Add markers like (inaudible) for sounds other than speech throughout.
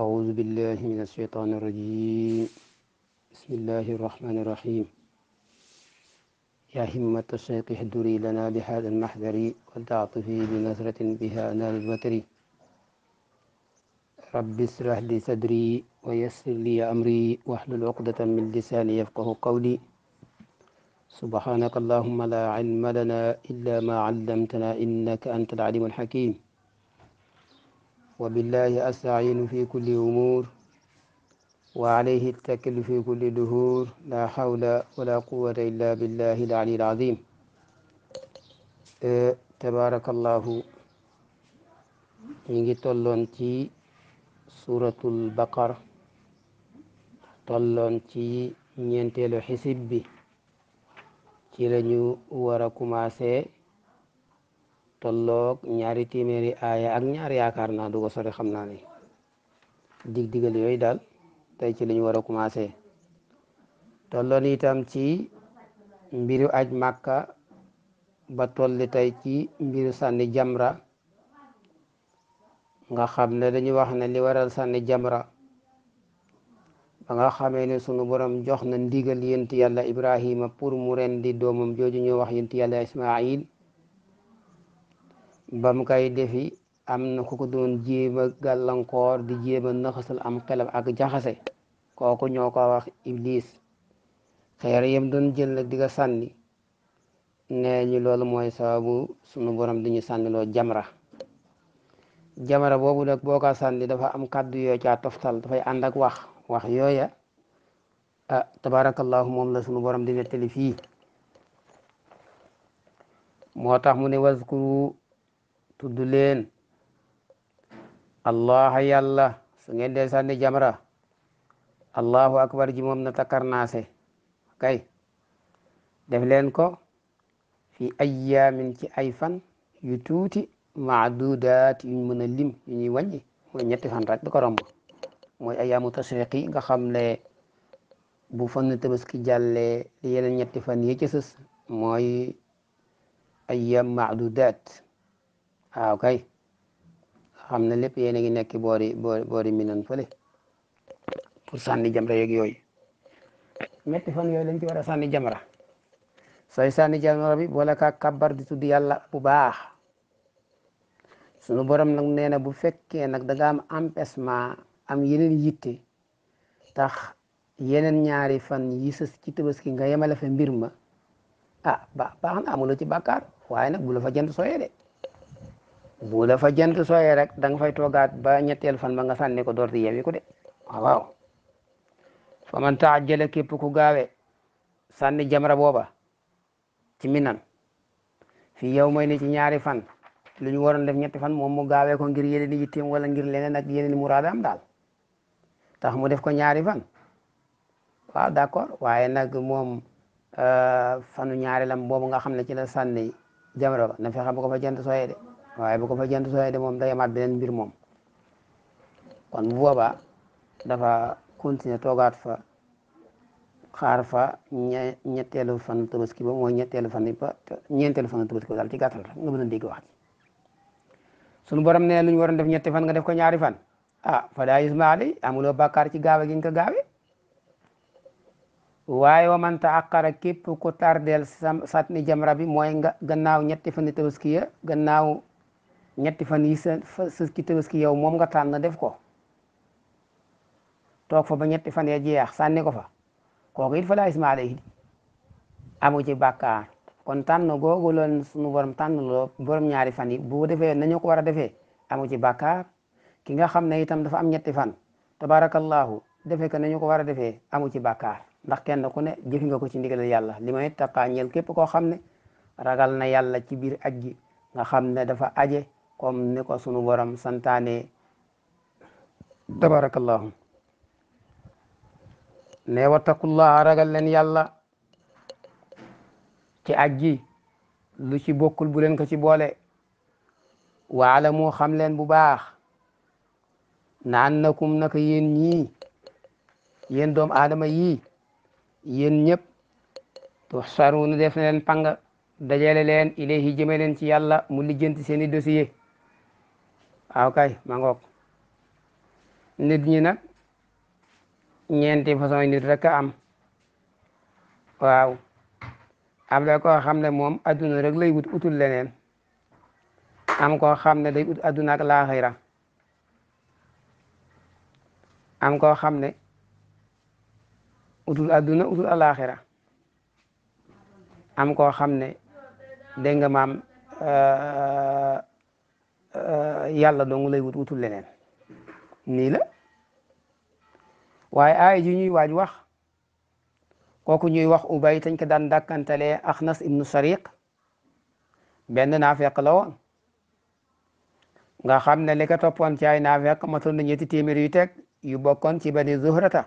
أعوذ بالله من الشيطان الرجيم بسم الله الرحمن الرحيم يا همة الشيخ احضري لنا بهذا المحذر وتعطفي بنثرة بها نال البتر رب اشرح لي صدري ويسر لي أمري واحلل عقدة من لساني يفقه قولي سبحانك اللهم لا علم لنا إلا ما علمتنا إنك أنت العليم الحكيم وبالله أستعين في كل أمور وعليه التكل في كل دهور لا حول ولا قوة إلا بالله العلي العظيم تبارك الله نيجي تولون تي سورة البقرة tolloon ci ñeenteelu xisib bi ci lañu war a commencé tolloog ñaari téeméeri aaya ak ñaari yaakaar naa du ko sori xam naa ne dig digal yooyu daal tey ci la ñu war a commencé tolloon itam ci mbiru aj màkka ba tolli tey ci mbiru sànni jamra nga xam ne dañu wax ne li waral sànni jamra ba nga xamee ne sunu borom jox na ndigal yent yàlla ibrahima pour mu rendi doomam jooju ñu wax yent yàlla ismail ba mu koy defi am na ku ko doon jéem a gàllankoor di jéem a naxasal am xelam ak jaxase kooku ñoo ko wax iblis xeer yam doon jël nag di ko sànni nee ñu loolu mooy sababu sunu borom di ñu sànniloo jamra jamara boobu nag boo ko sànni dafa am kàddu yoo caa toftal dafay ànd ak wax wax yooya ah tabarakallahu moom la sunu borom di nettali fii moo tax mu ne waskuru tudd leen allah yàlla su ngeen dee sànni jamra allahu akbar ji na takarnaase kay def leen ko fi ayyaamin ci ay fan yu tuuti maadudaat yu mën lim yu ñuy wàññi mooy ñetti fan rek di mooy ayyaamu tashriq yi nga xam ne bu fan tabaski jàllee yeneen ñetti fan yi mooy ayyaam maadudaat waaw kay xam na lépp yéen a ngi nekk boori boori boori minan fële pour sànni jamra yeeg yooyu ñetti fan yooyu lañ ci war a sànni jamra sooy sànni jamra bi boole kaa kabar di tudd yàlla bu baax sunu borom nag nee na bu fekkee nag da nga am empêchement am yeneen yitte tax yeneen ñaari fan yi sës ci tabaski nga yemale fa mbir ma ah ba baax na amuloo ci bàkkaar waaye nag bu la fa jant sooyee de bu la fa jant sooyee rek da nga fay toogaat ba ñetteel fan ba nga sànni ko door di yewi ko de waaw fa man taajjala képp ku gaawe sànni jamra booba ci minan fii yow mooy ni ci ñaari fan lu ñu waroon def ñetti fan moom mu gaawee ko ngir yeneen i yitteem wala ngir leneen ak yeneen i muraadaam daal tax mu def ko ñaari fan waaw d'accord waaye nag moom euh, fanu ñaari lam boobu nga xam ne ci la sànni jamra ba na fexe ba ko fa jant sooyee waaye bu ko fa jant sooyee de moom day amaat beneen mbir moom kon bu boobaa dafa continuer toogaat fa xaar fa ñe ñetteelu fan tabaski fan ba ñeenteelu fan tabaski ba daal ci gàttal rek nga mën a dégg sunu borom ne lu ñu waroon def ñetti fan nga def ko ñaari fan ah fa daa ismaali amuloo bàkkaar ci gaawe gi nga ko gaawe waaye wa man taaqara képp ku tardeel sa satni jamra bi mooy nga gannaaw ñetti fan tabaski ya gannaaw ñetti fan yi sa sa ki yow moom nga tànn def ko toog fa ba ñetti fan ya jeex sànni ko fa kooku it fa laa isma alayhi amu ci bàkkaar kon tànn googu loon sunu borom tànn ñaari fan yi bu defee nañu ko war a defee amu ci bàkkaar ki nga xam ne itam dafa am ñetti fan tabarakallahu defee ko nañu ko war a defee amu ci bàkkaar ndax kenn ku ne jëfi nga ko ci ndigal yàlla li may taqaa ñeel képp koo xam ne ragal na yàlla ci biir aj gi nga xam ne dafa aje comme ni ko sunu borom santaane tabarakallahu ne wattaqullaha ragal leen yàlla ci ajji lu ci bokkul bu leen ko ci boole waala moo xam leen bu baax na annakum naka yéen ñii yéen doomu aadama yii yéen ñëpp tuhsharuuna def na leen pang dajale leen ilayhi jëme leen ci yàlla mu lijjanti seeni dossier waaw kay ma ngoog nit ñi nag ñeenti façon nit rek a am waaw am na koo xam ne moom adduna rek lay wut utul leneen am koo xam ne day ut adduna ak laaxira am koo xam ne utul adduna utul alaaxira am koo xam ne dégg nga maam euh, Euh, yàlla dong lay wut wutul leneen nii la waaye aaya ji ñuy waaj wax kooku ñuy wax ubay tañ ko daan dàkkantalee axnas ibnu sariq benn naafeq la woon nga xam ne li ko toppoon ci ay naafeq matoon na ñetti téeméer yu teg yu bokkoon ci bani zuhrata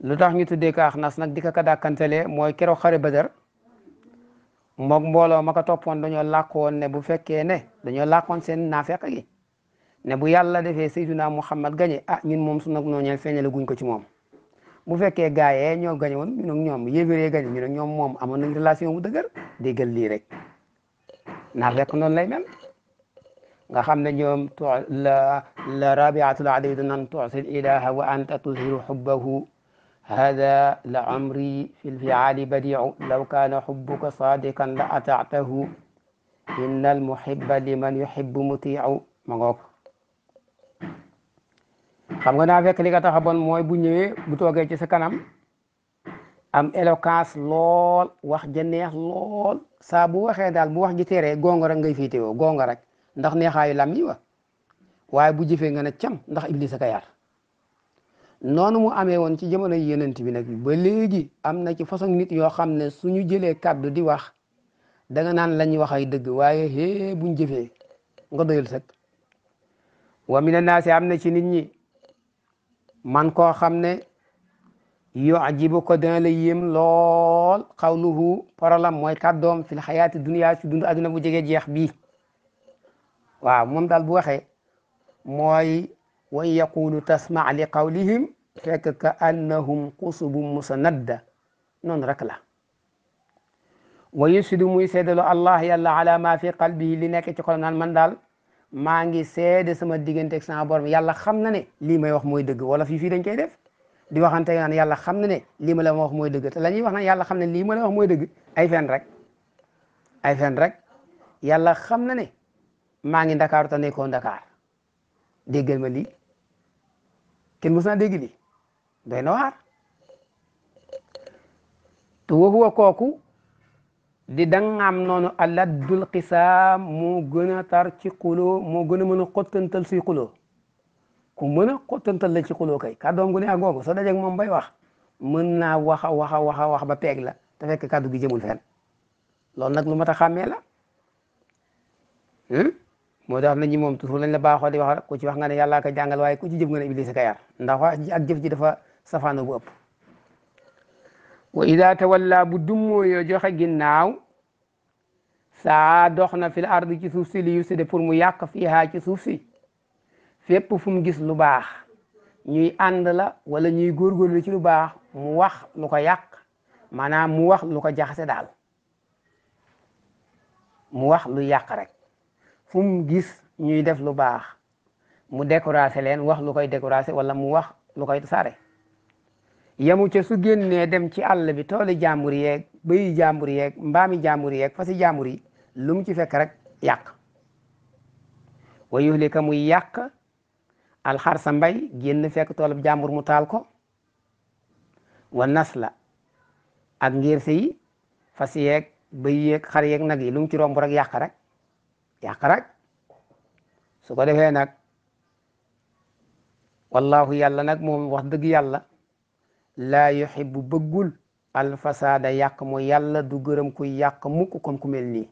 lu tax ñu tuddee ko axnas nag di ko ko dàkkantalee mooy keroog xare badar moog mbooloo ma ko toppoon dañoo làkkoon ne bu fekkee ne dañoo lakkoon seen naafeq gi ne bu yàlla defee sayyiduna Muhammad gañe a ah ñun moom su nag nooñeel feeñale guñ ko ci moom bu fekkee gaayee ñoo gañe woon ñun ak ñoom yéeféree gañe ñun ak ñoom moom amoon nañ relation bu dëgër déggal lii rek naafeq noonu lay mel nga xam ne ñoom la rabiatul adawi danan tusil ilaha wa anta tuzhiru hubbahu hada la amri fi lfiaali badiu law kaana xubuka saadikan la ataatahu inna almuhiba liman yuhibu mutiu ma ngoog xam nga naa fekk li nga tax bon mooy bu ñëwee bu toogee ci sa kanam am éloquence lool wax ja neex lool saa bu waxee daal bu wax ji teree gongo rek ngay féetewoo gongo rek ndax neexaayu lam yi waaye bu jëfee nga ne cam ndax iblis a ka noonu mu amee woon ci jamono yenent bi nag ba léegi am na ci façon nit yoo xam ne suñu jëlee kàddu di wax da nga naan lañ wax ay dëgg waaye hee nga doyul sëkk wa mina naasi am na ci nit ñi man koo xam ne yu'jibu ko dana la yéem lool xawluhu parolam mooy kàddoom fil xayaati dunya si dund adduna bu jege jeex bii waaw moom daal bu waxee mooy wa in yaqulu tasma li qawlihim fekk ka annahum qusubun musanadda noonu rek la wa yusidu muy seedalo allah yàlla ala ma fi qalbihi li nekk ci xol naan man daal maa ngi seede sama digganteeg sama borom yàlla xam na ne lii may wax mooy dëgg wala fii fii dañ koy def di waxante naan yàlla xam na ne lii ma la wax mooy dëgg te la wax naan yàlla xam ne lii ma la wax moy dëgg ay fen rek ay fen rek yàlla xam na ne maa ngi ndakaaru te nekkoo ndakaar déggal ma lii kenn mës naa dégg lii doy na waar te waxuwa kooku di dangaam noonu aladdul xisaam moo gën a tar ci xuloo moo gën a mën a xottantal si xuloo ku mën a xottantal la ci xuloo kay kàddoom gu ne ak googu soo dajeeg moom bay wax mën naa waxa waxa waxa wax ba peeg la te fekk kàddu gi jëmul fenn loolu nag lu mat a xàmmee la hmm? moo tax na ñi moom toujours lañ la baaxoo di wax ku ci wax nga ne yàllaa ko jàngal waaye ku ci jëf nga ne iblis ka yar ndax wax ji ak jëf ji dafa safaano bu ëpp wa ida tawalla bu dummoo yoo joxe ginnaaw saa dox na fil ard ci suuf si li yufsida pour mu yàq fiihaa ci suuf si fépp fu gis lu baax ñuy ànd walla wala ñuy góorgóorlu ci lu baax mu wax lu ko yàq maanaam mu wax lu ko jaxase daal mu wax lu yàq rek fu gis ñuy def lu baax mu découragé leen wax lu koy découragé wala mu wax lu koy sare yamu ca su génnee dem ci àll bi tooli jàmbur yeeg bëyi jàmbur yeeg mbaami jàmbur yeeg fasi jàmbur yi lu mu ci fekk rek yàq wa yuhlika muy yàq alxar sa mbay génn fekk toolub jàmbur mu taal ko wa nasla ak ngir si yi fas yeeg bëy yeeg yeeg nag yi lu mu ci romb rek yàq rek yàqaraj su ko defee nag wallahu yàlla nag moom wax dëgg yàlla laa yuhibbu bëggul alfasaada yàq mu yàlla du gërëm kuy yàq mukk ku mel nii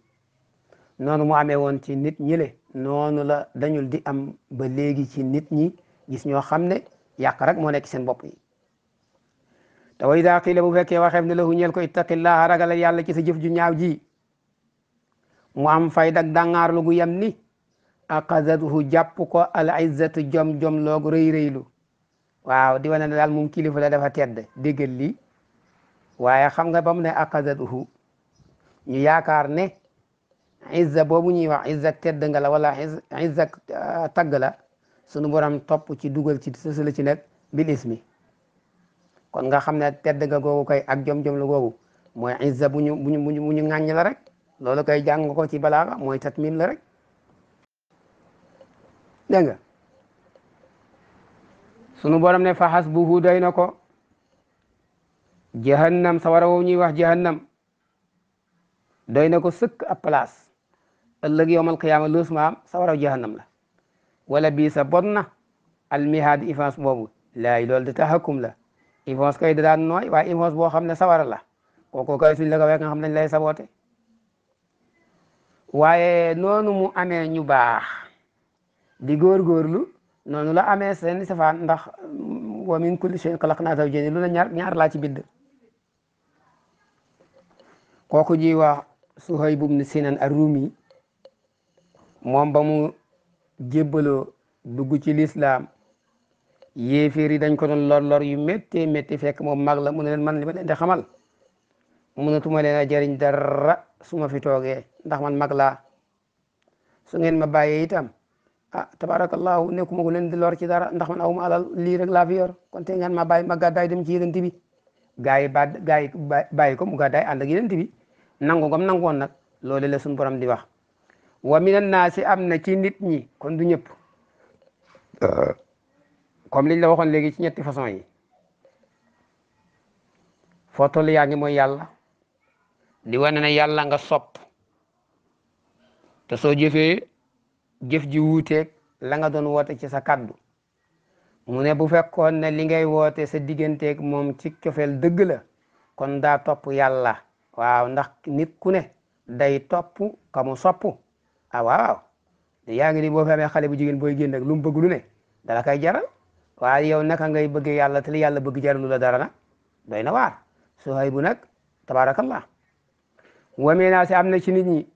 noonu mu amee woon ci nit ñi le noonu la dañul di am ba léegi ci nit ñi gis ñoo xam ne yàq rek moo nekk seen bopp yi te wa idaa qiila bu fekkee waxeef ne lahu ko ittaqillaha ragal yàlla ci sa jëf ju ñaaw mu am fayda ak dangaarlu gu yam ni axadathu jàpp ko al izzatu jom jom loogu rëy rëylu waaw di wane ne daal moom kilifa la dafa tedd déggal lii waaye xam nga ba mu ne axadathu ñu yaakaar ne izza boobu ñuy wax izza tedd nga la wala izza ah, tagg la sunu borom topp ci dugal ci sësala ci nag bil mi kon nga xam ne tedd nga googu kay ak jom jom la googu mooy izza bu ñu bu ñu bu ñu ŋàññ la rek loolu koy jàng ko ci balaaxa mooy tatmim la rek sunu borom ne fa hasbuhu doy na ko jahannam sawara woowu ñuy wax jahannam doy na ko sëkk ab place ëllëg yowmal qiyaama luus maam sawara jahannam la wala bii sa bon na almihaad ifance boobu laay loolu di taxakum la ifance koy da daan nooy waaye ifance boo xam ne sawara la kooku koy suñ la ko wek nga xam lay saboote waaye noonu mu amee ñu baax di góorgóorlu noonu la amee seen safaan ndax wa min kulli shay'in xalaqnaa zawjayni lu la ñaar ñaar laa ci bind kooku ji wax Suhayb ibn Sinan ar-Rumi moom ba mu jébbaloo dugg ci lislaam yéeféer yi dañ ko doon lor lor yu méttee métti fekk moom mag la mu ne leen man li ma leen di xamal mënatuma leen a jëriñ dara su ma fi toogee ndax man mag laa su ngeen ma bàyyee itam ah tabarakallahu nekkuma ku leen di lor ci dara ndax man awma alal lii rek laa fi yor kon te ngeen ma bàyyi ma gàddaay dem ci yonent bi gaa yi bàyyi ko mu gàddaay ànd ak yonent bi nangu gam nangoon nag loolu la suñu borom di wax wa minan naasi am na ci nit ñi kon du ñëpp comme liñ la waxoon léegi ci ñetti façon yi foo toll yaa mooy yàlla di wane na yàlla nga sopp te soo jëfee jëf ji wuuteeg la nga doon woote ci sa kaddu mu ne bu fekkoon ne li ngay woote sa digganteeg moom ci cofeel dëgg la kon daa topp yàlla waaw ndax nit ku ne day topp ka mu sopp ah waaw yaa ngi ni boo fi amee xale bu jigéen booy génn lu mu bëgg lu ne dala koy jaral waaye yow naka ngay bëggee yàlla te li yàlla bëgg jaralu la dara nag doy na waar Suhaybu nag tabaarakallah wamee naa si am na ci nit ñi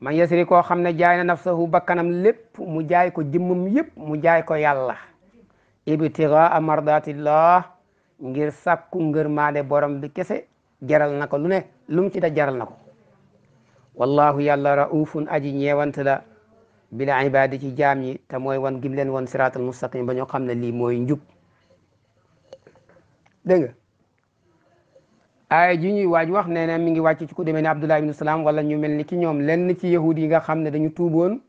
man yasri koo xam ne jaay na nafsahu bakkanam lépp mu jaay ko jëmmam yépp mu jaay ko yàlla ibtigaa mardatillah ngir sàkku ngër maade borom bi kese jaral na ko lu ne lum ci da jaral na ko wallahu yàlla raufun aji ñeewant la bil ibadi ci jaam yi te mooy wan gim leen wan siraatal mustaqim ba ñoo xam ne lii mooy njub dégg aaya ji ñuy waaj wax nee na mi ngi wàcc ci ku demee ne Abdullah ibn Salaam wala ñu mel ni ki ñoom lenn ci yahud yi nga xam ne dañu tuuboon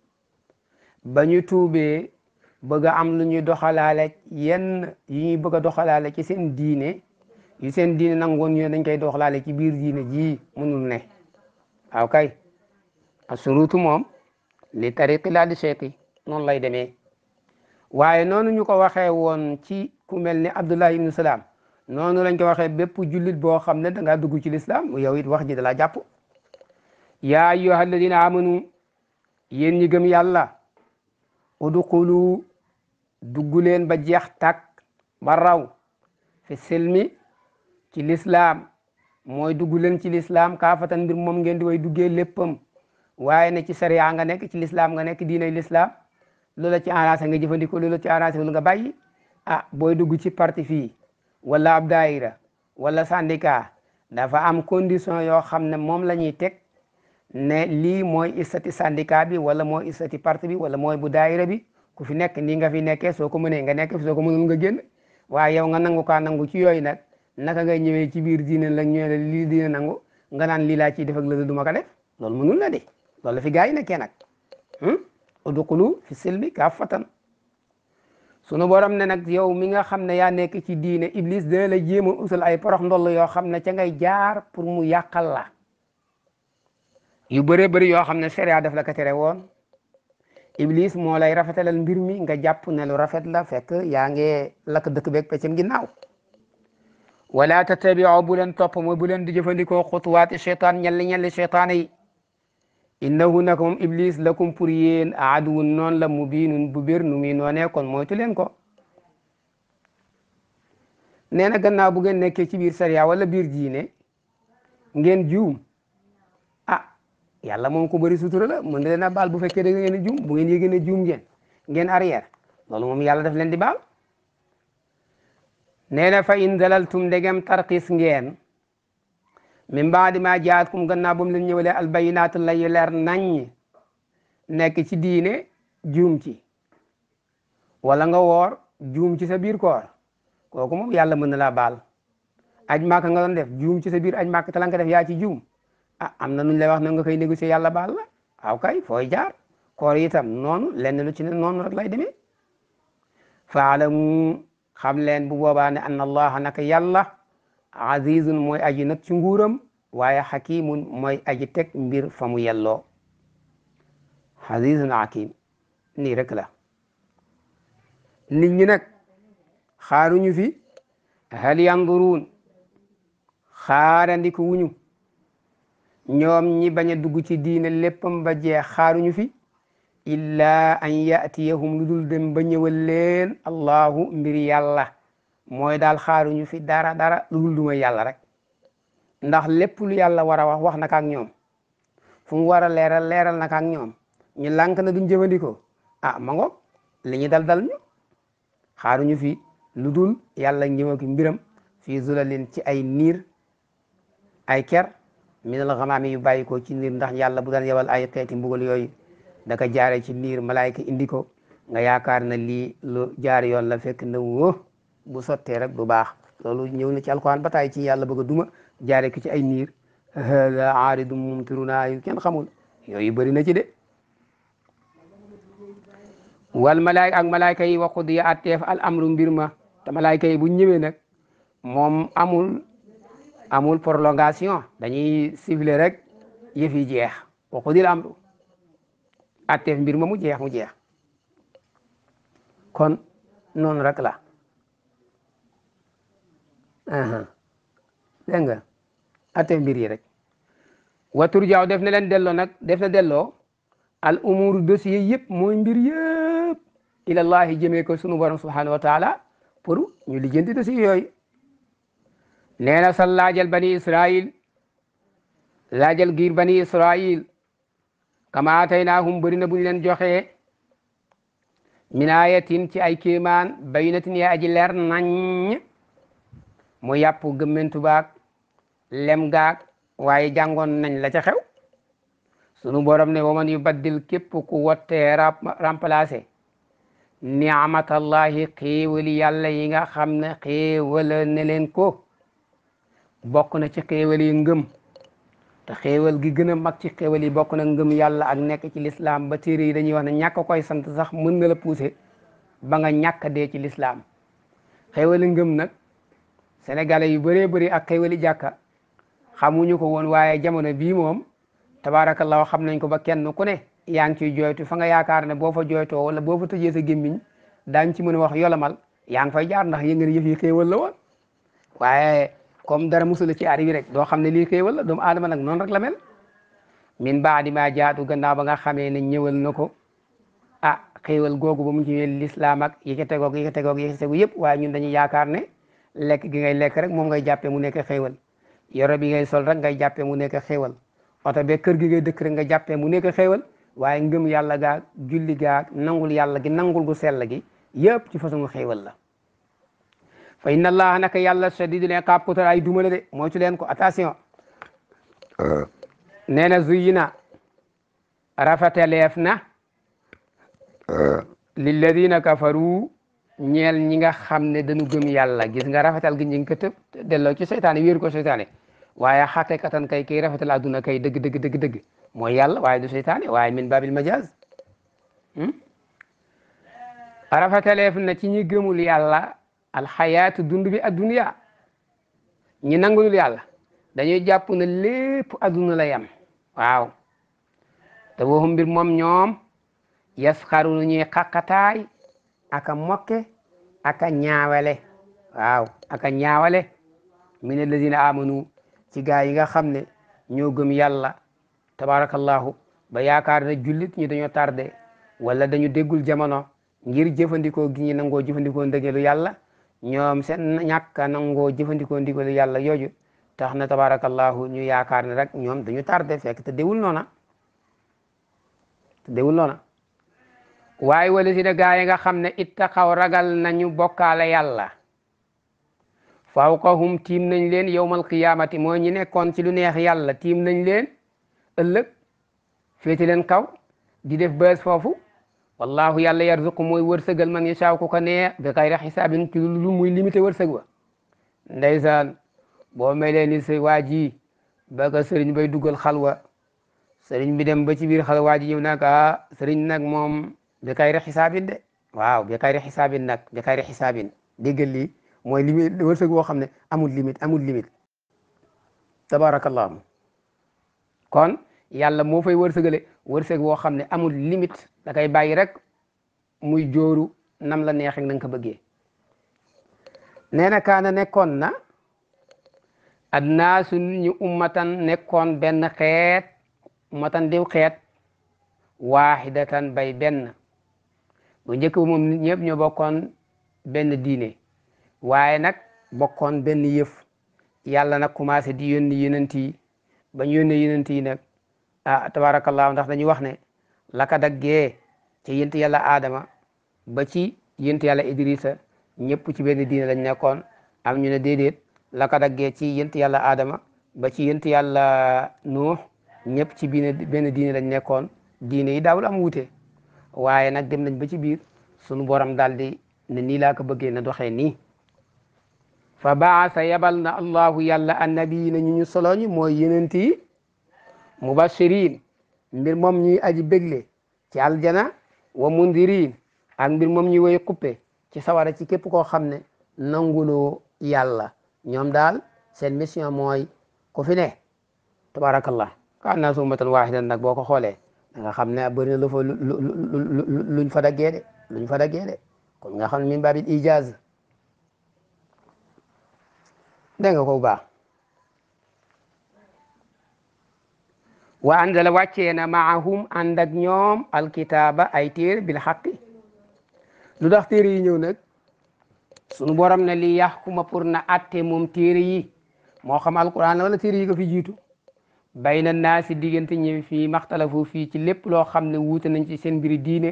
ba ñu tuubee bëgg a am lu ñuy doxalaale yenn yu ñuy bëgg a doxalaale ci seen diine yu seen diine nangoon ñu ne dañ koy doxalaale ci biir diine jii mënul ne waaw kay asuruutu moom li tariqi laa li seeti lay demee waaye noonu ñu ko waxee woon ci ku mel ne Abdullah ibn Salaam noonu lañ ko waxee bépp jullit boo xam ne da ngaa dugg ci lislaam yow it wax ji dalaa jàpp yaa ayyuha alladina amanu yéen ñi gëm yàlla udxulu dugg leen ba jeex tàkk ba raw silmi ci lislaam mooy dugg leen ci lislaam kaafatan mbir moom ngeen di way duggee léppam waaye ne ci sariya nga nekk ci lislaam nga nekk diinay lislaam loola ci arrangé nga jëfandikoo loola ci arrangé wul nga bàyyi a ah, booy dugg ci parti fii wala ab daayira wala syndicat dafa am condition yoo xam ne moom la ñuy teg ne lii mooy istati syndicat bi wala mooy istati parti bi wala mooy bu daayira bi ku fi nekk nii nga fi nekkee soo ko mënee nga nekk soo ko mënul nga génn waaye yow nga nangu kaa nangu ci yi nag naka ngay ñëwee ci biir diine la ñëwee la lii diine nangu nga naan lii laa ciy def ak la du ma ko def loolu mënul la de loolu la fi gars yi nekkee nag hmm? udxulu fi silmi kaafatan sunu borom ne nag yow mi nga xam ne yaa nekk ci diine iblis da la jéem a ay porox ndoll yoo xam ne ca ngay jaar pour mu yàqal la yu bëree bëri yoo xam ne sharia daf la ko tere woon iblis moo lay rafetalal mbir mi nga jàpp ne lu rafet la fekk yaa ngi lakk dëkk beeg peccam ginnaaw wala tattabiu bu leen topp mooy bu leen di jëfandikoo xutuwaati cheytaan ñelli ñelli cheytaan yi innahu naka moom iblis lakum pour yéen aduwun noonu la mubiinun bu bir nu muy noonee kon moytu leen ko nee na gannaaw bu ngeen nekkee ci biir sariya wala biir jiine ngeen juum ah yàlla moom ko bëri sutura la leen a baal bu fekkee da ngeen a juum bu ngeen yëgee juum ngeen ngeen arrière loolu moom yàlla daf leen di baal nee na fa in dalaltum ndegem tarxis ngeen min baadi ma jaatkum gannaaw ba mu leen ñëwalee albayinaatu lay yu leer naññ nekk ci diine juum ci walla nga woor juum ci sa biir koor kooku moom yàlla mën na laa baal aj màkk nga doon def juum ci sa biir aj màkk te la nga def yaa ci juum ah am na nuñ lay wax na nga koy négocier yàlla baal la aw kay fooy jaar koor itam noonu lenn lu ci ne noonu rek lay demee faalamu xam leen bu boobaa ne anna allaha naka yàlla azizun mooy aji nag ci nguuram waaye xakimun aji teg mbir fa mu yelloo azizun hakim nii rek la nit ñi nag xaaruñu fi hal yanduruun xaarandi ko wuñu ñoom ñi bañ a dugg ci diine léppam ba jeex xaaruñu fi illaa an yatiyahum lu dul dem ba ñëwal allahu mbir yàlla mooy daal xaaruñu fi dara dara lu dul duma yàlla rek ndax lépp lu yàlla war a wax wax na ko ak ñoom fu mu war a leeral leeral na ko ak ñoom ñu lànk na duñ jëfandikoo ah ma li ñu dal dal ñu xaaruñu fi lu dul yàlla ñëw mbiram fii zulalin ci ay niir ay ker minal xamaami yu bàyyi ko ci niir ndax yàlla bu daan ay xeeti mbugal yooyu da ko jaare ci niir malaayka indi ko nga yaakaar na lii lu jaar yoon la fekk na bu sottee rek du baax loolu ñëw na ci alquran ba taay ci yàlla bëgg a duma jaare ko ci ay niir haada aaridum mumtiruna yu kenn xamul yooyu bëri na ci de wal malaayka ak malaayka yi wa qudiya atteef al amru mbir ma te yi bu ñëwee nag moom amul amul prolongation dañuy siffler rek yëf fi jeex wa qudiyal amru atteef mbir ma mu jeex mu jeex kon noonu rek dégg nga atte mbir yi rek watur jaaw def na leen delloo nag def na delloo al umuru dossier yëpp mooy mbir yëpp ilallahi jëmee ko sunu borom subhanahu wa taala pour ñu lijjanti dossier yooyu na sa laajal bani israil laajal giir bani israil kama ataynaahum bëri na bu ñu leen joxee min ayatin ci ay kéemaan baynatin yaa aji leer nañ mu yàpp gëmmentu baak lem gaag waaye jàngoon nañ la ca sunu borom ne waman yu baddil képp ku wottee remplacé niamatallahi xéewali yàlla yi nga xam ne xéewala ne leen ko bokk na ci xéewal yi ngëm te gi gën a mag ci xéewal yi bokk na ngëm yàlla ak nekk ci lislaam ba téere yi dañuy wax ne ñàkk koy sant sax mën na la pousser ba nga ñàkk dee ci lislaam xéewali ngëm nag sénégalais yu bëree bëri ak xéwali jàkka xamuñu ko woon waaye jamono bii moom tabaarakallah xam nañ ko ba kenn ku ne yaa ngi ciy jooytu fa nga yaakaar ne boo fa jooytoo wala boo fo tëjee sa gémmiñ daañ ci mën a wax yolamal yaa ngi fay jaar ndax yëngal yëf yi xéewal la woon waaye comme dara musula ci ari rek doo xam ne lii xéewal la doomu aadama nag noonu rek la mel min baadi ma jaatu gannaaw ba nga xamee ne ñëwal na ko ah xéewal googu ba mu ñëwee lislaam ak yi ca tegoog yi ca tegoog yi yëpp waaye ñun dañuy yaakaar ne lekk gi ngay lekk rek moom ngay jàppee mu nekk xéewal yore bi ngay sol rek ngay jàppee mu nekk xéewal oto bee kër gi ngay dëkk nga jàppee mu nekk xéewal waaye ngëm yàlla gaag julli gaag nangul yàlla gi nangul gu sell gi yëpp ci façon xéewal la fa inna allaha naka yàlla shadidul iqaab potar ay dumale de moytu leen ko attention ah. nee na zuyina rafeteleef na ah. lilladina kafaru ñeel ñi nga xam ne dañu gëm yàlla gis nga rafetal gi ñu ngi ko tëb delloo ci seytaane wéeru ko seytaane waaye xaqiqatan kay kay a àdduna kay dëgg dëgg dëgg dëgg mooy yàlla waaye du seytaane waaye min babil majaz hmm? rafetaleef na ci ñi gëmul yàlla alxayaatu dund bi adduniya ñi nangul yàlla dañuy jàpp ne lépp adduna la yam waaw te waxum mbir moom ñoom yasxaru ñuy xàqataay aka mokke aka ñaawale waaw aka ñaawale min alladina amanu ci gaa yi nga xam ne ñoo gëm yàlla tabarakallahu ba yaakaar na jullit ñi dañoo tardé wala dañu déggul jamono ngir jëfandikoo gi ñu nangoo jëfandikoo ndëgelu yàlla ñoom seen ñàkk a nangoo jëfandikoo ndiko yàlla yooyu tax na tabarakallahu ñu yaakaar ne rek ñoom dañu tardé fekk te déwul noona te déwul noona waaye wala si ne gaa yi nga xam ne ittaqaw ragal nañu bokkaale yàlla fawqahum tiim nañ leen yowmal qiyaamati mooy ñi nekkoon ci lu neex yàlla tiim nañ leen ëllëg féete leen kaw di def bës foofu wallahu yàlla yarzuqu mooy wërsëgal man yashaaw ku ko neex bi xayri xisaabin ci lu muy limité wërsëg ba ndeysaan boo melee ni sa waa ji ba ka sëriñ bay dugal xalwa sëriñ bi dem ba ci biir xalwa ji yow nag ah sëriñ nag moom bi kayri xisaabin de waaw bi kayri xisaabin nag bi kayri xisaabin déggal lii mooy limite wërsëg woo xam ne amul limite amul limite tabaarakallaahu kon yàlla moo fay wërsëgale wërsëg woo xam ne amul limite da kay bàyyi rek muy jooru nam la neexee na nga ko bëggee nee na kaana nekkoon na adnaasu nit ñi ummatan nekkoon benn xeet ummatan diw xeet waaxidatan bay benn bu njëkk bu moom nit ñëpp ñoo bokkoon benn diine waaye nag bokkoon benn yëf yàlla nag commencé di yónni yonent yi ba ñu yónnee yonent yi nag ah tabaarakallaahu ndax dañu wax ne la ka daggee ci yonent yàlla Adama ba ci yonent yàlla Idrissa ñëpp ci benn diine lañ nekkoon ñu ne déedéet la ka ci yonent yàlla Adama ba ci yonent yàlla ñëpp ci benn diine lañ nekkoon diine yi daawul am wuute. waaye nag dem nañ ba ci biir sunu borom daal di ne nii laa na doxee nii fa baasa yabal na allahu yàlla annabi na ñu ñu solo ñi mooy yenent yi mubashirin mbir moom ñuy aji bégle ci aljana wa mundirin ak mbir moom ñuy woy xuppe ci sawara ci képp koo xam ne nanguloo yàlla ñoom daal seen mission mooy ku fi ne tabarakallah ka annaa summatan waahidan nag boo ko xoolee nga xam ne bëri na lu fa luñ fa daggee de luñ fa daggee de kon nga xam ne min baabil ijaaz dégg nga ko bu baax wa anzala wàccee na maahum ànd ak ñoom alkitaaba ay téere bil xaqi lu tax téere yi ñëw nag sunu borom ne li yaxkuma pour na atte moom téere yi moo xam alquran la wala téere yi ko fi jiitu bayna naasi diggante ñi fii maxtalafu fii ci lépp loo xam ne wuute nañ ci seen mbiri diine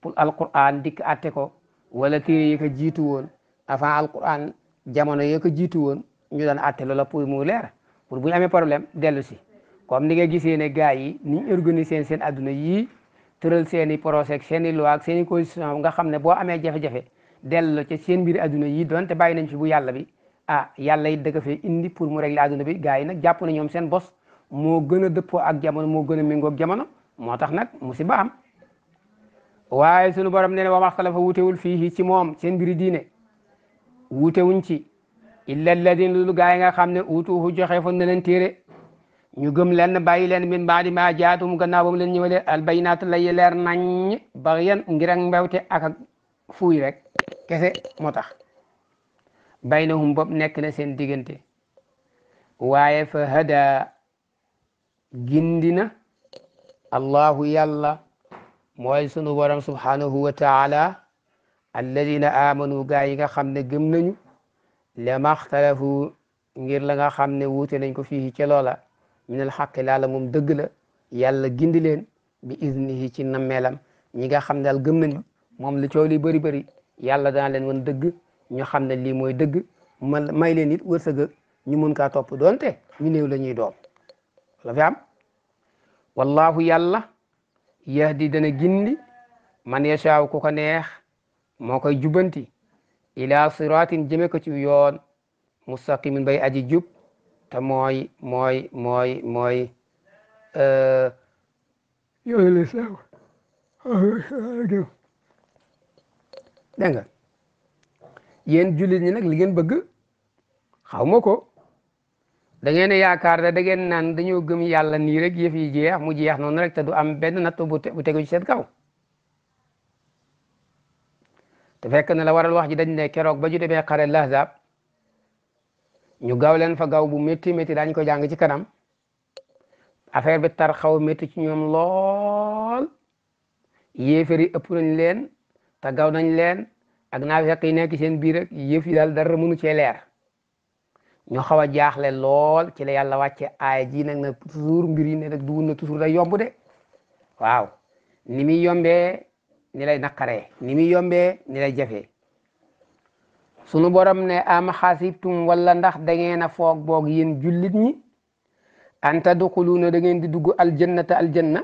pour alquran dikk atte ko wala téere yi ko jiitu woon avant alquran jamono yi ko jiitu woon ñu daan atte loola pour mu leer pour bu ñu amee problème dellu si comme ni nga gisee ne gars yi ni ñu organisé seen adduna yii tëral seen i projet ak seen i loi ak seen i constitution nga xam ne boo amee jafe-jafe dellu ca seen mbiri adduna yii donte bàyyi nañ fi bu yàlla bi ah yàlla it da ko indi pour mu régler adduna bi gars yi nag jàpp na seen bos moo gën a dëppoo ak jamono moo gën a méngoog jamono moo tax nag musiba am waaye sunu borom nee na wa maxtalafa wutewul fii ci moom seen mbiri diine wutewuñ ci illa alladin lulu gaa yi nga xam ne utuuhu joxe foon na leen téere ñu gëm leen bàyyi leen min baadi ma jaatum gannaaw ba mu leen ñëwalee albayinaat lay leer nañ ba yan ngir ak mbewte ak ak fuuy rek kese moo tax baynahum bopp nekk na seen diggante waaye fa hada gindina allahu yàlla mooy sunu borom subhanahu wa taala alladina amanu gaa yi nga xam ne gëm nañu lama xtalafu ngir la nga xam ne wuute nañ ko fii ci loola min alxaqi laala moom dëgg la yàlla gindi leen bi iznihi ci nammeelam ñi nga xam ne daal gëm nañu moom lu coow li bëri bëri yàlla dana leen wan dëgg ñu xam ne lii mooy dëgg man may leen it wërsëg ñu mun kaa topp doonte ñu la ñuy doom la fi am wallahu yàlla yahdi dana gindi man yashaaw ku ko neex moo koy jubbanti ila siraatin jëme ko ci yoon mustaqimin bay aji jub te mooy mooy mooy mooy euh, yooyu la saw dégg nga yéen jullit ñi nag li ngeen xaw ma dangeen ngeen yaakaar ne da ngeen naan dañoo gëm yàlla nii rek yëf yi jeex mu jeex noonu rek te du am benn natt bu tegu ci seen kaw te fekk na la waral wax ji dañ ne keroog ba ju demee xare Lahzab ñu gaaw leen fa gaaw bu metti métti daañ ko jàng ci kanam affaire bi tar xaw métti ci ñoom lool yéefar yi ëpp nañ leen te gaw nañ leen ak naa fekk yi nekk seen biir rek yëf yi daal dara mënu cee leer ñu xaw a jaaxle lool ci la yàlla wàcce aaya ji nag nag toujours mbir yi ne na toujours day yomb de waaw ni muy yombee ni lay naqaree ni muy yombee ni lay jafee sunu borom ne ama xaasibtum wala ndax da ngeen a foog boog yéen jullit ñi anta duxuluuna da ngeen di dugg aljannata aljanna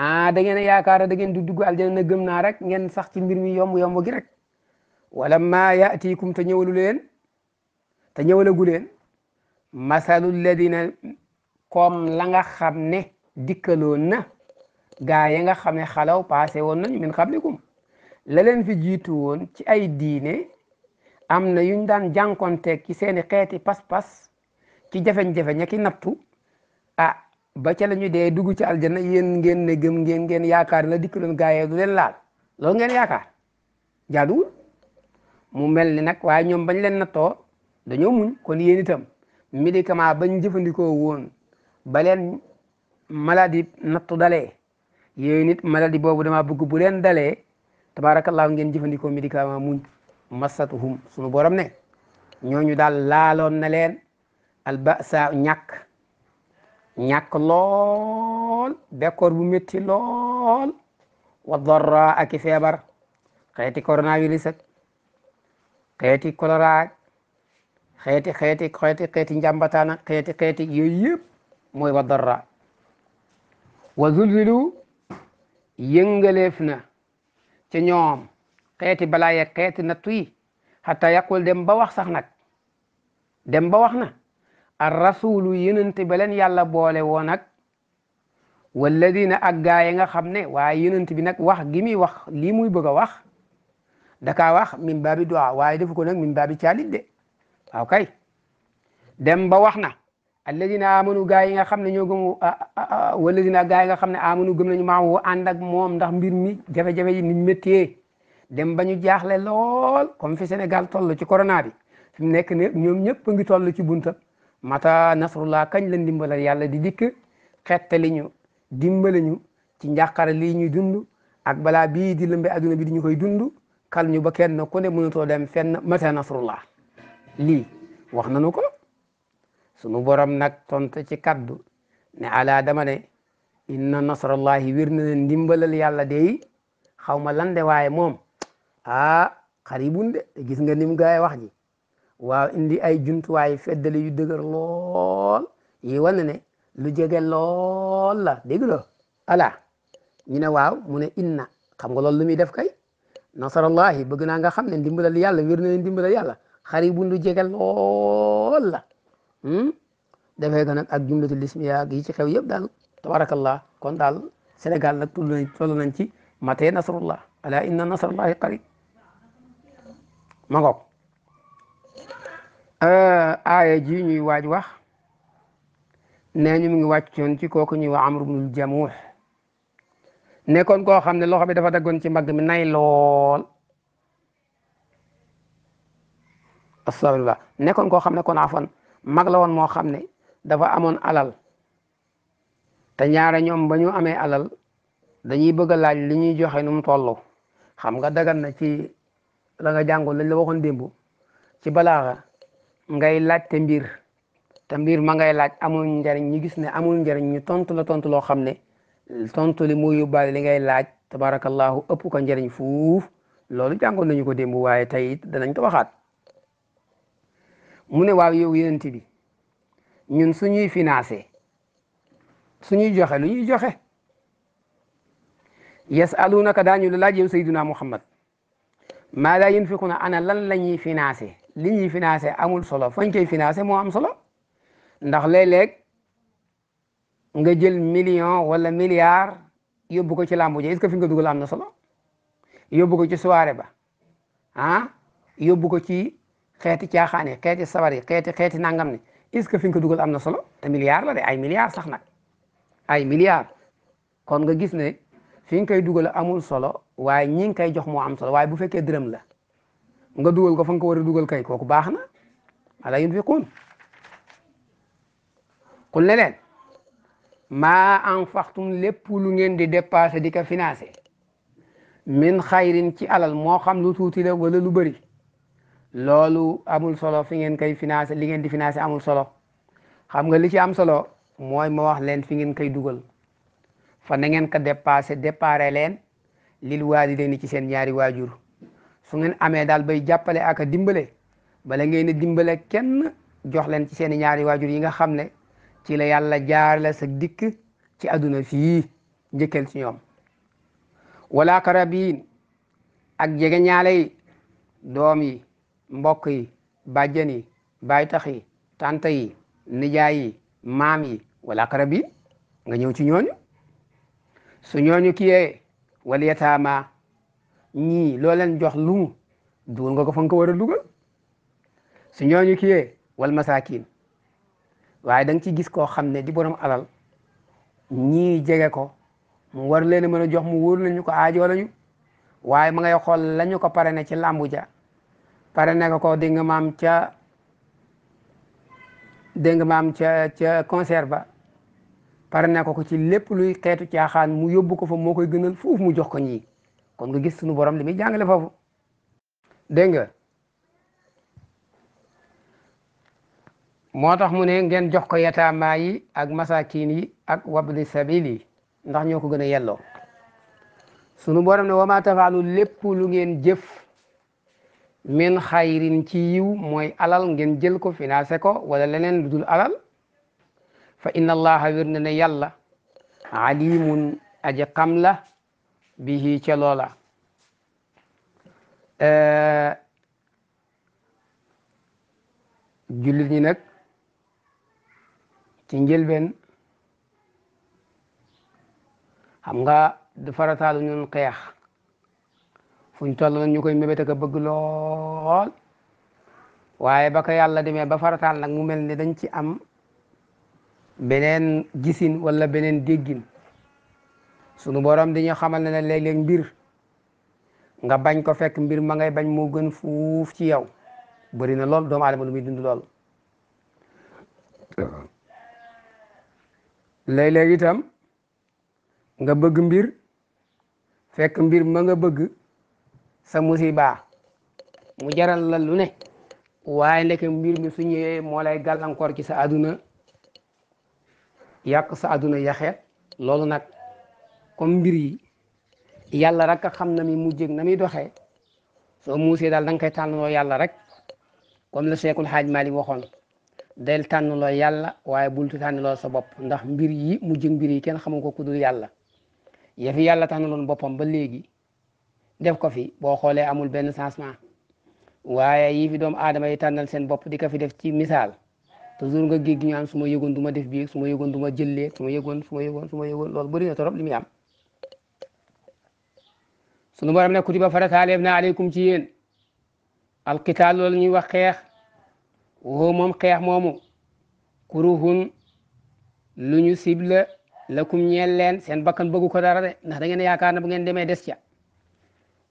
ah da ngeen a yaakaar da ngeen di dugg aljanna gëm naa rek ngeen sax ci mbir mi yomb yomb gi rek wala ma yaatikum te ñëwalu leen te ñëwalagu leen masalul ladina comme la nga xam ne dikkaloon na gaa ya nga xam ne xalaw passé woon nañu min qablikum la leen fi jiitu woon ci ay diine am na yuñ daan jànkonteeg ci seeni xeeti pas-pas ci jafeñ-jafe ña ki nattu ah ba ca la dee dugg ci aljanna yéen ngeen ne gëm ngeen ngeen yaakaar la dikkaloon gaa yee du leen laal loolu ngeen yaakaar jaaduwul mu mel ni nag waaye ñoom bañ leen nattoo dañoo muñ kon yéen itam médicament bañ jëfandikoo woon ba leen maladie nattu dalee yooyu nit maladie boobu dama bëgg bu leen dalee tabaarakallaahu ngeen jëfandikoo médicament muñ massatuhum suñu borom ne ñooñu daal laaloon na leen albasa ñàkk ñàkk lool bekkoor bu metti lool wa dara aki feebar xeeti coronavirus ak xeeti choléra xeeti xeeti xeeti xeeti njàmbataan ak xeeti xeeti yooyu mooy wa darra wa zulzilu yëngaleef na ci ñoom xeeti balaa yeeg xeeti nattu yi xataa yàqul dem ba wax sax nag dem ba wax na ar rasulu yenente ba leen yàlla boole woo nag walladina ak gaa yi nga xam ne waaye yenente bi nag wax gi muy wax lii muy bëgg a wax dakaa wax min baabi du'a waaye defu ko nag min baabi caalit de waaw kay dem ba wax na alladina amanu gaa yi nga xam ne ñoo gëm walladina gaa yi nga xam ne amanu gëm nañu maa woo ànd ak moom ndax mbir mi jafe-jafe yi ni métier dem ba ñu jaaxle lool comme fi Sénégal toll ci corona bi fi mu nekk ne ñoom ñëpp ngi toll ci bunta mata nasrullah kañ la ndimbalal yàlla di dikk xettali ñu dimbali ñu ci njàqare lii ñuy dund ak balaa bii di lëmbe adduna bi di ñu koy dund kal ñu ba kenn ku ne mënutoo dem fenn mata nasrullah lii wax nañu ko sunu borom nag tontu ci kaddu ne ala dama ne inna nasrallahi wir na leen ndimbalal yàlla de xaw ma lan de waaye moom ah xaribun de gis nga nim gaay wax ji waaw indi ay jumtuwaay feddali yu dëgër lool yi wane ne lu jege lool la dégg ala ñu ne waaw mu ne inna xam nga lool lu muy def kay nasarallahi bëgg naa nga xam ne ndimbalal yàlla wér na ne ndimbalal yàlla xaribun lu jege lool la hmm? dafay gën ak jumlatul ismiya yi ci xew yëpp daal tabarakallah kon daal senegal nag tull nañ toll nañ ci matee nasrullah ala inna nasrullahi qarib ma ngoog euh, aaya ji ñuy waaj wax nee ñu mu ngi wàccoon ci kooku ñuy wax amru bnul jamuux nekkoon koo xam ne loxo bi dafa dagoon ci mbagg mi nay lool astafirullah nekkoon koo xam ne kon afan mag la woon moo xam ne dafa amoon alal te ñaare ñoom ba ñu amee alal dañuy bëgg a laaj li ñuy joxe nu mu toll xam nga dagan na ci la nga jàngoon lañ la waxoon démb ci balaaxa ngay laaj te mbir te mbir ma ngay laaj amu njariñ ñu gis ne amul njariñ ñu tontu la tontu loo xam ne tontu li muy yóbbaale li ngay laaj tabarakallahu ëpp ko njariñ fuuf loolu jàngoon nañu ko démb waaye tey danañ ko waxaat mu ne waaw yow yonent bi ñun suñuy financé suñuy joxe lu ñuy joxe yasalunaka daañu la laaj yow sayduna muhammad maa laa yunfiquna ana lan la ñuy financé li ñuy financé amul solo fañ koy financé moo am solo ndax léeg-léeg nga jël million wala milliard yóbbu ko ci làmbu ji est fi nga dugg am na solo yóbbu ko ci soirée ba ah yóbbu ko ci xeeti caaxaan yi xeeti sabar yi xeeti xeeti nangam ne est-ce que fi ko dugal am na solo te milliards la de ay milliards sax nag ay milliards kon nga gis ne fi nga koy dugal amul solo waaye ñi ngi koy jox moo am solo waaye bu fekkee dërëm la nga dugal ko fa nga ko war a dugal kay kooku baax na ala yunfiquun xul ne leen maa anfaqtum lépp lu ngeen di dépassé di ko financé min xayrin ci alal moo xam lu tuuti la wala lu bari loolu amul solo fi ngeen koy financé li ngeen di financé amul solo xam nga li ci am solo mooy ma wax leen fi ngeen koy dugal fa na ngeen ko dépassé déparé leen lil waalidayni ci seen ñaari waajur su ngeen amee daal bay jàppale ak a dimbale bala ngeen a dimbale kenn jox leen ci seen ñaari waajur yi nga xam ne ci la yàlla jaar la sa dikk ci fi yi njëkkal ci ñoom wala karabiin ak jege ñaale yi doom yi mbokk yi bàjjen yi baytax yi tante yi nijaay yi maam yi wala akarab yi nga ñëw ci ñooñu su ñooñu kiyee wala yataama ñii loo leen jox lu mu nga ko fa nga ko war a dugal su ki kiyee wal masaakin waaye da nga gis koo xam ne di borom alal ñii jege ko mu war leen a mën a jox mu wóor lañu ko aajoo lañu waaye ma ngay xool lañu ko pare ne ci làmbu ja pare na ko dégg nga maam ca dégg nga maam ca ca concert ba pare na ko ci lépp luy xeetu caaxaan mu yóbbu ko fa moo koy gënal foofu mu jox ko ñii kon nga gis suñu borom li muy jàngale foofu dégg nga moo tax mu ne ngeen jox ko yataamaa yi ak masakin yi ak wabni sabil yi ndax ñoo ko gën a yelloo sunu borom ne wa ma tafaalu ngeen jëf min xayrin ci yiw mooy alal ngeen jël ko financé ko wala leneen lu dul alal fa inna allaha wér na ne yàlla alimun aji xam la bihi ca loola jullit ñi nag ci njëlbeen xam nga du farataalu ñun xeex fuñ toll nag ñu koy mébét ta a bëgg lool waaye ba ko yàlla demee ba farataal nag mu mel ne dañ ci am beneen gisin wala beneen déggin sunu borom dañu xamal ne ne léeg mbir nga bañ ko fekk mbir ma ngay bañ moo gën fuuf ci yow bëri na lool doomu aadama lu muy dund lool léeg itam nga bëgg mbir fekk mbir ma nga bëgg sa musiba mu jaral la lu ne waaye ndeke mbir mi su ñëwee moo lay gàllankoor ci sa àdduna yàq sa àdduna yaxeet loolu nag comme mbir yi yàlla rek a xam na mi mujjëg na muy doxee soo muusee daal da nga koy tànnaloo yàlla rek comme le Cheikhul Hadj Malick waxoon del tànnaloo yàlla waaye bul tànnaloo sa bopp ndax mbir yi mujjëg mbir yi kenn xamu ko ku dul yàlla ya fi yàlla tànnaloon boppam ba léegi def ko fi boo xoolee amul benn changement waaye yii fi doomu aadama yi tànnal seen bopp di ko fi def ci misaal toujours nga gégg ñu am su ma yëgoon du def bii su ma yëgoon du ma jëlee su ma yëgoon su ma yëgoon su ma yëgoon loolu bëri na trop li muy am sunu borom ne kutiba farataaleef na aleykum ci yéen alqitaal loolu ñuy wa xeex woo moom xeex moomu kuruhun lu ñu cible lakum ñeel leen seen bakkan bëggu ko dara de ndax da ngeen yaakaar ne bu ngeen demee des ca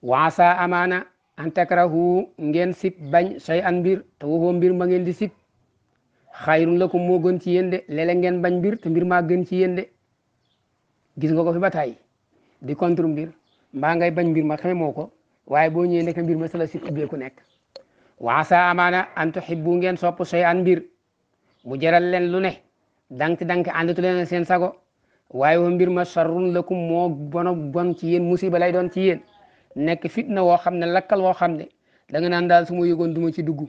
waasa asa amaana an takrahu ngeen sib bañ shay an mbir te waxoo mbir ma ngeen di sib la lakum moo gën ci yéen de léeg ngeen bañ mbir te mbir maa gën ci yéen de gis nga ko fi ba tàyyi di contre mbir mbaa ngay bañ mbir ma xame moo ko waaye boo ñëwee nekk mbir ma sala sib ubbeeku nekk wa asa amaana an tuhibbu ngeen sopp shay an mbir mu jaral leen lu ne dank-dank àndatu leen seen sago waaye wa mbir ma sharrun lakum moo bono bon ci yéen musiba lay doon ci yéen nekk fitna woo xam ne lakkal woo xam ne da nga naan daal su ma yëgoon du ma ci duggu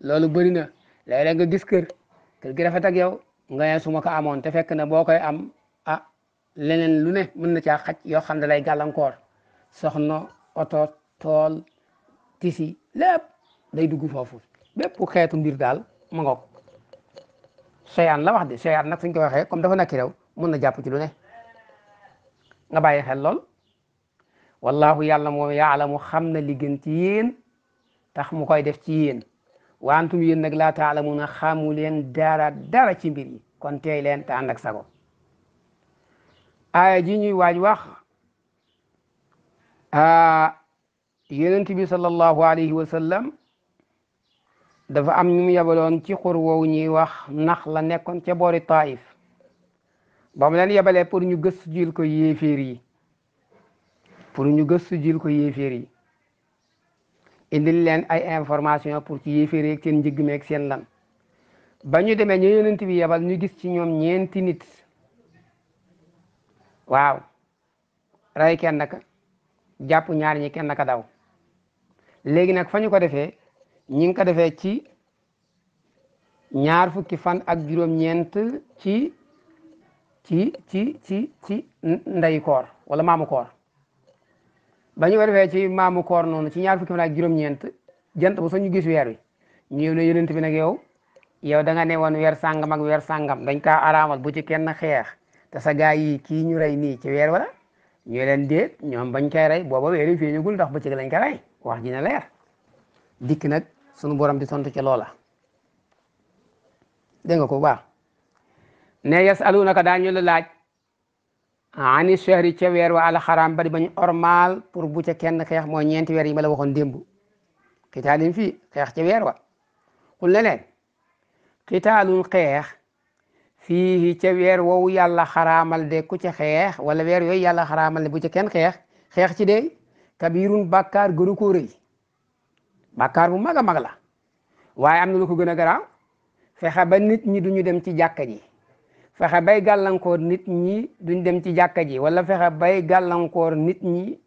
loolu bëri na léeg-léeg nga gis kër kër gi rafet ak yow nga ne su ma ko amoon te fekk na boo koy am ah, leneen lu ne mën na caa xaj yoo xam ne lay gàllankoor soxna oto tool tisi lépp day dugg foofu bépp xeetu mbir daal ma ngoog soyaan la wax de soyaan nag suñ ko waxee comme dafa nekk rew mën na jàpp ci lu ne nga bàyyi xel lool. wallahu yàlla moom yaalamu xam na li gën yéen tax mu koy def ci yéen wa antum yéen nag laa taalamuuna xamu leen dara dara ci mbir kon teey leen te ànd ak sago aaya ji ñuy waaj wax yonent bi sallallahu alayhi wa sallam dafa am ñu mu yabaloon ci xur woowu ñuy wax nax la nekkoon ca boori taif ba mu leen yabalee pour ñu gëstu jil ko yéeféer yi pour ñu gëstu jil ko yéeféer yi indil leen ay information pour ci yéeféer yi ak seen njëgg meeg seen lan ba ñu demee ñu yonent bi yebal ñu gis ci ñoom ñeenti nit waaw rey kenn ka jàpp ñaar ñi kenn ka daw léegi nag fa ñu ko defee ñi ngi ko defee ci ñaar fukki fan ak juróom-ñeent ci ci ci ci ci ndey koor wala maamu koor ba ñu ko defee ci maamu koor noonu ci ñaar fukki fan ak juróom-ñeent jant bu so ñu gis weer wi ñu yëw ne yonent bi nag yow yow da ne woon weer sàngam ak weer sàngam dañ kaa araamal bu ci kenn xeex te sa gaa yi kii ñu rey nii ci weer wala ñu leen déet ñoom bañ koy rey booba weer yi feeñagul ndax bëccëg lañ ko rey wax ji na leer dikk nag sunu borom di tontu ci loola dégg ko bu baax ne yas alunaka daañu la laaj ani shahri ca weer wa alxaraam ba di bañ ormaal pour bu ca kenn xeex mooy ñeenti weer yi ma la waxoon démb xitaalin fii xeex ca weer wa xul ne leen xeex fii ca weer woowu yàlla xaraamal de ku ca xeex wala weer yooyu yàlla xaraamal de bu ca kenn xeex xeex ci de kabirun bàkkaar gënu koo rëy bàkkaar bu mag a mag la waaye am na lu ko gën a garaaw fexe ba nit ñi duñu dem ci jàkka ji fexe bay gàllankoor nit ñi duñ dem ci jàkka ji wala fexe bay gàllankoor nit ñi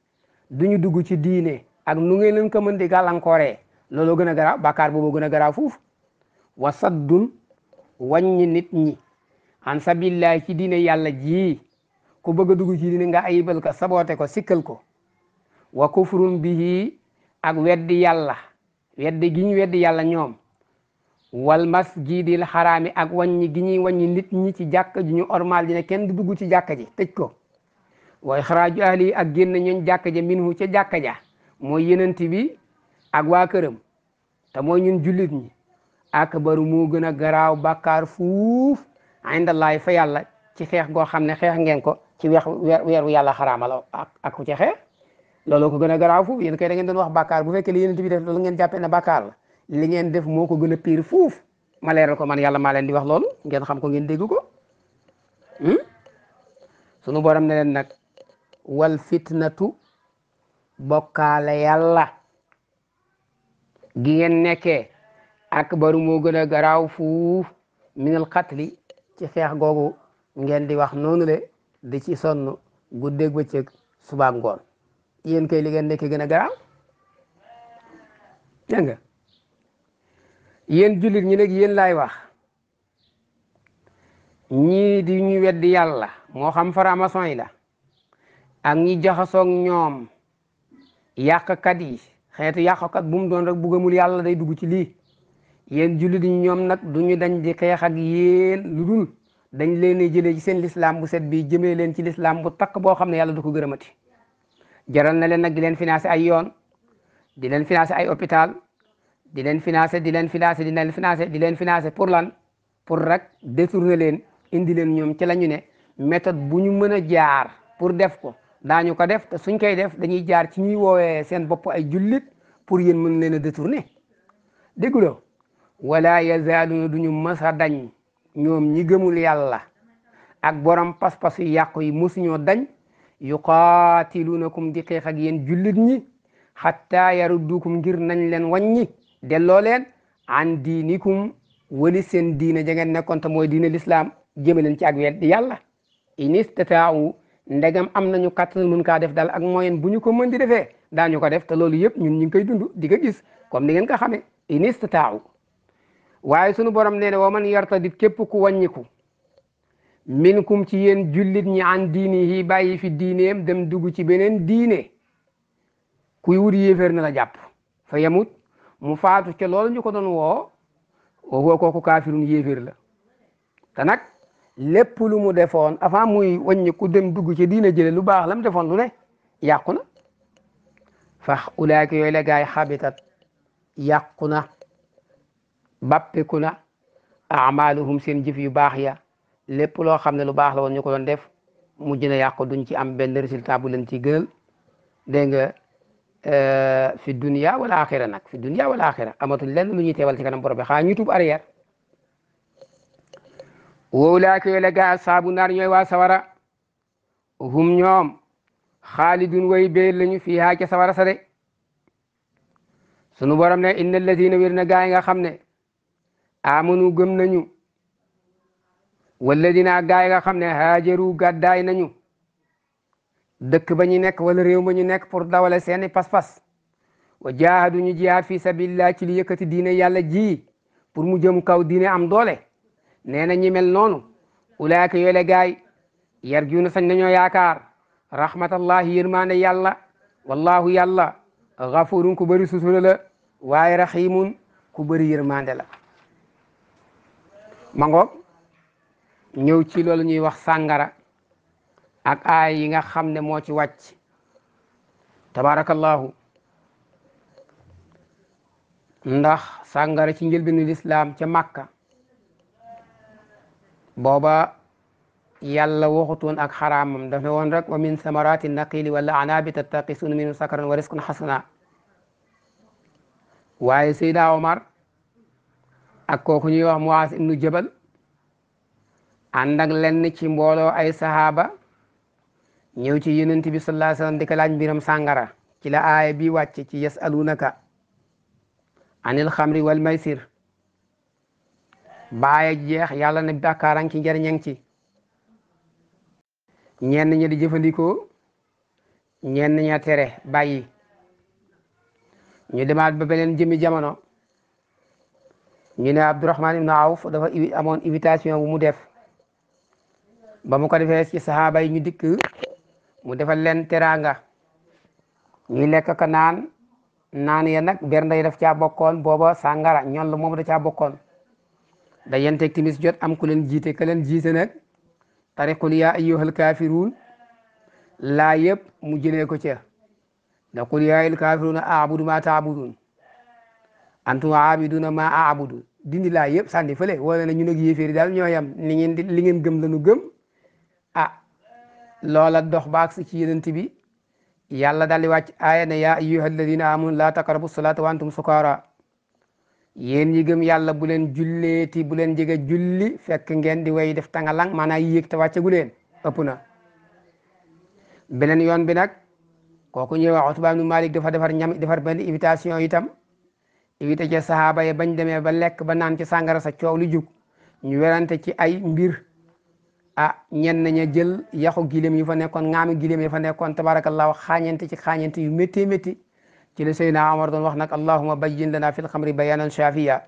duñu dugg ci diine ak nu ngeen leen ko mën di gàllankooree looloo gën a garaaw bàkkaar boobu gën a garaaw fuuf wa saddun wàññi nit ñi an sabilillahi ci diine yàlla ji ku bëgg a dugg ci diine nga ayibal ko saboote ko sikkal ko wa kufrun bihi ak weddi yàlla weddi gi ñu weddi yàlla ñoom wal mas masjidil xaraami ak wàññi gi ñuy wàññi nit ñi ci jàkk ji ñu ormal ji ne kenn du dugg ci jàkk ji tëj ko wa ixraaju ahli ak génn ñooñ jàkk ja minhu ca jàkk ja mooy yenent bi ak waa këram te mooy ñun jullit ñi akbaru mu gën a garaaw bàkkaar fuuf indallaay fa yàlla ci xeex goo xam ne xeex ngeen ko ci weex weeru yàlla xaraama la ak ak ku ci xeex loolu ko gën a garaaw fuuf yéen kay da ngeen doon wax bàkkaar bu fekkee li yenent bi def loolu ngeen jàppee ne bàkkaar la li ngeen def moo ko gën a pire fuuf ma leeral ko man yàlla maa leen di wax loolu ngeen xam ko ngeen dégg ko hmm? sunu borom ne leen nag wal fitnatu bokkaale yàlla gi ngeen nekkee akbaru moo gën a garaaw fuuf minal xatli ci xeex googu ngeen di wax noonu le di ci sonn guddeeg bëccëg subaak ngoon yéen kay li ngeen nekkee gën a garaaw yéen jullit ñi nag yéen laay wax ñii di ñu weddi yàlla moo xam faramason yi la ak ñi jaxasoog ñoom yàqkat yi xeetu yàqkat bu mu doon rek bu gëmul yàlla day dugg ci lii yéen jullit ñi ñoom nag du ñu dañ di xeex ak yéen lu dul dañ leen a jëlee ci seen lislaam bu set bi jëmee leen ci lislaam bu takk boo xam ne yàlla du ko gërëmati jaral na leen nag di leen financé ay yoon di leen financé ay hôpital di leen financé di leen financé di leen di leen financé pour lan pour rek détourner leen indi leen ñoom ci la ne méthode bu ñu mën a jaar pour def ko daañu ko def te suñ koy def dañuy jaar ci ñuy woowee seen bopp ay jullit pour yéen mën leen a détourner dégguloo wala yazaaluuna duñu mës a dañ ñoom ñi gëmul yàlla ak borom pas-pas yu yàqu yi mosuñoo dañ yuqaatiluunakum di xeex ak yéen jullit ñi xatta yaruddukum ngir nañ leen wàññi delloo leen an diinikum wali seen diine ja ngeen nekkoon te mooy diine lislaam jëme leen ci ak weddi yàlla inistataau ndegam am nañu kàttan mun kaa def daal ak moyen bu ñu ko mën di defee daañu ko def te loolu yëpp ñun ñu ngi koy dund di ko gis comme ni ngeen ko xamee inistataau waaye sunu borom nee ne wa man yartadid képp ku min minkum ci yéen jullit ñi an diini yi bàyyi fi diineem dem dugg ci beneen diine kuy wut yéeféer na la jàpp fa yamut mu faatu ca loolu ñu ko doon woo woo kooku kaafirun yéeféer la te nag lépp lu mu defoon avant muy wàññi ku dem dugg ci diina jële lu baax la mu defoon lu ne yàqu na fax ulaayka yooyu la gaay xabitat yàqu na bàppiku na amaaluhum seen jëf yu baax ya lépp loo xam ne lu baax la woon ñu ko doon def mu na yàqu duñ ci am benn résultat bu leen ci gënal fi dunia wala axira nag fi dunia wala axira amatul lenn lu ñuy teewal ci kanam borom bi xaa ñu tub arrière woowu laa koy la gaa saabu naar ñooy wa sawara hum ñoom xaalidun way béer lañu fii haa ca sawara sa de sunu borom ne inna alladina wér na gaa yi nga xam ne amanu gëm nañu walladina gaa yi nga xam ne haajaru gàddaay nañu dëkk ba ñu nekk wala réew ma ñu nekk pour dawale seeni pas-pas wa jaahadu ñu jihaad fi sabilillah ci li yëkkati diina yàlla ji pour mu jëm kaw diine am doole nee na ñi mel noonu ulaaka yoole gaay yar juuna sañ nañoo yaakaar rahmatallahi yërmaande yàlla wallahu yàlla gafurun ku bari sutura la waaye rahimun ku bari bëri yërmaande la ma ngoog ñëw ci loolu ñuy wax sàngara ak aay yi nga xam ne moo ci wàcc tabaarakallaahu ndax sàngara ci njëlbinu lislaam ca màkka booba yàlla waxutoon ak xaraamam daf ne woon rek wa min samarati naqili wala anabi tattaqisuuna minhu sakaran wa risqan xasana waaye Seyda Omar ak kooku ñuy wax Muaas ibnu Jabal ànd ak ci mbooloo ay sahaaba ñëw ci yonent bi sallallahu alayhi wasallam di ko laaj mbiram sàngara ci la aaya bi wàcc ci yasalunaka anil xamri wal maysir baaya jeex yàlla ne bàkkaaran ci njariñang ci ñenn ña di jëfandikoo ñenn ña tere bàyyi ñu demaat ba beneen jëmi jamono ñu ne Abdurahman ibn Awf dafa amoon invitation bu mu def ba mu ko defee ci saxaaba yi ñu dikk mu defal leen teraanga ñuy lekk ka naan naan ya nag bernde yi daf caa bokkoon booba sàngara ñoll moom da caa bokkoon da yenteeg timis jot am ku leen jiite ka leen jiite nag tariqul yaa ayyuhal kaafiruun laa yëpp mu jëlee ko ca da qul yaa ayyuhal kaafiruun a'budu maa ta'buduun antum aabiduuna maa a'budu dindi la yëpp sandi fële wala na ñu nag yéeféeri daal ñoo yam li ngeen di li ngeen gëm la nu gëm loola dox ba agsi ci yonent bi yàlla daldi wàcc aaya ne yaa ayyuha alladina amanu laa taqrabu salaata wa antum sukaara yéen ñi gëm yàlla bu leen julleeti bu leen jege julli fekk ngeen di way def tangalang maanaam yéeg te wàccagu leen ëpp na beneen yoon bi nag kooku ñuy wax Utba ibn Malik dafa defar ñam defar benn invitation itam invité ca sahaaba yi bañ demee ba lekk ba naan ci sàngara sa coow lu jug ñu werante ci ay mbir a ah, ñenn ña jël yaxu gileem yu fa nekkoon ŋaami gileem yu fa nekkoon tabaarakallaahu xaañante ci xaañante yu métti métti ci la Seydina Omar doon wax nag allahuma bayyin lana fil xamri bayanan shafiya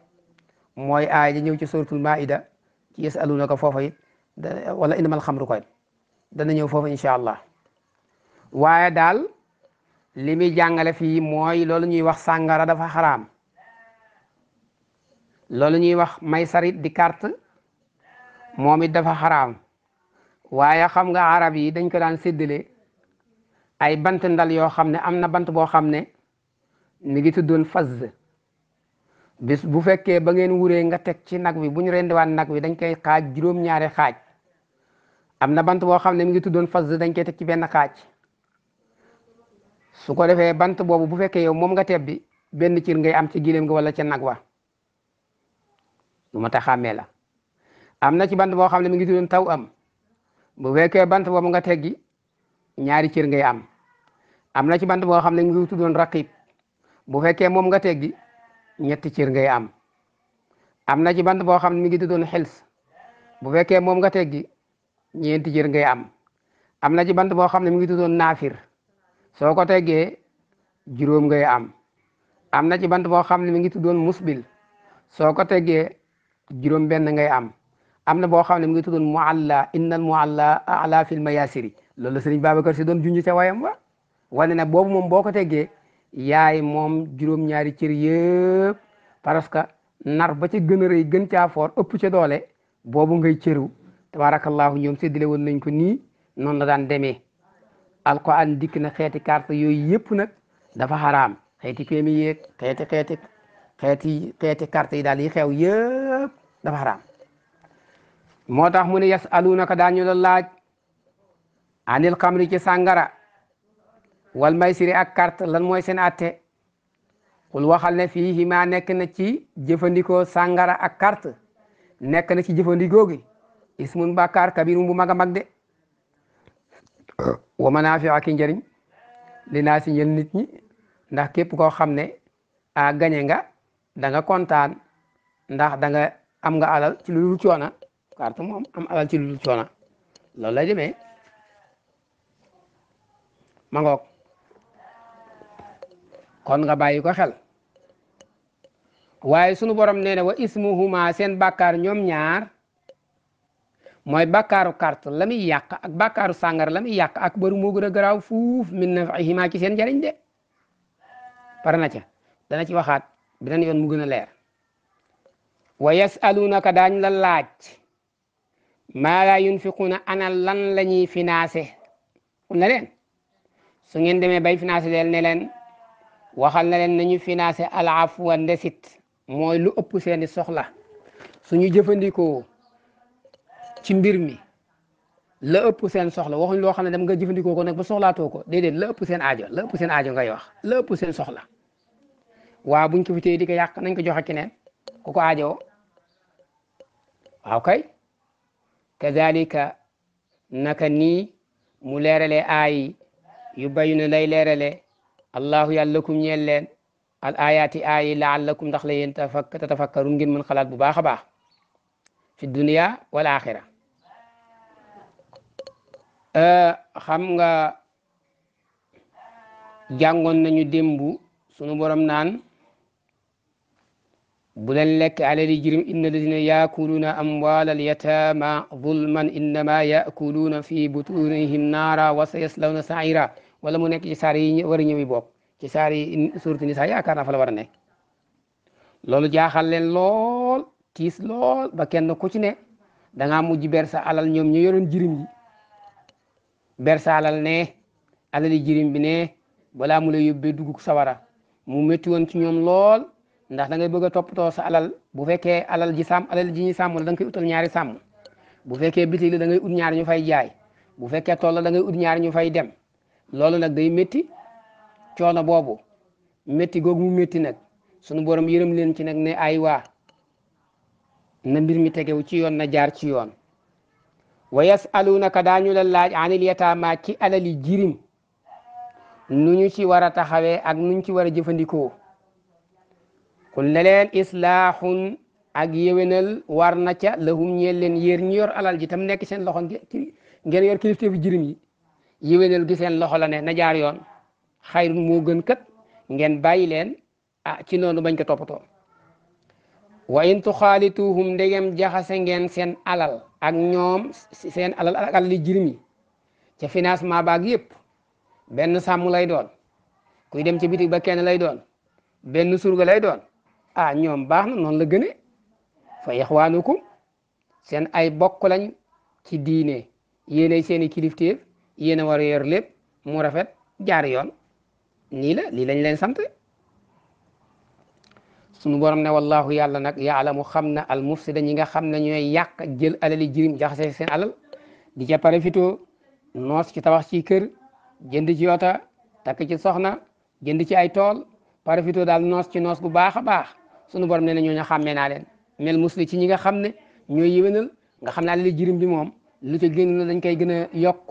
mooy aay di ñëw ci suratul maida ci yasalunaka foofa foofay wala innamal xamru koy dana ñëw foofa incha allah waaye daal li muy jàngale fii mooy loolu ñuy wax sàngara dafa xaraam loolu ñuy wax may sarit di carte moom it dafa xaraam waaye xam nga arab yi dañ ko daan séddale ay bant ndal yoo xam ne am na bant boo xam ne mi ngi doon faz bis bu fekkee ba ngeen wuree nga teg ci nag wi bu ñu rendiwaan nag wi dañ koy xaaj juróom-ñaari xaaj am na bant boo xam ne mi ngi doon faz dañ koy teg ci benn xaaj su ko defee bant boobu bu fekkee yow moom nga tebbi benn cir ngay am ci gileem nga walla ca nag wa lu ma tax xàmmee la am na ci bant boo xam ne mi ngi tuddoon taw am bu fekkee bant boobu nga teggi ñaari cër ngay am am na ci bant boo xam ne mu ngi tuddoon raqib bu fekkee moom nga teggi ñetti cër ngay am am na ci bant boo xam ne mi ngi tuddoon xels bu fekkee moom nga teggi ñeenti cër ngay am am na ci bant boo xam ne mi ngi tuddoon naafir soo ko teggee juróom ngay am am na ci bant boo xam ne mi ngi tuddoon musbil soo ko teggee juróom benn ngay am am na boo xam ne mu ngi tuddoon mualla innal mualla ala a mayasiri loolu la sëriñ Babacar si doon junj ca wayam wa wane ne boobu moom boo ko teggee yaay moom juróom-ñaari cër yëpp parce que nar ba ca gën a rëy gën caa foor ëpp ca doole boobu ngay cëru tabaarakallaahu ñoom séddale woon nañ ko nii noonu la daan demee alquran dikk na xeeti carte yooyu yëpp nag dafa xaraam xeeti pémi yeeg xeeti xeeti xeeti xeeti carte yi daal yi xew yëpp dafa xaraam moo tax mu ne yas alunaka daañu la laaj anil xamri ci sàngara wal maysiri ak kart lan mooy seen atte xul waxal ne fii himaa nekk na ci jëfandikoo sàngara ak kart nekk na ci jëfandikoo gi ismun bàkkaar kabirum bu mag a mag de naa fi ak njëriñ li naa si ñel nit ñi ndax képp koo xam ne a gañe nga danga kontaan ndax da am nga alal ci lu dul coona carte moom am alal ci lu dul coona loolu lay demee ma kon nga bàyyi ko xel waaye sunu borom nee na wa ismuhuma seen bàkkaar ñoom ñaar mooy bàkkaaru carte la muy yàq ak bàkkaaru sàngara la muy yàq ak baru moo gën a garaaw fuuf min nafihima ki seen njariñ de pare na ca dana ci waxaat beneen yoon mu gën a leer wa yasalunaka daañ la laaj maa laa yunfiquuna ana lan la ñuy financé um na leen su ngeen demee bay financé leen ne leen waxal na leen nañu financé alafwa ndesit mooy lu ëpp seeni soxla suñu jëfandikoo ci mbir mi la ëpp seen soxla waxuñ loo xam ne dem nga jëfandikoo ko nag ba soxlaatoo ko déedéet la ëpp seen aajo la ëpp seen aajo ngay wax la ëpp seen soxla waaw buñ ko fi téye di ko yàq nañ ko joxe keneen ku ko aajoo waaw kay kazalika naka nii mu leerale aayi yu bayuna lay leerale allahu yàllakum ñeel leen al ayaati aayi laallakum ndax la yéen tafak tatafakkarun ngeen mën xalaat bu baax a baax fi dunia wal axira euh, xam nga jàngoon nañu démbu sunu borom naan bu leen lekk alali jirim inna alladina yaakuluuna amwaal alyataama zulman innama yaakuluuna fi butunihim naara wa sa yaslawna saira wala mu nekk ci saar yi war a ñëwi bopp ci saar yi suuratu nisaa yaakaar naa fa la war a nekk loolu jaaxal leen lool tiis lool ba kenn ku ci ne da ngaa mujj ber sa alal ñoom ñu yoroon jirim alal ne alali jirim bi ne balaa mu la yóbbee dugg sawara mu métti woon ci ñoom lool ndax da ngay bëgg a toppatoo sa alal bu fekkee alal ji sàmm alal ji ñuy sàmm la utal ñaari sàmm bu fekkee bitig la da ngay ut ñaari ñu fay jaay bu fekkee tool la da ngay ut ñaari ñu fay dem loolu nag day métti coono boobu métti googu mu métti nag sunu borom yërëm leen ci nag ne ay waa na mbir mi tegew ci yoon na jaar ci yoon wa yasalunaka daañu la laaj anil yataama ci alali jirim nu ñu ci war a taxawee ak nu ñu ci war a jëfandikoo kul ne leen islaaxun ak yéwénal war na ca lahum ñeel leen yéer ñi yor alal ji tam nekk seen loxo ngeen yor kilifte bi jirim yi yéwénal gi seen loxo la ne na jaar yoon xayrun moo gën ngeen bàyyi leen ah ci noonu bañ ko toppatoo wa in tuxaalituhum ndegem jaxase ngeen seen alal ak ñoom seen alal ak alal yi jirim yi ca financement baag yëpp benn sàmm lay doon kuy dem ci bitig ba kenn lay doon benn surgo lay doon ah ñoom baax na noonu la gëne fa ixwaanukum seen ay bokk lañ ci diine yéenay seeni kilifteef yéen a war a yor lépp mu rafet jaar yoon nii la lii lañ leen sant sunu borom ne wallahu yàlla nag mu xam na al mufsida ñi nga xam ne ñooy yàq jël alali jirim jaxase seen alal di ca parafito noos ci tabax ci kër jënd ci yota takk ci soxna jënd ci ay tool parafito daal noos ci noos bu baax a baax sunu borom nee na ñooñu xàmmee naa leen mel musli ci ñi nga xam ne ñooy yéwénal nga xam ne alali jirim bi moom lu ca génn la dañ koy gën a yokk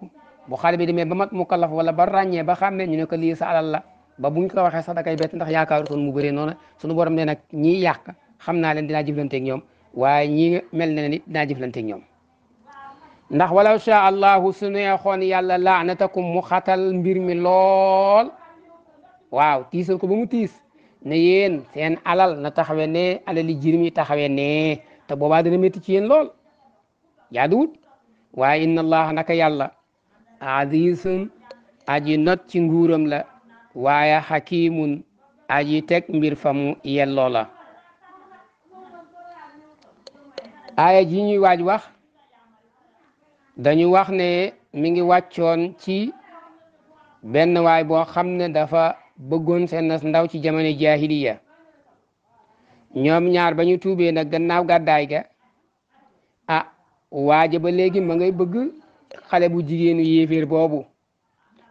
bu xale bi demee ba mag mu kalaf wala ba ràññee ba xàmmee ñu ne ko lii sa alal la ba buñ ko waxee sax da koy bett ndax yaakaaru toon mu bëree noonu sunu borom nee nag ñii yàq xam naa leen di dinaa jëflanteeg ñoom waaye ñii mel na ni dinaa jëflanteeg ñoom ndax walaw sha allahu su neexoon yàlla laanatakum mu xatal mbir mi lool waaw tiisal ko ba mu tiis ne yéen seen alal na taxawe ne alali jirim yi taxawe ne te boobaa dana métti ci yéen lool jaaduwut waaye inna allah naka yàlla azizun aji not ci nguuram la waaye xakimun aji teg mbir famu mu yelloo la aaya ji ñuy waaj wax dañu wax ne mi ngi wàccoon ci benn waay boo xam ne dafa bëggoon seen ndaw ci jamono jaahiliya ñoom ñaar ba ñu tuubee nag gannaaw gàddaay ga a ah, waaja ba léegi ma ngay bëgg xale bu jigéenu yéeféer boobu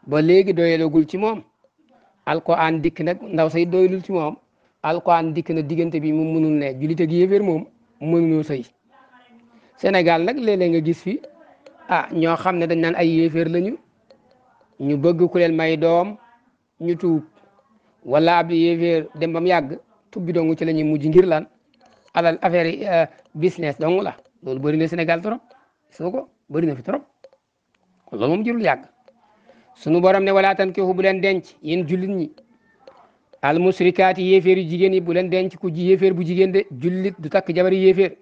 ba léegi doyalagul ci moom alquran dikk nag ndaw say doyalul ci moom alquran dikk na diggante bi mu mënul ne julit ak yéeféer moom mënuloo sëy Sénégal nag léeg-léeg nga gis fi ah ñoo xam ne dañ naan ay yéeféer lañu ñu bëgg ku leen may doom ñu tuub wala ab yéeféer dem ba mu yàgg tubbi dong ci la ñuy mujj ngir lan alal affaire yi euh, business dong la loolu bari na Sénégal trop soo ko na fi trop loolu moom jërul yàgg sunu borom ne wala tankihu bu leen denc yéen jullit ñi al musrikaat yi yéeféer yu jigéen yi bu leen denc ku ji bu jigéen de jullit du takk jabar yéeféer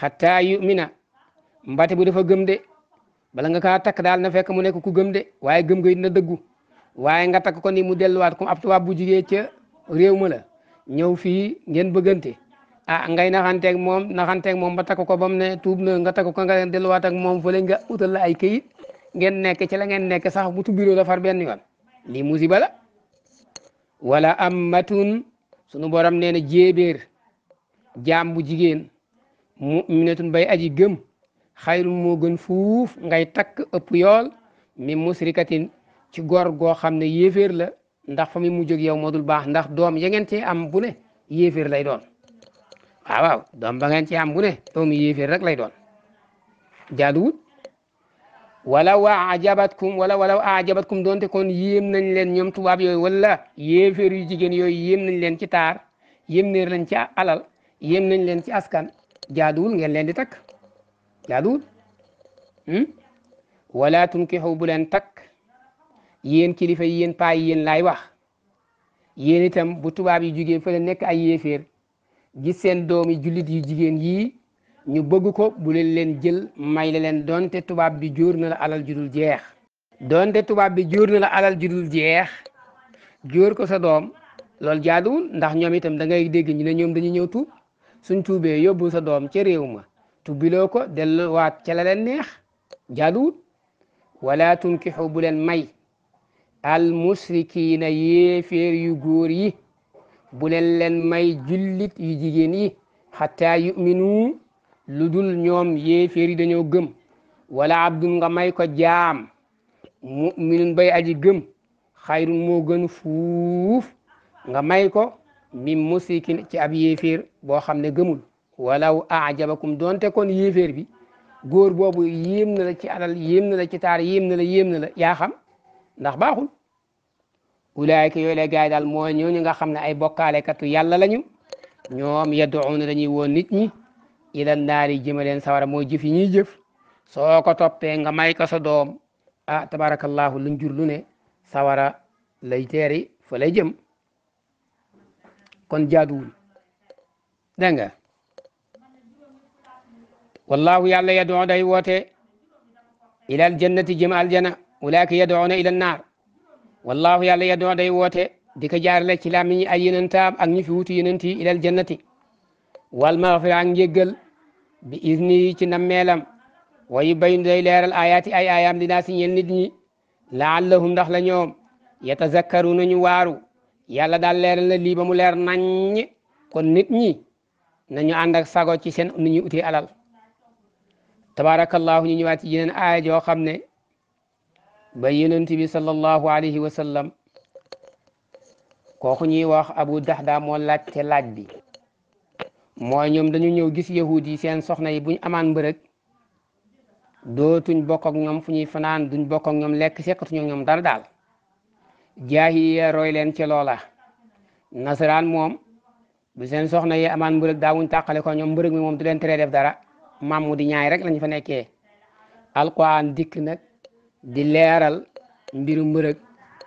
xataa yumina mbate bu dafa gëm de bala nga kaa takk daal na fekk mu nekk ku gëm de waaye gëm nga na dëggu waaye nga takk ko ni mu delluwaat ko ab tubaab bu jugee ca réew ma la ñëw fii ngeen bëggante a ah ngay naxanteeg moom naxanteeg moom ba takk ko ba mu ne tuub nga takk ko nga delluwaat ak moom fële nga utal la ay këyit ngeen nekk ci la ngeen nekk sax bu tubbiroo la far benn yoon lii musiba la wala am ammatun sunu borom nee na jéebéer jaam bu jigéen muminatun bay aji gëm xayrun moo gën fuuf ngay takk ëpp yool mi musrikatin ci góor goo xam ne yéeféer la ndax fa mu mujj ak yow moo dul baax ndax doom ya ngeen cee am bu ne yéeféer lay doon awaw doom ba ngeen cee am bu doom doomu rek lay doon jaaduwut wala wa waa ajabatkum wala wala ajabatkum doonte kon yéem nañ leen ñoom tubaab yooyu wala yéeféer yu jigéen yooyu yéem nañ leen ci taar yéem néer leen ci alal yéem nañ leen ci askan jaaduwul ngeen leen di takk jaaduwul hmm? wala tunkixu bu leen takk yéen kilifa yi yéen paa yi yéen laay wax yéen itam bu tubaab yi jugee fële nekk ay yéeféer gis seen doomi jullit yu jigéen yii ñu bëgg ko bu leen leen jël may la leen donte tubaab bi jóor na la alal judul jeex donte tubaab bi jóor na la alal judul jeex jóor ko sa doom loolu jaaduwul ndax ñoom itam da ngay dégg ñu ne ñoom dañu ñëw tuub suñ tuubee yóbbu sa doom ca réew ma tubbiloo ko delluwaat ca la leen neex jaaduwul wala tunkixu bu leen may al musrikiina yu góor yi bu leen leen may jullit yu jigéen yi xataa yuminu lu dul ñoom yéeféer yi dañoo gëm wala abdun nga may ko jaam muminun bay aji gëm xayrun moo gën fuuf nga may ko min musrikin ci ab yéeféer boo xam ne gëmul walaw ajabakum donte kon yéeféer bi góor boobu yéem na la ci alal yéem na la ci taar yéem na la yéem na la yaa xam ndax baaxul ulaayka yooyu la gaay daal mooy ñooñu nga xam ne ay bokkaalekatu yàlla lañu ñoom yadduuna dañuy woo nit ñi ilan naari jëma leen sawara mooy jëf yi ñuy jëf ko toppee nga may ko sa doom ah tabarakallahu luñ jur lu ne sawara lay teeri fa lay jëm kon jaaduwul dégg nga wallahu yàlla yadoo day woote ilal jannati jëm aljana ulaaka yadoona ila naar wallahu yàlla yadoo day woote di ko jaarale ci làmmiñ ay yenentaam ak ñu fi wutu yenent yi ilal jannati wal maxfira ak njéggal bi izni yi ci nammeelam wayu bayn day leeral ayaati ay ayaam dinaa si ñeel nit ñi laallahum ndax la ñoom yatazakkaruna ñu waaru yàlla daal leeral na lii ba mu leer naññ kon nit ñi nañu ànd ak sago ci seen nu ñuy uti alal tabarakallahu ñu ñëwaat ci yeneen aaya joo xam ne ba yonent bi sallallahu alayhi wa sallam kooku ñuy wax abu dahda moo laajte laaj bi mooy ñoom dañu ñëw gis yahud yi seen soxna yi buñ amaan mbërëg dootuñ bokk ak ñoom fu ñuy fanaan duñ bokk ñoom lekk sekkatuñu ñoom dara daal jaahiya roy leen ci loola nasaraan moom bu seen soxna yi amaan mbërëg daawuñ tàqale ko ñoom mbërëg mi moom du leen teree def dara maam mu di ñaay rek lañ fa nekkee alquran dikk di leeral mbiru mbërëg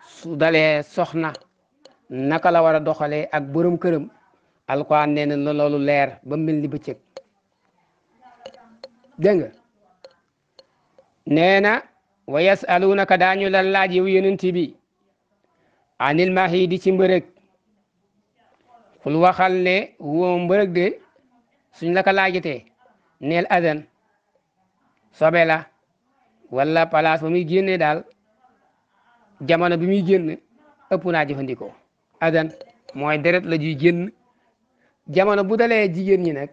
su dalee soxna naka la war a doxalee ak borom këram alquran nee na loolu leer ba mel ni bëccëg dégg nga nee na wa yasalunaka daañu lan laaj yow yonent bi anil mahidi ci mbërëg xul waxal ne woo mbërëg de suñ la ko laajatee neel adan sobe la wala place ba muy génnee daal jamono bi muy génn ëpp naa jëfandikoo adan mooy deret la ji génn jamono bu dalee jigéen ñi nag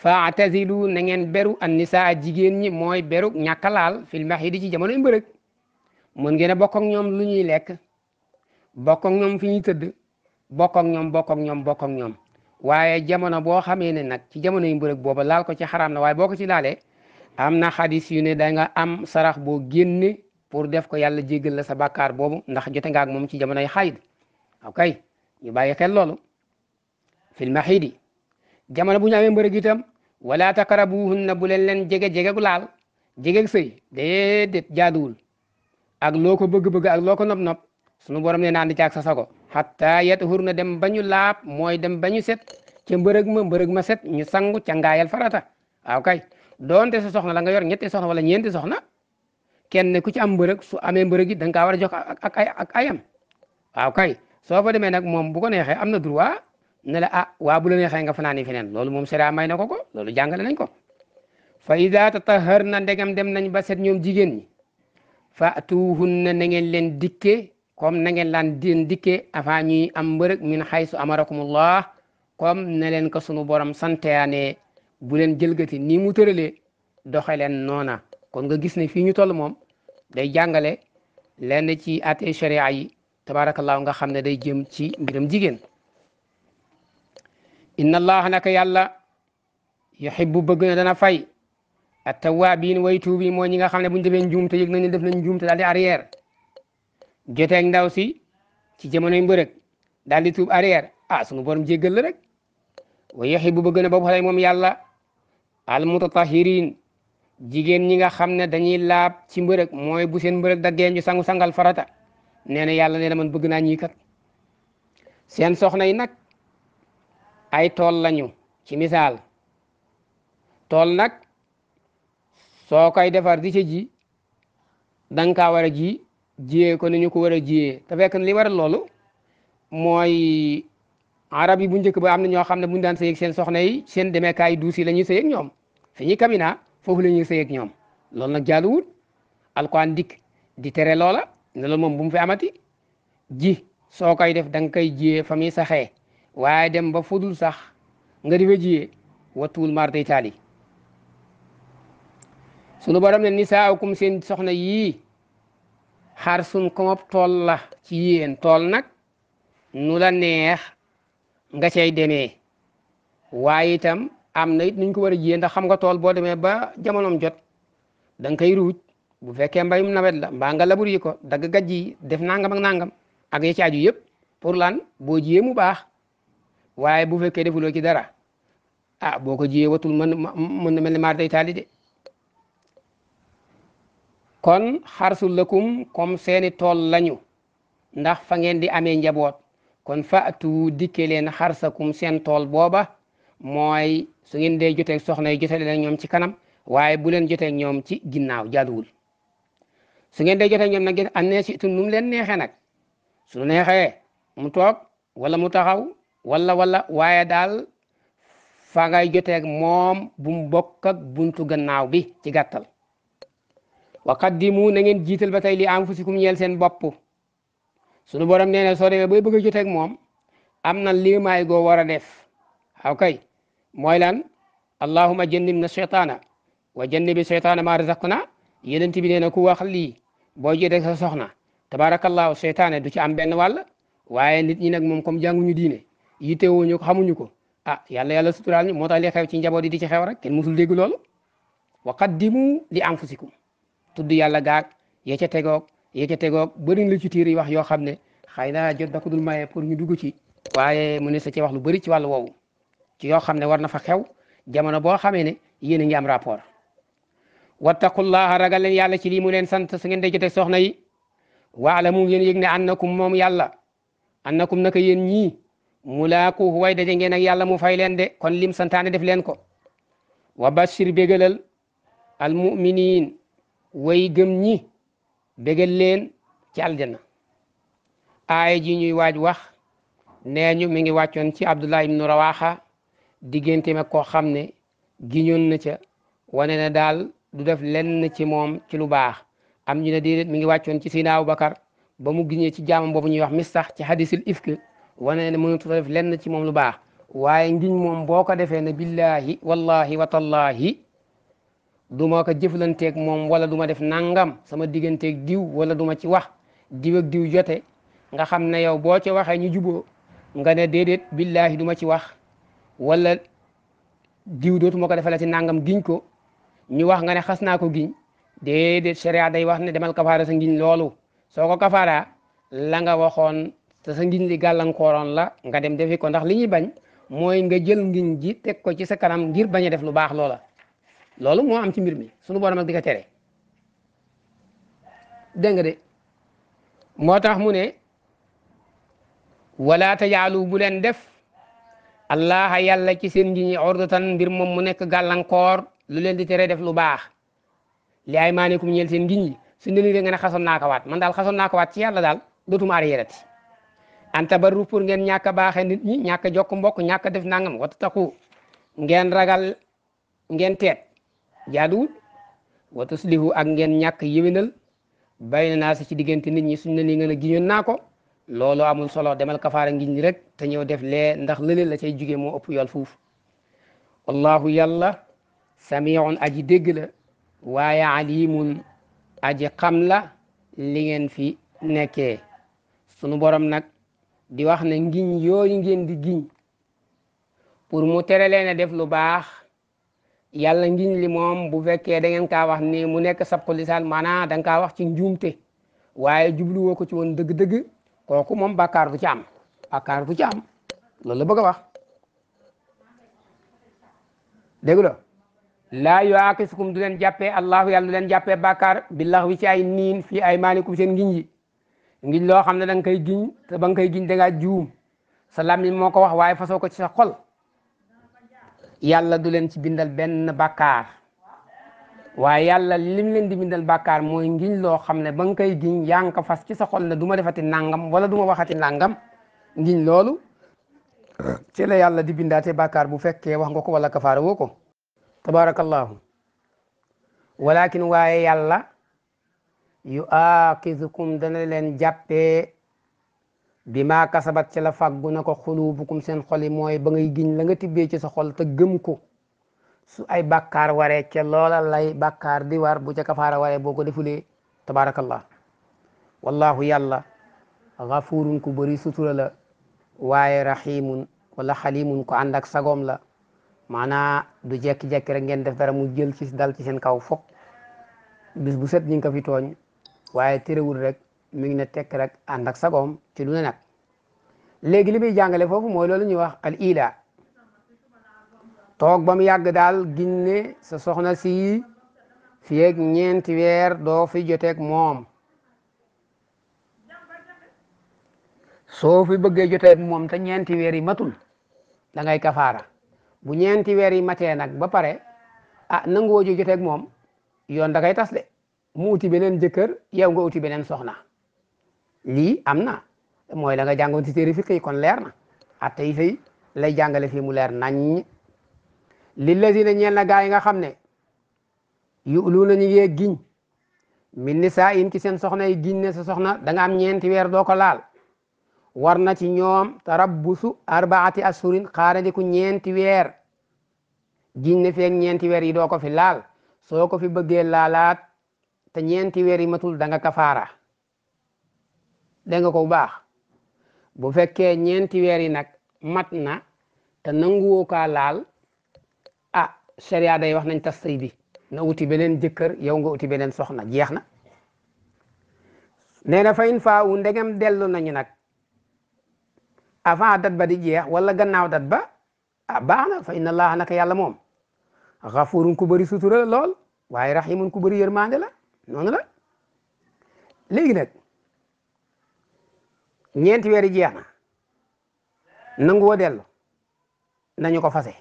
fa faatazilu na ngeen beru an nisaa jigéen ñi mooy beru ñàkk a laal fil mahidi ci jamono mbërëg mun ngeen a bokk ak ñoom lu ñuy lekk bokk ak ñoom fi ñuy tëdd bokk ak ñoom bokk ak ñoom bokk ak ñoom waaye jamono boo xamee ne nag ci jamono yu mbërëg booba laal ko ci xaraam na waaye boo ko ci laalee am na xadis yu ne da nga am sarax boo génne pour def ko yàlla jéggal la sa bàkkaar boobu ndax jote nga ak moom ci jamonoy xayd ok ñu bàyyi xel loolu fil maxiidi jamono bu ñu amee mbërëg itam wala taqrabuhunna bu leen leen jege jege gu laal jege sëy déedéet jaaduwul ak loo ko bëgg-bëgg ak loo ko nopp-nopp sunu borom ne naan di caag sa sago hatta yatuhurna dem ba ñu laab mooy dem ba ñu set ca mbërëg ma mbërëg ma set ñu sangu ca ngaayal farata waaw doonte sa soxna la nga yor ñetti soxna wala ñeenti soxna kenn ku ci am mbërëg su amee mbërëg gi da nga kaa war a jox ak ay ak ayam waaw kay soo fa demee nag moom bu ko neexee am na droit ne la ah waa bu la neexee nga fanaani feneen loolu moom sera may na ko ko loolu jàngale nañ ko fa ida tatahar na ndegam dem nañ ba set ñoom jigéen ñi fatuhunna na ngeen leen dikke comme na ngeen laan leen dikke avant ñuy am mbërëg min xaysu amarakumullah comme ne leen ko sunu borom santaane bu leen jëlgati nii mu tëralee doxe leen noona kon nga gis ne fii ñu toll moom day jàngale lenn ci atte sharia yi tabaarakallaahu nga xam ne day jëm ci mbiram jigéen inna allaha naka yàlla yuhibbu bëgg na dana fay biin way tuubi mooy ñi nga xam ne buñ defee njuumte yëg nañu def nañ njuumte daal di arrière joteeg ndaw si ci jamonoy mbërëg daal di tuub arrière ah suñu borom jéggal la rek wa yuhibbu bëgg na boobu xale moom yàlla al mutatahirin jigéen ñi nga xam ne dañuy laab ci mbërëg mooy bu seen mbërëg daggee ñu sangu sangal farata nee na yàlla nee na man bëgg naa ñii kat seen soxna yi nag ay tool lañu ci misaal tool nag soo koy defar di ca ji danga kaa war a ji jiyee ko ni ñu ko war a jiyee fekk li waral loolu mooy arab yi bu njëkk ba am na ñoo xam ne bu ñu daan sëyeeg seen soxna yi seen demeekaay duus yi la ñuy sëyeeg ñoom fi ñuy kamina foofu la ñuy sëyeeg ñoom loolu nag jaaduwul alquran dikk di tere loola ne loolu moom bu mu fi amati ji soo koy def da nga koy jiyee fa muy saxee waaye dem ba fudul sax nga di fa jiyee wattuwul maar day taali sunu borom ne nisaaukum seen soxna yii xar sun komop tool la ci yéen tool nag nu la neex nga cay demee waaye itam am na it nuñ ko war a jiyee ndax xam nga tool boo demee ba jamonoom jot da nga koy ruuj bu fekkee mbayum nawet la mbanga nga labur yi ko dagg gajj yi def nangam ak nangam ak ya caaju yëpp pour lan boo jiyee mu baax waaye bu fekkee defuloo ci dara a ah, boo ko jiyee watul mën mën na mel ni maar day taali de kon xarsul lakum kom seeni tool lañu ndax fa ngeen di amee njaboot kon fa faatu dikke leen xarsakum seen tool booba mooy su ngeen dee joteeg soxna yi jote leen ñoom ci kanam waaye bu leen joteeg ñoom ci ginnaaw jaaduwul su ngeen dee joteeg ñoom na an ne si itam nu leen neexee nag su neexee mu toog wala mu taxaw walla wala waaye daal fa ngay joteeg moom bu mu bokk ak buntu gannaaw bi ci gàttal waqaddimu na ngeen jiital ba tey li anfusikum ñeel seen bopp. sunu booram nee na soo demee bay bëgg a joteeg moom am na limaay goo war a def aw kay mooy lan allahuma jannibna shaytaana wa jannibi shaytaana ma razaqna yonent bi nee na ku wax lii boo joteeg sa soxna tabaarakallaahu shaytaane du ci am benn wàll waaye nit ñi nag moom comme jànguñu diine yittewuñu ko xamuñu ko ah yàlla yàlla suturaal ñu moo tax li xew ci njaboot yi di ci xew rek kenn musul dégg lool wa qaddimu li anfusikum tudd yàlla gaag ya ca tegoog yéeg a tegoog bëri na lu ci tiir yi wax yoo xam ne xëy na jot na ko dul maye pour ñu dugg ci mu ne sa ci wax lu bëri ci wàllu woowu ci yoo xam ne war na fa xew jamono boo xamee ne yéen a ngi am rapport wattaqullaha ragal leen yàlla ci lii mu leen sant su ngeen day jotee soxna yi waalamu ngeen yëg ne annakum moom yàlla annakum naka yéen ñii mulaaku way daje ngeen ak yàlla mu fay leen de kon lim santaane def leen ko wa bashir bégalal al way gëm ñi bégal leen ci aljana aaya ji ñuy waaj wax nee ñu mi ngi wàccoon ci Abdullah ibnu Rawaxa diggante ma koo xam ne giñoon na ca wane na daal du def lenn ci moom ci lu baax am ñu ne déedéet mi ngi wàccoon ci Sina Abubakar ba mu giñee ci jaamam boobu ñuy wax mistax ci hadisul ifk wane ne mënatu def lenn ci moom lu baax waaye ngiñ moom boo ko defee ne billahi wallahi wa tallahi duma ma ko jëflanteeg moom wala duma def nangam sama digganteek diw wala duma ci wax diw ak diw jote nga xam ne yow boo ci waxee ñu juboo nga ne déedéet billaahi duma ci wax wala diw dootuma ko defale ci nangam giñ ko ñu wax nga ne xas naa ko giñ déedéet sharia day wax ne demal kafaara sa ngiñ loolu soo ko kafaara la nga waxoon te sa ngiñ li gàllankooroon la nga dem defi ko ndax li bañ mooy nga jël ngiñ ji teg ko ci sa kanam ngir bañ a def lu baax loola loolu moo am ci mbir mi sunu borom ak di tere dégg de moo tax mu ne wala tajaalu bu leen def allah yàlla ci seen nji ñi ordatan mbir moom mu nekk gàllankoor lu leen di tere def lu baax li ay maanikum ñeel seen nji ñi su ne nii da ngeen a xasoon naa ko waat man daal xasoon naa ko waat ci yàlla daal dootuma arriérati an tabarru pour ngeen ñàkk baax baaxee nit ñi ñàkk a mbokk ñàkk def nangam wata taxu ngeen ragal ngeen teet jaaduwul wa tuslihu ak ngeen ñàkk yéwénal bay na naa si ci diggante nit ñi suñ ne nii ngeen a giñoon naa ko loolu amul solo demal kafaara ngiñ ñi rek te ñëw def lee ndax lële la cay jugee moo ëpp yool fuuf wallahu yàlla samiun aji dégg la waaye alimun aji xam la li ngeen fi nekkee sunu borom nag di wax ne ngiñ yooyu ngeen di giñ pour mu tere leen a def lu baax yàlla ngiñ li bu fekkee da ngeen kaa wax ni mu nekk sabqu lisaan maanaam da nga kaa wax ci njuumte waaye jubluwoo ko ci woon dëgg-dëgg kooku moom bàkkaar du ci am bàkkaar du ci am loolu la bëgg a wax dégg la laa yuaakisukum du leen jàppee allahu yàlla du leen jàppee bàkkaar billah wi ci ay niin fii ay maanikum seen ngiñ yi ngiñ loo xam ne da nga koy giñ te ba nga koy giñ da ngaa juum sa làmmiñ moo ko wax waaye fasoo ko ci sa xol yàlla du leen ci bindal benn bàkkaar waa yàlla lim leen di bindal bàkkaar mooy ngiñ loo xam ne ba nga koy giñ yaa ko fas ci sa xol ne du ma defati nangam wala du ma waxati nangam ngiñ loolu ci la yàlla di bindaate bàkkaar bu fekkee wax nga ko wala kafaara woo ko tabarakallahu walakin waaye yàlla yu aakizukum dana leen jàppee bi maa kasabat ci la fàggu na ko xulubukum seen xol yi mooy ba ngay giñ la nga tibbee ci sa xol te gëm ko su ay bàkkaar waree kenn loola lay bàkkaar di war bu ca kafaara waree boo ko defulee tabaarakallah wallahu yàlla xafurun ku bari sutura la waaye rahimun wala xalimun ko ànd ak sagoom la maanaa du jekki-jekki rek ngeen def dara mu jël ci dal ci seen kaw fokk bis bu set ñu ngi fi tooñ waaye terewul rek mi ngi ne tekk rek ànd ak sagoom ci lu na nag léegi li muy jàngale foofu mooy loolu ñuy wax al ila toog ba mu yàgg daal ginne sa soxna si fii ak ñeenti weer doo fi joteeg moom soo fi bëggee joteeg moom te ñeenti weer yi matul da ngay kafaara bu ñeenti weer yi matee nag ba pare ah nangoo ji joteeg moom yoon da ngay tas de mu uti beneen jëkkër yow nga uti beneen soxna lii am na mooy la nga jàngoon ci téere fiqh yi kon leer na atte yi fay lay jàngale fii mu leer nañ lillazina ñeel na gaa yi nga xam ne yu'luuna ñu ngee giñ min nisaa'ihim ci seen soxna yi giñ ne sa soxna danga nga am ñeenti weer doo ko laal war na ci ñoom tarabbusu arbaati ashurin xaaradiku ñeenti weer giñ ne feeg ñeenti weer yi doo ko fi laal soo ko fi bëggee laalaat te ñeenti weer yi matul danga nga kafaara dégg nga ko bu baax bu fekkee ñeenti weer yi nag mat na te nanguwoo kaa laal a ah, sharia day wax nañ tas sëy bi na uti beneen jëkkër yow nga uti beneen soxna jeex na nee na fayin faa wu ndegem dellu nañu nag avant dat ba di jeex wala gannaaw dat ba ah baax na fa inna allaha naka yàlla moom xafurun ku bëri sutura lool waaye rahimun ku bëri yërmande la noonu la léegi nag ñeenti weer yi jeex na nanguwoo dellu nañu ko fase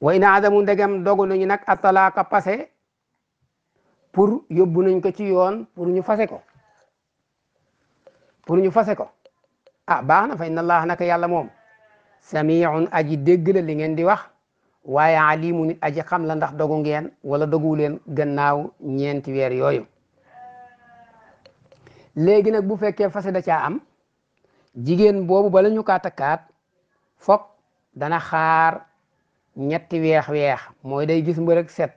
way na adamu ndegem dogu nañu nag atalaaka pase pour yóbbu nañ ko ci yoon pour ñu fase ko pour ñu fase ko a ah, baax na fa inna allah naka yàlla moom samiun aji dégg la li ngeen di wax waaye alimu nit aji xam la ndax dogu ngeen wala dogu leen gannaaw ñeenti weer yooyu léegi nag bu fekkee fase da caa am jigéen boobu bala ñu kaa takkaat foog dana xaar ñetti weex-weex mooy day gis mbërëg set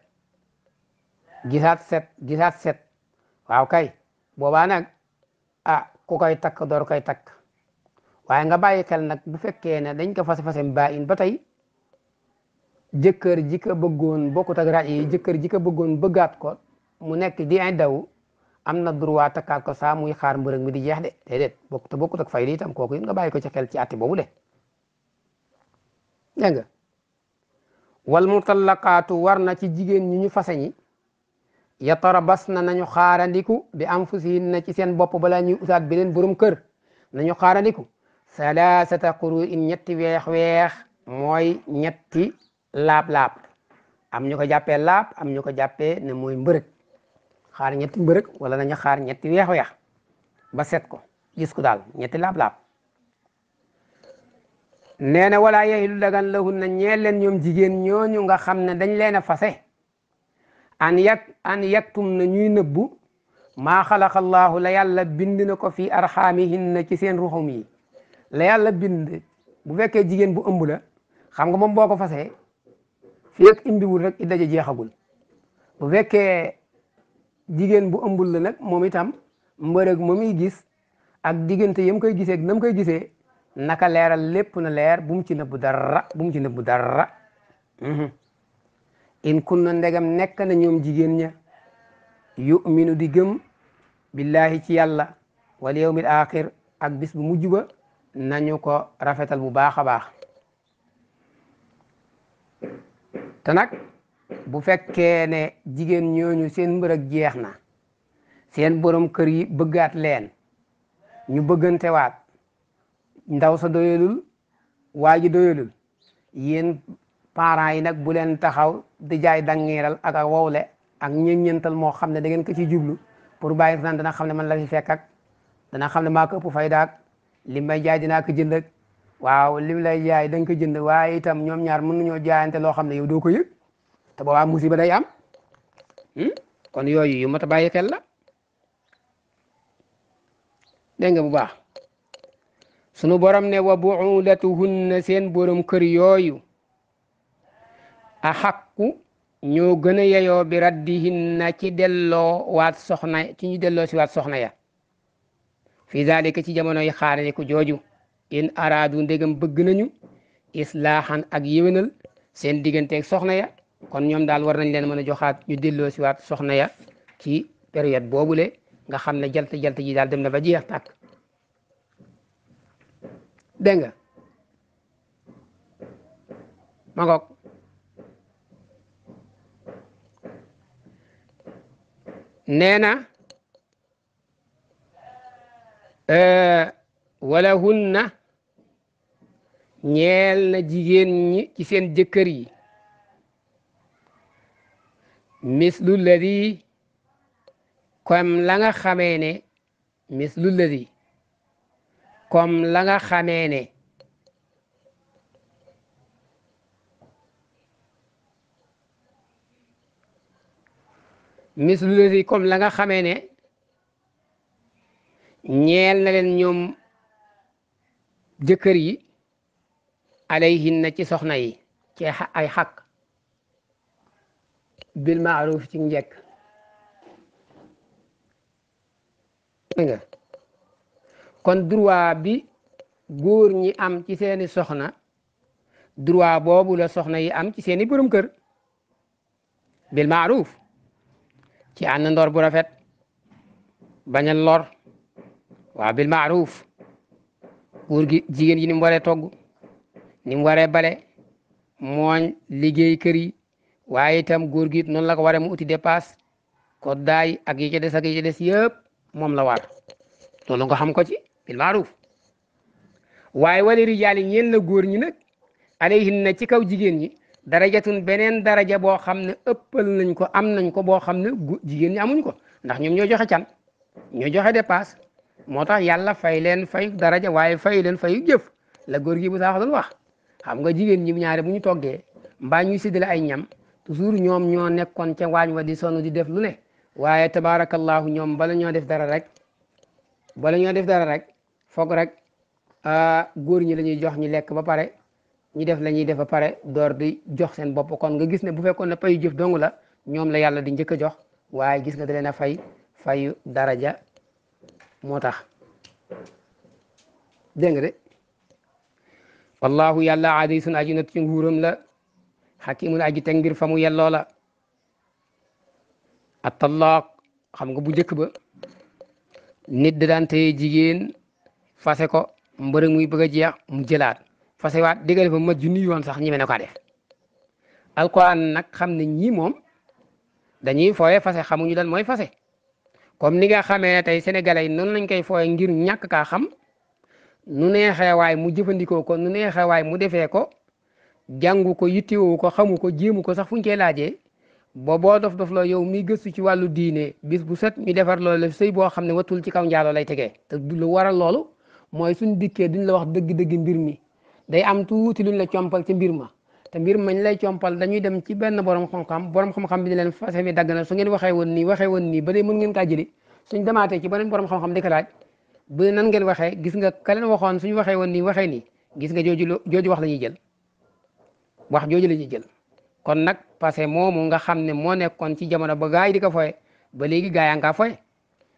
gisaat set gisaat set waaw kay boobaa nag a ah, ku koy takk door koy takk waaye nga bàyyi xel nag bu fekkee ne dañ ko fase fase ba in ba tey jëkkër ji ko bëggoon bokkut ak rajo yi jëkkër ji ko bëggoon bëggaat ko mu nekk di ay daw am na droit takkaat ko saa muy xaar mbërëg mi di jeex de déedéet bokk te bokkut ak fay di itam kooku it nga bàyyi ko ci xel ci àtte boobu de wal mu wal mutallaqaatu war na ci jigéen ñi ñu fase ñi yatarabas na nañu xaarandiku bi anfusihin na ci seen bopp balaa ñuy utaat beneen borom kër nañu xaarandiku salaasata quru'in ñetti weex-weex mooy ñetti laab-laab am ñu ko jàppee laab am ñu ko jàppee ne mooy mbërëg xaar ñetti mbërëg wala nañu xaar ñetti weexu yax ba set ko gis ko daal ñetti laab-laab nee na walaa yexilu dagan lahun na ñeel leen ñoom jigéen ñooñu nga xam ne dañ leen a fase an yak an yaktum na ñuy nëbbu maa xalaqa la yàlla bind na ko fii arxaamihinna ci seen ruxum yi la yàlla bind bu fekkee jigéen bu ëmb la xam nga moom boo ko fasee fii ak indiwul rek i jeexagul bu fekkee jigéen bu ëmbul la nag moom itam mbërëg ma muy gis ak diggante yam koy gisee ak nam koy gisee naka leeral lépp na leer bu ci nëbbu dara bu mu ci nëbbu dara mhm. in kunna ndegam nekk na ñoom jigéen ña yuminu di gëm billahi ci yàlla wal yawmil axir ak bis bu mujj ba nañu ko rafetal bu baax a baax bu fekkee ne jigéen ñooñu seen mbërëg jeex na seen borom kër yi bëggaat leen ñu bëggantewaat ndaw sa doyalul waa ji doyalul yéen parents yi nag bu leen taxaw di jaay dangeeral ak a wowle ak ñëññental moo xam ne da ngeen ko ci jublu pour bàyyi naan dana xam ne man la fi fekk ak dana xam ne maa ko ëpp fayda li may jaay dinaa ko jënd ak waaw li lay jaay da nga ko jënd waaye itam ñoom ñaar mën nañoo jaayante loo xam ne yow doo ko yëg te boobaa musiba day am hmm? kon yooyu yu mat a bàyyi bu baax sunu borom ne wa buulatuhunna seen borom kër yooyu a xàkku ñoo gën a yeyoo bi raddihinna ci delloo waat soxna ci ñu delloo si waat soxna ya fi zalika ci jamono yi xaarale ko jooju in araadu ndegam bëgg nañu islaaxan ak yéwénal seen digganteeg soxna ya kon ñoom daal war nañ leen mën a joxaat ñu delloo si waat soxna ya ci période boobule nga xam ne jalt jalt ji daal dem na ba jeex tàkk dégg nga ma ngoog nee na wala na ñeel na jigéen ñi ci seen jëkkër yi mislu lu comme la nga xamee ne mislu ladi comme la nga xamee ne mislu ladi comme la nga xamee ne ñeel na leen ñoom jëkkër yi alayhinna ci soxna yi ci ay xaq bil maaruf ci njëkk nga kon droit bi góor ñi am ci seeni soxna droit boobu la soxna yi am ci seeni borom kër bil maaruf ci ànd ndoor bu rafet bañ a lor waaw bil maaruf góor gi jigéen yi ni mu waree togg ni waree bale mooñ liggéey kër yi waaye itam góor gi it la ko waree mu uti dépasse ko daay ak yi ci des ak yi des yëpp moom la war loolu nga xam ko ci bil maaruf waaye wala rijaali ñeen la góor ñi nag alayhin na ci kaw jigéen ñi darajatun beneen daraja boo xam ne ëppal nañ ko am nañ ko boo xam ne jigéen ñi amuñ ko ndax ñoom ñoo joxe can ñoo joxe dépasse moo tax yàlla fay leen fay daraja waaye fay leen fayu jëf la góor gi bu saax doon wax xam nga jigéen ñi ñaare bu ñu toggee mbaa ñuy séddale ay ñam toujours ñoom ñoo nekkoon ca waañ wa di sonn di def lu ne waaye tabaarakallaahu ñoom bala ñoo def dara rek bala ñoo def dara rek foog rek góor ñi la ñuy jox ñu lekk ba pare ñu def la ñuy def ba pare door di jox seen bopp kon nga gis ne bu fekkoon ne payu jëf dong la ñoom la yàlla di njëkk a jox waaye gis nga da leen a fay fayu daraja moo tax dégg de wallahu yàlla aziizun aji not ci nguuram la xakimun aji te ngir fa mu yelloo la atalaq xam nga bu njëkk ba nit da daan jigéen fase ko mbërë muy bëgg a jeex mu jëlaat fase waat diggale fa mat junni yoon sax ñi na ne ko def alquran nag xam ne ñi moom dañuy fooye fase xamuñu lan mooy fase comme ni nga xamee tey sénégalais yi noonu lañ koy fooye ngir ñàkk kaa xam nu neexee waay mu jëfandikoo ko nu neexee waay mu defee ko jàngu ko yittewu ko xamu ko jéemu ko sax fu ñu laajee ba boo dof dof loo yow mi gëstu ci wàllu diine bis bu set ñu defar loolu la sëy boo xam ne watul ci kaw njaaloo lay tegee te lu waral loolu mooy suñ dikkee duñ la wax dëgg-dëgg mbir mi day am tuuti luñ la compal ci mbir ma te mbir mañ lay compal dañuy dem ci benn borom xam-xam borom xam-xam bi ni leen fase mi dagg na su ngeen waxee woon ni waxee woon nii ba dee mën ngeen kaa jëli borom xam-xam di ko laaj bu nan ngeen waxee gis nga ka leen waxoon suñu waxee woon nii waxee nii gis nga jooju jooju wax la ñuy jël wax jooju la ñuy jël kon nag parce que moomu nga xam ne moo nekkoon ci jamono ba gaay yi di ko foye ba léegi gaay yaa ngi kaa foye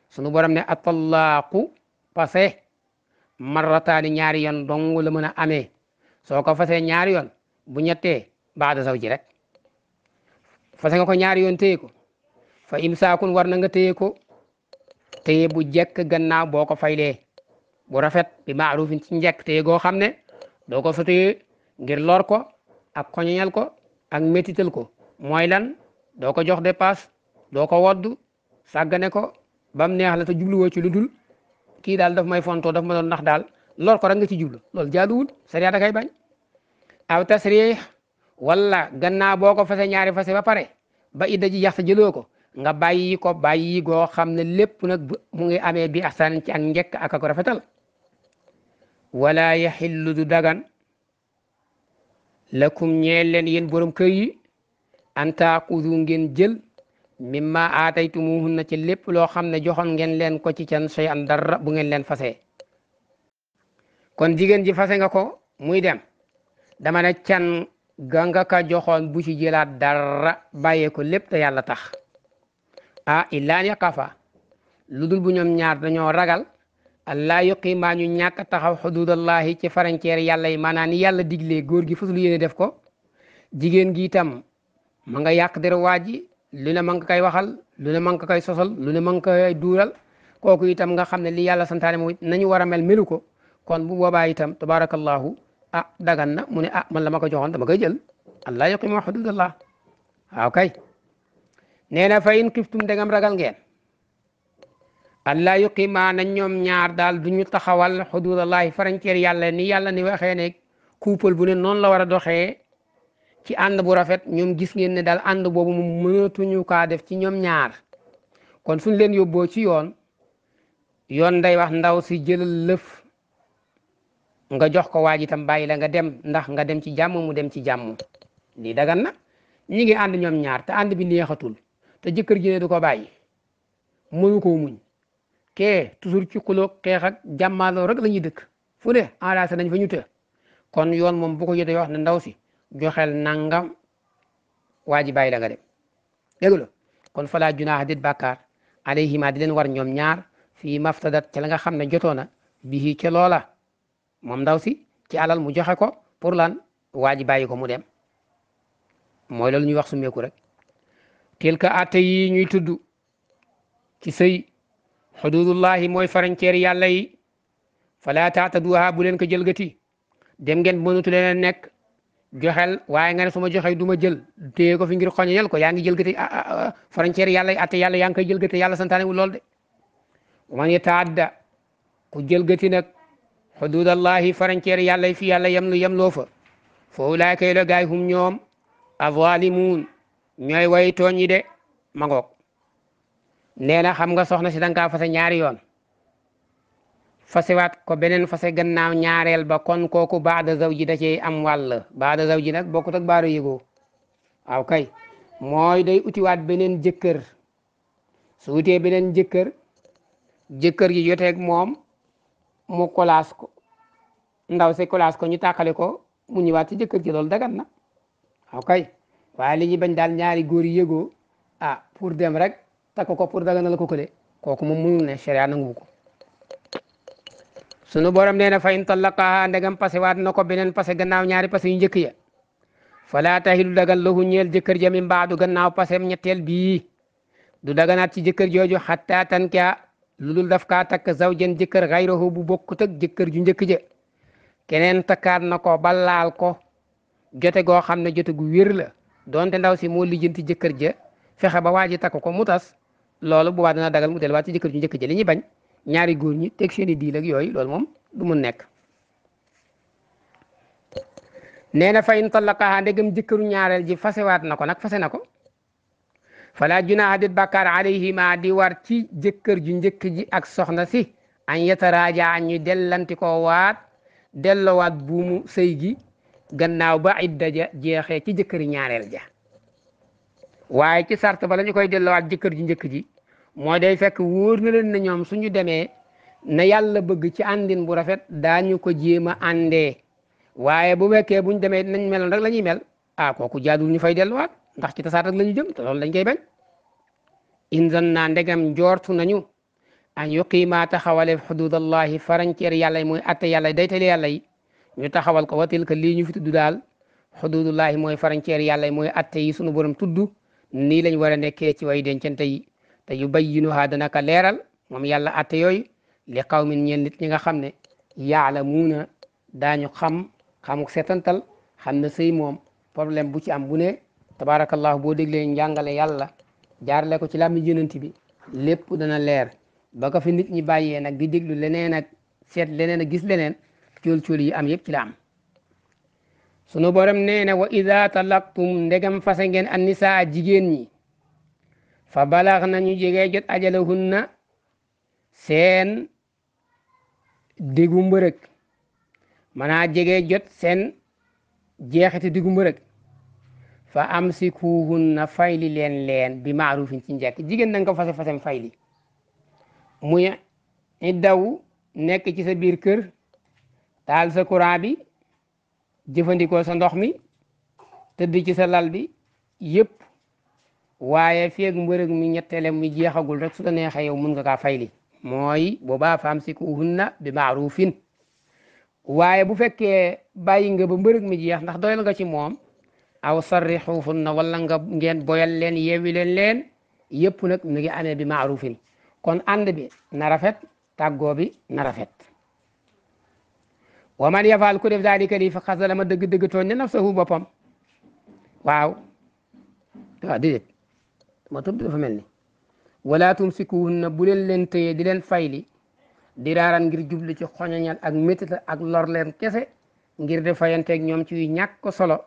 sunu borom ne at-talaaqu parce marrataani ñaari yoon dong la mën a amee soo ko fasee ñaari yoon bu ñettee baada saw ji rek fase nga ko ñaari yoon téye ko fa imsaakun war na nga téye ko téye bu jekk gannaaw boo ko faylee bu rafet bi maarufin ci njekk téye xam ne doo ko sotee ngir lor ak xoñoñal ko ak métital ko mooy lan doo ko jox dépasse doo ko woddu sàggane ko bam neex la te woo ci lu dul kii daal daf may fonto daf ma doon nax daal lor ko rek nga ci jublu loolu jaaduwul sariya da kay bañ aw tasriix wala gannaaw boo ko fase ñaari fase ba pare ba idda ji yaxta jëloo ko nga bàyyi ko bàyyi goo xam ne lépp nag mu ngi amee bi ahsan ci ak njëkk ak ak rafetal walla yaxillu du dagan lakum ñeel leen yéen borom kër yi an taaxudu ngeen jël mimma na ci lépp loo xam ne joxoon ngeen leen ko ci can soy an dara bu ngeen leen fase kon jigéen ji fase nga ko muy dem dama ne can ganga ka joxoon bu ci jëlaat dara bàyyee ko lépp te yàlla tax ah illaan yaqafa lu dul bu ñoom ñaar dañoo ragal allah yuqimaa ñu ñàkk a taxaw xududallahi ci frontière yàlla yi maanaam ni yàlla diglee góor gi fasul yéene def ko jigéen gi itam ma nga yàq dara ji lu ne ma nga koy waxal lu ne ma nga koy sosal lu ne ma nga koy duural kooku itam nga xam ne li yàlla santaane mooy nañu war a mel melu ko kon bu boobaa itam tabarakallahu ah dagan na mu ne ah man la ma ko joxoon dama koy jël allah yuqimaa xududallah waaw kay nee na fa in xiftum dangam ragal ngeen allah yuqimaa nañ ñoom ñaar daal du ñu taxawal xududallahi frontière yàlla ni yàlla ni waxee ne couple bu ne noon la war a doxee ci ànd bu rafet ñoom gis ngeen ne daal ànd boobu mu mënatuñu kaa def ci ñoom ñaar kon suñ leen yóbboo ci yoon yoon day wax ndaw si jëlal lëf nga jox ko waa ji tam bàyyi la nga dem ndax nga dem ci jàmm mu dem ci jàmm lii daga na ñi ngi ànd ñoom ñaar te ànd bi neexatul te jëkkër ji ne du ko bàyyi mënu ko muñ kee toujours ci xuloo xeex ak jàmmaaloo rek la ñuy dëkk fu ne enragé nañ fa ñu të kon yoon moom bu ko jotee wax ne ndaw si joxel nangam waa ji bàyyi la nga dem dégg la kon falaa junaaha dit bàkkaar alayhima di leen war ñoom ñaar fii maftadat ca la nga xam ne jotoona bihi ca loola moom ndaw si ci alal mu joxe ko pour lan waa ji bàyyi ko mu dem mooy loolu ñuy wax sumeeku rek tilka atte yi ñuy tudd ci sëy xududullahi mooy frontière yàlla yi falaa taataduha bu leen ko jëlgati dem ngeen mënutu leen nekk joxel waaye nga ne su ma joxee du ma jël téye ko fi ngir xoñoñal ko yaa ngi jëlgati ah, ah, ah, frontière yàlla yi atte yaa ngi koy jëlgati yàlla santaane wu lool de man yataadda ku jëlgati nag xududallahi frontière yàlla yi fi yàlla yem lu yem loo fa fa ulaayka yelo gaay hum ñoom avalimuun ñooy way tooñi de ma nee na xam nga soxna si danga kaa fase ñaari yoon fasewaat ko beneen fase gannaaw ñaareel ba kon kooku baada zaw ji da cee am wàll baada zaw ji nag bokkut ak baaro yëgoo waaw kay mooy day utiwaat beneen jëkkër su utee beneen jëkkër jëkkër ji joteeg moom mu kolaas ko ndaw si kolaas ko ñu tàqale ko mu ñëwaat ci jëkkër ji lool dagan na waaw kay waaye li ñuy bañ daal ñaari góor yi yëgoo ah pour dem rek takk ko pour daganal ko kële kooku moom mu ne sharia nangu ko sunu borom nee na fa in tallaqaha ndegam pase waat na ko beneen pase gannaaw ñaari pase yu njëkk ya fala du dagan lahu ñeel jëkkër ja min baadu gannaaw pasem ñetteel bii du daganaat ci jëkkër jooju xatta tan kaa lu dul daf kaa takk zawjan jëkkër xayrahu bu bokkut ak jëkkër ju njëkk ja keneen takkaat na ko ba laal ko jote goo xam ne jote gu wér la donte ndaw si moo ti jëkkër ja fexe ba waaji takk ko mu tas loolu boobaa na dagal mu delluwaat ci jëkkër ju njëkk ji li ñuy ñaari góor ñi teg seen i diil loolu moom du mu nekk nee na fa in tallaqaha ndegam jëkkëru ji fasewaat na ko nag fase na ko fala junaaha dit bàkkaar alayhima di war ci jëkkër ju njëkk ji ak soxna si an yataraaja ñu dellanti ko waat dellowaat buumu sëy gannaaw ba idda ja jeexee ci jëkkëri ñaareel ja waaye ci sart ba la ñu koy dellowaat jëkkër ju njëkk ji mooy day fekk wóor na leen ne ñoom suñu demee na yàlla bëgg ci àndin bu rafet daañu ko jéem a àndee waaye bu fekkee buñ demee nañ meloon rek la ñuy mel ah kooku jaadul ñu fay delluwaat ndax ci la ñu jëm te loolu lañ koy bañ inzan naa ndegam njoortu nañu an yuqiima taxawale xududallahi farañceer yàlla yi mooy atte yàlla day daytale yàlla yi ñu taxawal ko watil ka lii ñu fi tudd daal xududullahi mooy farañceer yàlla mooy atte yi sunu borom tudd nii lañ war a nekkee ci way dencante yi te yubayyinuha dana ka leeral moom yàlla atte yooyu li qawmin ñeen nit ñi nga xam ne yaalamuuna daañu xam xamuk setantal xam ne sëy moom problème bu ci am bu ne tabaarakallahu boo déglee njàngale yàlla jaarale ko ci làmmi jënanti bi lépp dana leer ba ko fi nit ñi bàyyee nag di déglu leneen ak seet leneen ak gis leneen cool-cool yi am yëpp ci la am sunu borom nee na wa ida talaqtum ndegam fase ngeen an nisaa jigéen ñi fa balaax na ñu jege jot na seen diggu mbërëg maanaa jege jot seen jeexiti diggu mbërëg fa am amsikuhunna fayli leen leen bi maarufin ci njëkk jigéen na nga ko fase fasem fayli muy daw nekk ci sa biir kër taal sa courant bi jëfandikoo sa ndox mi tëdd ci sa lal bi yëpp waaye feeg mbërëg mi ñettele mi jeexagul rek su la neexee yow mun nga kaa fayli mooy boobaa famsikuhunna bi maarufin waaye bu fekkee bàyyi nga ba mbërëg mi jeex ndax doyal nga ci moom aw sarrixuhunna wala nga ngeen boyal leen yeewi leen leen yëpp nag mi ngi amee bi maarufin kon ànd bi na rafet tàggoo bi na rafet wa man yafaal ku def daalika lii fa xasalama dëgg-dëgg tooñ ne nafsahu boppam waaw waaw déedéet moo tax dafa mel ni wala na bu leen leen téye di leen fayli diraaran ngir jublu ci xoñoñal ak métital ak lor leen kese ngir di fayanteeg ñoom ci ñàkk ko solo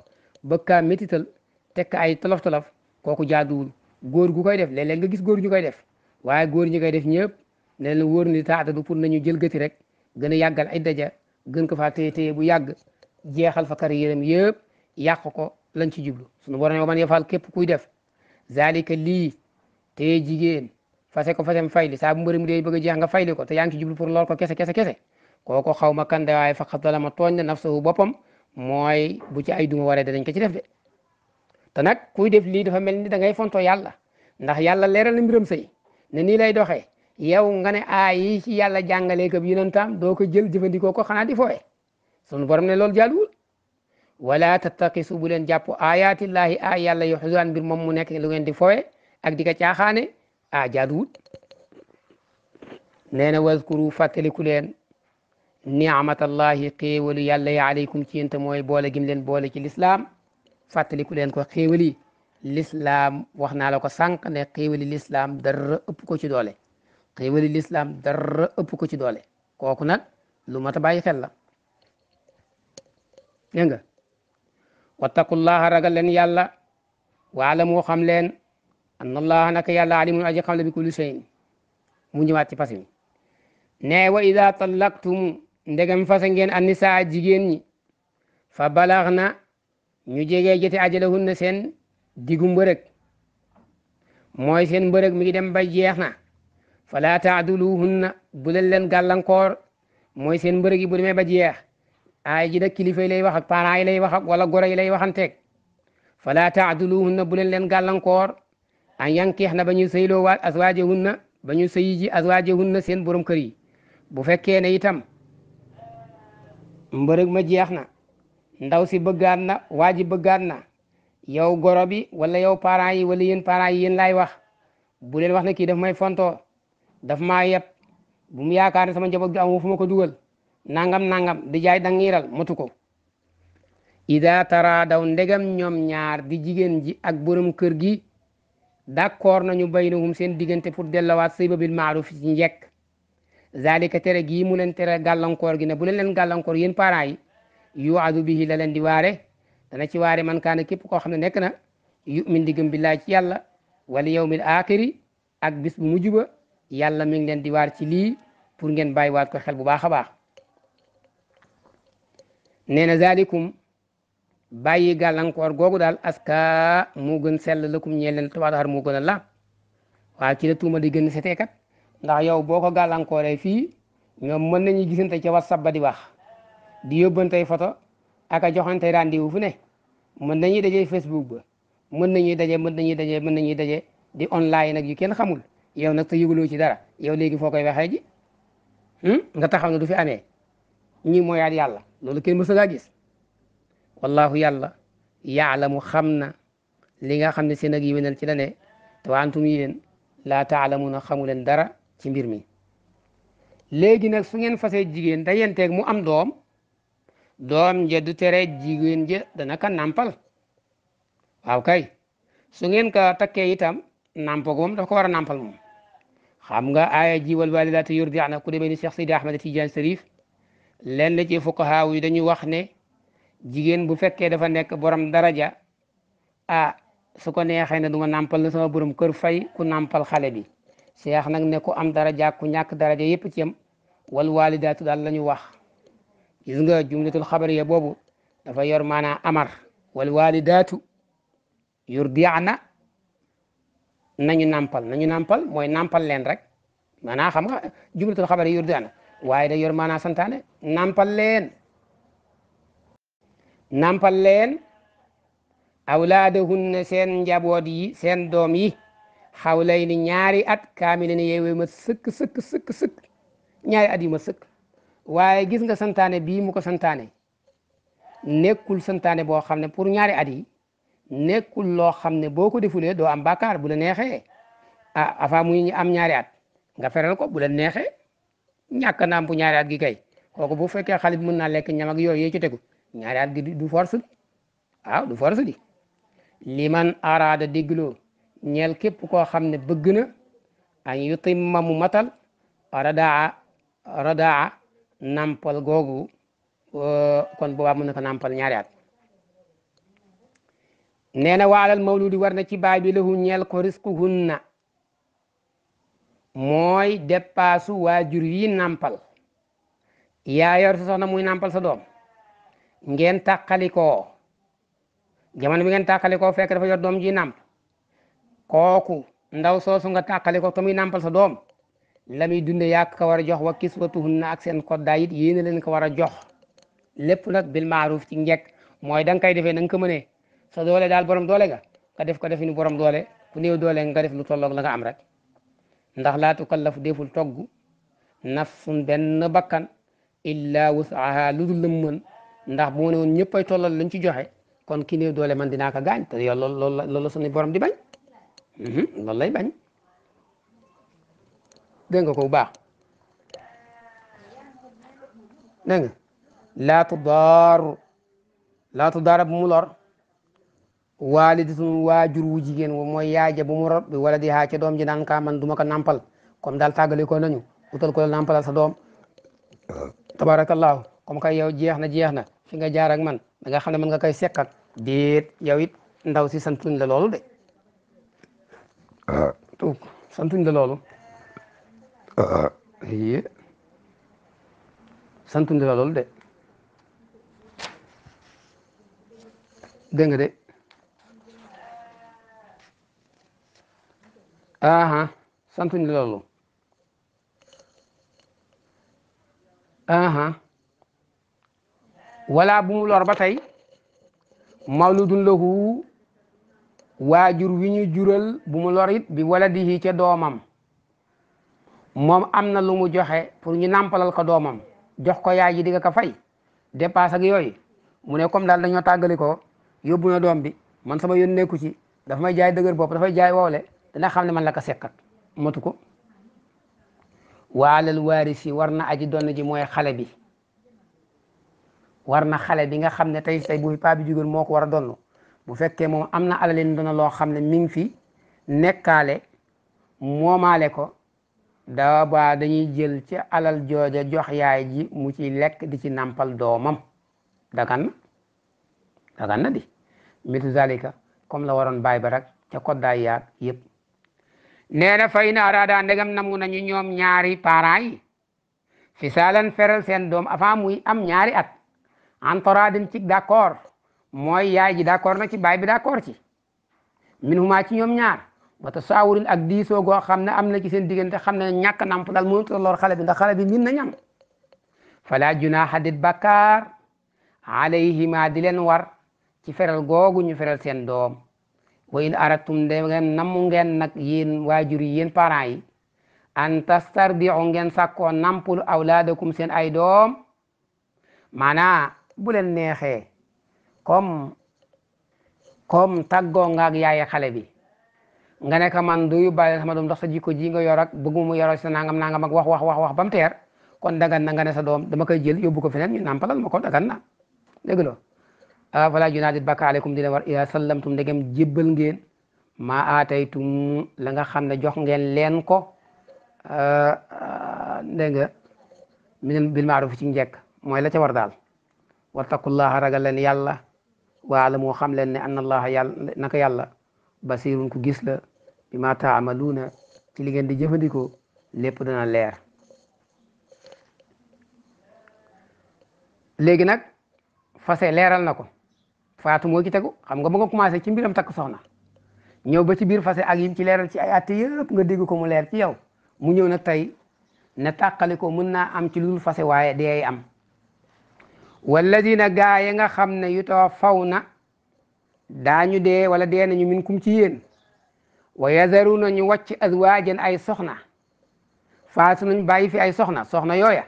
ka métital tekk ay tolof-tolof kooku jaaduwul góor gu koy def léeg-léeg nga gis góor ñu koy def waaye góor ñi koy def ñëpp ne leen wóor ni taata du pour nañu jël gëti rek gën a yàggal ay daja gën ko faa téye téye bu yàgg jeexal fa kar yéram yëpp ko lañ ci jublu suñu borom man zalika lii téye jigéen fase ko fasem fayli saa bu mbërëm mu dee bëgg a jeex nga fayli ko te yaa ngi ci jublu pour lool ko kese kese kese kooko xaw ma kan fa waaye faqat zalama tooñ na nafsahu boppam mooy bu ci ay duma waree danañ ko ci def de te nag kuy def lii dafa mel ni da ngay fonto yàlla ndax yàlla leeral na mbiram sëy ne nii lay doxee yow nga ne aay yi ci yàlla jàngalee ko bi yonentam doo ko jël jëfandikoo ko xanaa di fooye sunu borom ne loolu jaaduwul wala tattaqisu bu leen jàpp ayatillahi a yàlla yu xusaan mbir moom mu nekk lu ngeen di fowe ak di ko caaxaane a jaaduwut nee na waskuru fàttaliku leen niamatallahi xéewalu yàlla yi aleykum ci yéen mooy boole gim leen boole ci lislaam fàttaliku leen ko xéewali lislaam wax naa la ko sànq ne xéewali lislaam dara ëpp ko ci doole xéewali lislaam dara ko ci doole kooku nag lu mat a bàyyi xel la dégg wattaqullaha ragal leen yàlla waalamu xam leen anna allaha naka yàlla alimun aji xam bi kulli shay'in mu ñëwaat ci fas mi ne wa ida tallaqtum ndegam fasa ngeen annisaa jigéen ñi fa balax na ñu jegee jëte ajalahunna seen digu mbërëk mooy seen mbërëg mi ngi dem ba jeex na fala taaduluhunna bu leen leen gàllankoor mooy seen mbërëg yi bu demee ba jeex a ji nag kilifa yi lay wax ak parents yi lay wax ak wala goro yi lay waxanteeg fala taaduluhunna bu leen leen gàllankoor an yankeex na ba ñuy sëyloo waat aswaajahunna ba ñu sëyi ji aswaajahunna seen borom kër yi bu fekkee ne itam mbërëg ma jeex na ndaw si bëggaat na waa ji bëggaat na yow goro bi wala yow parents yi wala yéen parant yi yéen laay wax bu leen wax ne kii daf may fontoo daf maa yeb bu mu yaakaar ne sama njaboot gi amu fu ma ko dugal nangam nangam di jaay dangiral motu ko ida tara daw ndegam ñoom ñaar di jigéen ji ak borom kër gi d'accord nañu baynahum seen diggante pour dellawaat sëy ba bil maaruf ci njekk tere gi mu leen tere gàllankoor gi ne bu leen leen gàllankoor yéen parents yu yuwaadu bihi la leen di waare da ci waare man kaana képp koo xam ne nekk na yumin di gëm billaahi ci yàlla wala yawmil aaxiri ak bis bu mujj ba yàlla mi ngi leen di waar ci lii pour ngeen bàyyiwaat ko xel bu baax a baax nee na zalikum bàyyi gàllankoor googu daal aska moo gën sell lakum ñeel leen tawaadaxar moo gën a laab waaw ci la tuuma di gën setee kat ndax yow boo ko gàllankooree fii ñoom mën nañu gisante ca whatsapp ba di wax di yóbbantey photo ak a joxante rendez-vous fu ne mën nañu daje facebook ba mën nañuy daje mën nañuy daje mën nañuy daje di online nag yi kenn xamul yow nag te yëguloo ci dara yow léegi foo koy waxee ji hmm? nga taxaw ne du fi amee ñi mooyaat yàlla loolu kenn mësa ngaa gis wallahu yàlla yaalamu xam na li nga xam ne seen ak yéwénal ci la ne te wa antum yéen laa taalamuuna xamu leen dara ci mbir mi léegi nag su ngeen fasee jigéen da yenteeg mu am doom doom ja du tere jigéen ja dana ka nàmpal waaw kay su ngeen ka takkee itam nàmpa ko moom daf ko war a nàmpal moom nga aaya ji wal waalidaatu yurdi'na ku demee ni Cheikh Sidi Ahmad Tidiane Sarif lenn ci fuqahaaw yi dañuy wax ne jigéen bu fekkee dafa nekk borom daraja ah su ko neexee ne du ma nàmpal na sama borom kër fay ku nàmpal xale bi seex nag ne ku am daraja ku ñàkk daraja yépp ci yam wal waalidaatu daal la ñu wax gis nga jumlatul xabariya boobu dafa yor maanaa amar wal waalidaatu yurdi'na nañu nàmpal nañu nàmpal mooy nàmpal leen rek maanaa xam nga jumlatul xabariya yurdi'na waaye da yor maanaa santaane nampal leen nampal leen awlaadahunna seen njaboot yi seen doom yi yi ni ñaari at kaamile ni yeewee ma sëkk sëkk sëkk sëkk at yi ma sëkk waaye gis nga santaane bii mu ko santaane nekkul santaane boo xam ne pour ñaari at yi nekkul loo xam ne boo ko defulee doo am bàkkaar bu la neexee ah afa muy am ñaari at nga feral ko bu la neexee ñàkk nàmp ñaari at gi kay kooku bu fekkee xale bi mën naa lekk ñam ak yooyu yee ci tegu ñaari at gi du force bi waaw du force bi liman ñeel képp koo xam ne bëgg na an yutimma mu matal radaa radaa nampal googu euh, kon boobaa mën na ko nampal ñaari at nee waalal mawludi war na ci baay bi lahu ñeel ko risquhunna mooy dépaasu jur yi nàmpal yaa yor sa na muy nàmpal sa doom ngeen tàqalikoo jamono bi ngeen tàqalikoo fekk dafa yor doom ji nàmp kooku ndaw soosu nga ko te muy nampal sa doom la muy dunde yàq ka war a jox wa kiswatuhunna ak seen koddaay it yéena leen ko war a jox lépp nag bil maaruf ci njekk mooy dan nga koy defee na nga ko mënee sa doole daal borom doole nga nga def ko def ni borom doole ku néew doole nga def lu tollook la nga am rek ndax laa tukallafu deful togg nafsun benn bakkan illa wusaha lu dul lëm ndax bu ma ne woon ñëpp ay tollal lañ ci joxe kon ki néew doole man dinaa ko gaañ te yow loolu loolu la loolu borom di bañ mhm, loolu lay bañ dégg nga ko bu baax dégg nga laa tudar laa tudara bu mu waa jur wu jigéen mooy yaaja bu mu rot bi wala di haa doom ji naan man duma ma ko nampal comme daal tàggale ko nañu utal ko la nampalal sa doom tabaarakallaahu comme kay yow jeex na jeex na fi nga jaar ak man da nga xam ne mën nga koy sekkat déet yow ndaw si santuñ la loolu de tuug la loolu yi santuñ la loolu de dégg nga de aha santuñu loolu aha wala bu mu lor ba tey mawludun lahu waajur wi ñu jural bu mu lor it bi waladihi ca doomam moom am na lu mu joxe pour ñu nampalal ko doomam jox ko yaay ji di nga ko fay dépasse ak yooy mu ne comme daal dañoo tàggali ko yóbbu na doom bi man sama yoon nekku ci dafa may jaay dëgër bopp dafay jaay woowle dana xam ne man la ko sekka motu ko waalal waarisi war na aji doon ji mooy xale bi war na xale bi nga xam ne tey tey bu fi paa bi moo ko war a donn bu fekkee moom am na alaleen doona loo xam ne mi ngi fi nekkaale moomaale ko da ba dañuy jël ci alal jooja jox yaay ji mu ci lekk di ci nàmpal doomam dagan na dagan na di mitu zalika comme la waroon bàyyi ba rek ca koddaay yaag nee na fay na araada ndegam namu nañu ñoom ñaari parents yi fi saalan feral seen doom avant muy am ñaari at en toradin ci d'accord mooy yaay ji d'accord na ci baay bi d'accord ci min huma ci ñoom ñaar wata saawurin ak diisoo goo xam ne am na ci seen diggante xam na ñàkk namp dal mënut a lor xale bi ndax xale bi nin na ñam fala junaaha dit bakkaar alayhima di leen war ci feral googu ñu feral seen doom wa in aratum de ngeen namu ngeen nag yéen waajur yi yéen parents yi an tastardiu ngeen sakkoo nampul awlaadakum seen ay doom maanaa bu leen neexee comme comme tàggoo nga ak xale bi nga ne ka man du yóbbaale sama doom ndax jikko ji nga yor ak bëggu mu yoro sa nangam nangam ak wax wax wax wax ba mu teer kon dagan na nga ne sa doom dama koy jël yóbbu ko feneen ñu nàmpalal ma ko dagan na dégg ah voilà junaadit baka aleykum di leen war ila sallamtum ndegem jébbal ngeen maa aataytum la nga xam ne jox ngeen leen ko euh, dégg nga min bil maaruf ci njekk mooy la ca war daal wattaqullaha raga leen yàlla waalamu xam leen ne anna allaha yàlla naka yàlla basirun ku gis la bi ma taamaluuna ci li ngeen di jëfandikoo lépp dana leer léegi nag fase leeral na ko faatu moo ci tegu xam nga ba nga commencé ci mbiram takk soxna ñëw ba ci biir fase ak yim ci leeral ci ay atte yëpp nga dégg ko mu leer ci yow mu ñëw na tey na tàqali ko mën naa am ci lu fase waaye day am walladina gaa yi nga xam ne yu too faw na daañu dee wala dee nañu min kum ci yéen wa yazaruna ñu wàcc azwaajan ay soxna faatu nañ bàyyi fi ay soxna soxna yooya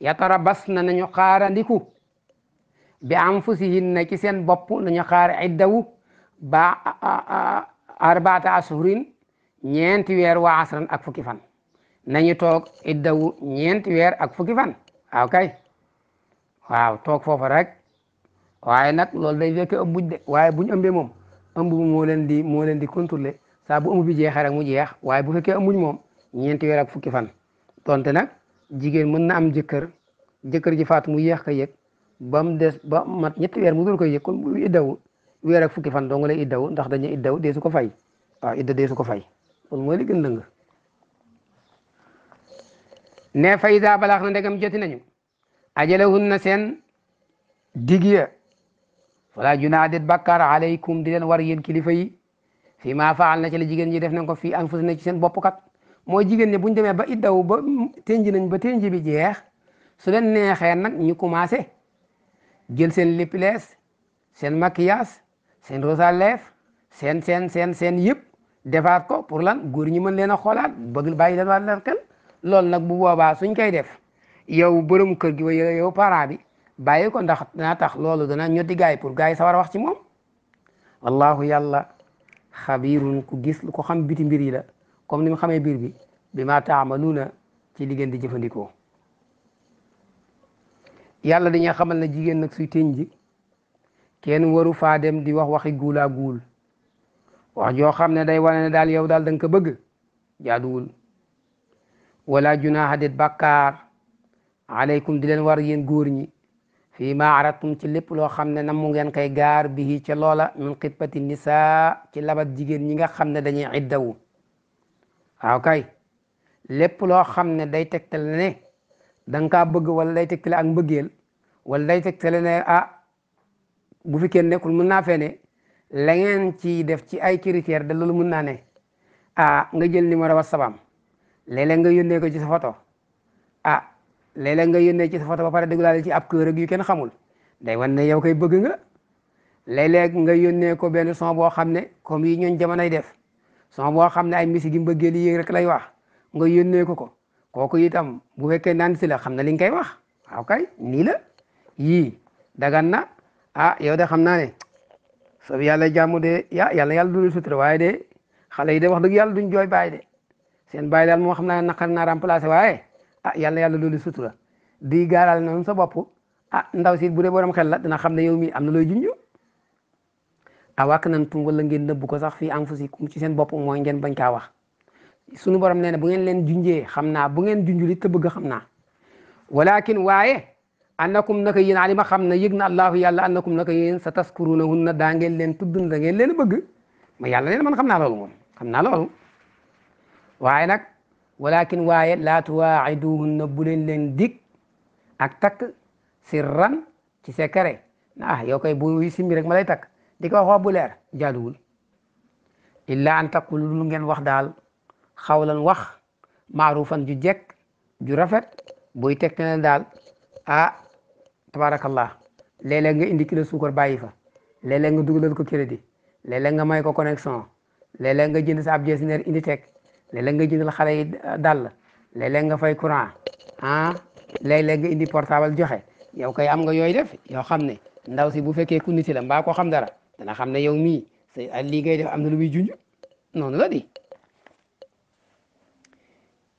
yatarabas na nañu xaarandiku bi na ci seen bopp nañu xaar iddawu ba arbaata ashurin ñeenti weer wa asran ak fukki fan nañu toog iddawu ñeenti weer ak fukki fan waaw kay waaw toog foofa rek waaye nag loolu day fekk ëmbuñ de waaye buñ ambee moom ëmb moo leen di moo leen di contrôler saa bu ëmb bi jeexee rek mu jeex waaye bu fekkee ëmbuñ moom ñeenti weer ak fukki fan donte nag jigéen mën na am jëkkër jëkkër ji faat mu yéex ka yëg ba mu des ba mat ñetti weer mu dul koy yëg kon bu fukki fan dong lay iddawu ndax dañuy iddawu dee su ko fay waaw idda dee ko fay kon mooy li gën lëng ne fa idaa na ndegam joti nañu ajalahunna seen dig ya wala junaa det bàkkaar di leen war yéen kilifa yi fii ma faal na ci la jigéen ñi def nañ ko fii anfusina ci seen bopp kat mooy jigéen ñi buñ demee ba iddaw ba tenji nañ ba tenji bi jeex su leen neexee nag ñu commencé jël seen lipilees seen maquillage seen rose à seen seen seen seen yëpp defaat ko pour lan góor ñi mën leen a xoolaat bëgg bàyyi leen waat leen lool loolu nag bu boobaa suñ koy def yow borom kër gi wa yow parent bi bàyyi ko ndax dana tax loolu dana ñotti gaay yi pour gaay yi sawar a wax ci moom wallahu yàlla xabiirun ku gis lu ko xam biti mbir yi la comme ni mu xamee biir bi bi maa taamaluuna ci li ngeen di jëfandikoo yàlla dañuy xamal ne jigéen nag suy tëñ ji kenn waru faa dem di wax waxi guulaa guul wax joo xam ne day wane ne daal yow daal da nga ko bëgg jaaduwul wala junaaha det bakkar aleykum di leen war yéen góor ñi fii ma aratum ci lépp loo xam ne nam mu ngeen koy gaar bi ci loola min xitbati nisaa ci labat jigéen ñi nga xam ne dañuy iddawu waaw kay lépp loo xam ne day tegtal ne da nga bëgg wala lay tegtale ak mbëggeel wala lay tegtale ne ah bu fi kenn nekkul mën naa fee ne la ngeen ci def ci ay critère da loolu mën naa ne a ah, nga jël numéro WhatsApp am léeg-léeg nga yónnee ko ci sa photo ah léeg nga yónnee ci sa photo ba pare déglaale ci ab kër ak yu kenn xamul day wan ne yow koy bëgg nga léeg-léeg nga yónnee ko benn son boo xam ne comme yi ñooñ jamonoy def son boo xam ne ay misi gi mbëggeel yi rek lay wax nga yónnee ko ko kooku itam bu fekkee naan si la xam na li nga koy wax waaw nii la yii dagan na ah yow de xam naa ne soobu yàlla jàmm de ya yàlla yàlla du sutura waaye de xale yi de wax dëgg yàlla duñ jooy bàyyi de seen bàyyi daal moo xam naa naqar naa remplacé waaye ah yàlla yàlla loolu sutura di gaaral noonu sa bopp ah ndaw si bu dee borom xel la dina xam ne yow mi am na looy junj a wàkk nan tum wala ngeen nëbb ko sax fii am fu si ci seen bopp mooy ngeen bañ kaa wax sunu borom nee na bu ngeen leen junjee xam naa bu ngeen junjuli te bëgg xam naa walakin waaye annakum naka yéen alima xam na yëg na allaahu yàlla annakum naka yéen sa taskurunahunna daa ngeen leen tuddun da ngeen leen bëgg ma yàlla nee na man xam naa loolu moom xam naa loolu waaye nag walakin waaye laa tuwaaciduhunna bu leen leen dig ak takk sirran ci secret ah yow koy bu simbi rek ma lay takk di ko wax bu leer jaaduwul illa an taqulu lu wax daal xawlan wax maarufan ju jekk ju rafet buy teg ne daal ah tabarakallah léeg-léeg nga indi kilo suukar bàyyi fa léeg-léeg nga dugalal ko crédit léeg-léeg nga may ko connexion léeg-léeg nga jënd sa ab jeesineer indi teg léeg-léeg nga jëndal xale yi dàll léeg-léeg nga fay courant ah léeg indi portable joxe yow kay am nga yooyu def yoo xam ne ndaw si bu fekkee ku niti la mbaa koo xam dara dana xam ne yow mii sa lii ngay def am na lu muy noonu la di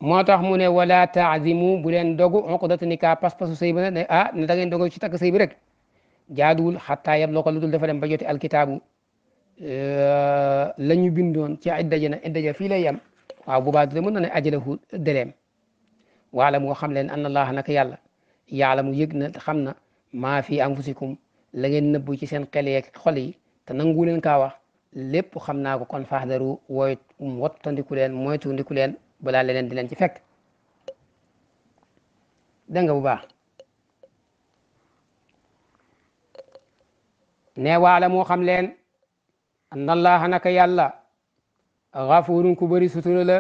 moo tax mu ne wala taazimu bu leen dogu uqdata nikaa pas-pasu sëy ba ne ah ne da ngeen dogu ci takk sëy bi rek jaaduwul xattaa yab loo ko lu dul ba joti ñu bindoon ci idda ja na idda ja fii lay yam waaw bu baa dina mën na ne ajalahu deleem waala moo xam leen anna allaha naka yàlla yaalamu yëg na xam na maa fi anfusikum la ngeen nëbbu ci seen xel yeeg xol yi nangu leen kaa wax xam naa ko kon faaxdaru wooy wattandiku leen moytu ndiku leen balaa leneen di leen ci fekk dégg bu baax ne waala moo xam leen an allaha naka yàlla xafurun ku bëri sutura la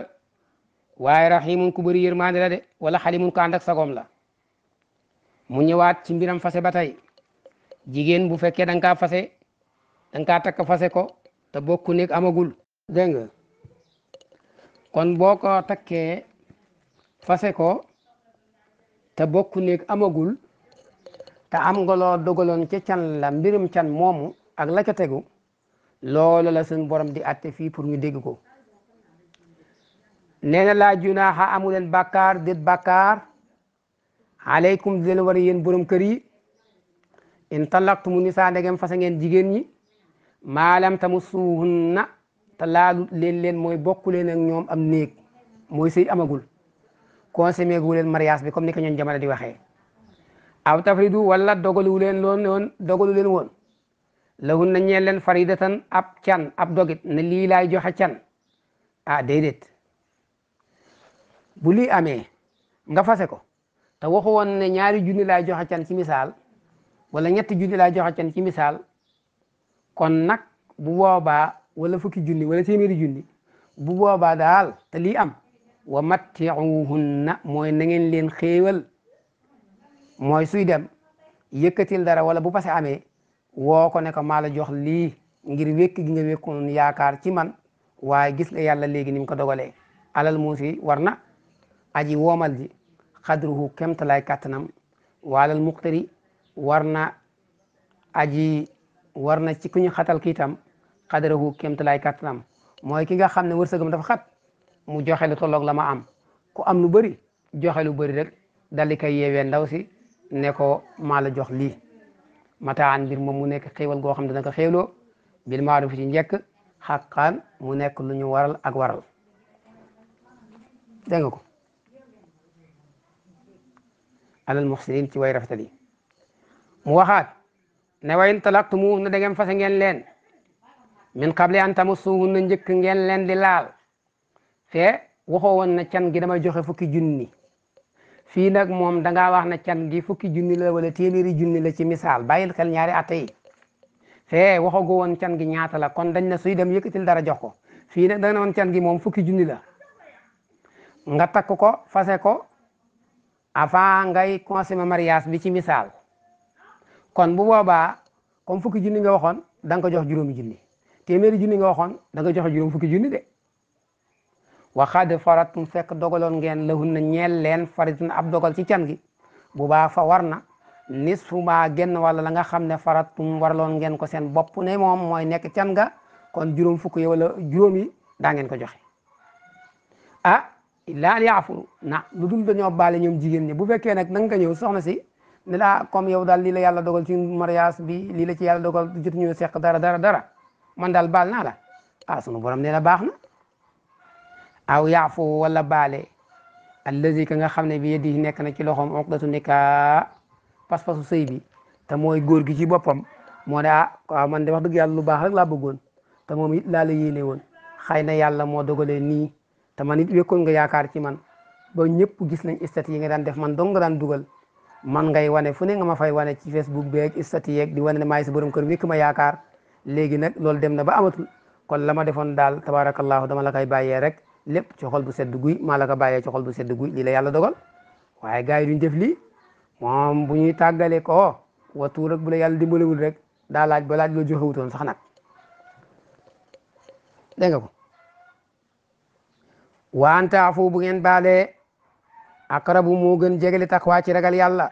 waaye yi ku bëri yërmaande la de wala xalimun ku ànd ak sagoom la mu ñëwaat ci mbiram fase ba tey jigéen bu fekkee da nga fase da nga kaa takk fase ko te bokku nekk amagul dégg nga kon boo ko takkee fase ko te bokku néeg amagul te am nga loo dogaloon ca can la mbirum can moomu ak la ca tegu loolu la suñ borom di atte fii pour ñu dégg ko nee na laa junaaxa amu leen bàkkaar dit bàkkaar aleykum di leen war yéen borom kër yi in talaqtumu nisaa ndegem fase ngeen jigéen ñi maalam tamu suuhunna te laalut leen leen mooy bokku leen ak ñoom am néeg mooy sëy amagul consommé gu leen mariage bi comme ni ko ñoon jamono di waxee aw tafridu wala dogalu leen loon loon dogalu leen woon lahun na ñeel leen faridatan ab can ab dogit ne lii laay joxe can ah déedéet bu lii amee nga fase ko te waxu woon ne ñaari junni laay joxe can ci misaal wala ñetti junni laay joxe can ci misaal kon nag bu boobaa wala fukki junni wala téeméeri junni bu boobaa daal te lii am wa mattiuhunna mooy nangeen leen xéewal mooy suy dem yëkkatil dara wala bu pase amee woo ko ne ko maa la jox lii ngir wékk gi nga wékkoon yaakaar ci man waaye gis nga yàlla léegi ni ko dogalee alal muusi war na aji woomal ji xadruhu kemtalaay kàttanam waalal muqtari war na aji war na ci ku xatal kiitam xadarahu kéemtalaay kàttanam mooy ki nga xam ne wërsëgam dafa xat mu joxe lu tolloog la ma am ko am lu bari joxe lu bari rek dal di koy yeewee ndaw si ne ko maa la jox lii mataan mbir moom mu nekk xéewal goo xam ne dana ko xéewloo bil maaruf ci njekk xaqaan mu nekk lu ñu waral ak waral dégg ko alal muxsinin ci way rafetal yi mu waxaat ne wayin talaktumu na da ngeen fase leen min qabli an na njëkk ngeen leen di laal fee waxoo woon na can gi damay joxe fukki junni fii nag moom dangaa wax na can gi fukki junni la wala téeméeri junni la ci misaal bàyyil xel ñaari at yi fee woon can gi ñaata la kon dañ na suy dem yëkkatil dara jox ko fii nag woon can gi moom fukki junni la nga takk ko fase ko fa ngay ma mariage bi ci misaal kon bu boobaa comme fukki junni nga waxoon danga nga ko jox juróomi junni téeméeri junni nga waxoon danga nga joxe juróom fukki junni de waxaade faratum fekk dogaloon ngeen lahun na ñeel leen faratun ab dogal ci can gi bu baa fa war na nisfu maa genn wala la nga xam ne faratum warloon ngeen ko seen bopp ne moom mooy nekk can ga kon juróom fukk yi wala juróom yi daa ngeen ko joxe ah laa yaafuru na lu dul dañoo baale ñoom jigéen ñi bu fekkee nag na nga ñëw soxna si la kom ah, comme yow daal lii la yàlla dogal ci mariage bi lii la ci yàlla dogal jotuñu seq dara dara dara man daal baal naa la ah sunu borom nee na baax na aw yaafu wala baale allazi ka nga xam ne bi yadihi nekk na ci loxoom uqdatu nikaa pas-pasu sëy bi te mooy góor gi ci boppam moo ne ah waaw man de wax dëgg baax rek laa bëggoon te moom it laa la yéene woon xëy na yàlla moo dogalee nii te man it wekkoon nga yaakaar ci man ba ñëpp gis nañ istat yi nga daan def man dong nga daan dugal man ngay wane fu ne nga ma fay wane ci Facebook beeg istat yeeg di wane ne maay borom kër wékk ma yaakaar léegi nag loolu dem na ba amatul kon la ma defoon daal tabaarakallaahu dama la koy bàyyee rek lépp ci bu sedd guy maa la ko bàyyee ci bu sedd guy lii la yàlla dogal waaye gars yi duñ def lii moom bu ñuy tàggale ko watu rek bu la yàlla dimbalewul rek daa laaj ba laaj loo joxewutoon sax nag dégg nga ko waantaafu bu ngeen baalee aqrabu moo gën jegeli taqwa ci ragal yàlla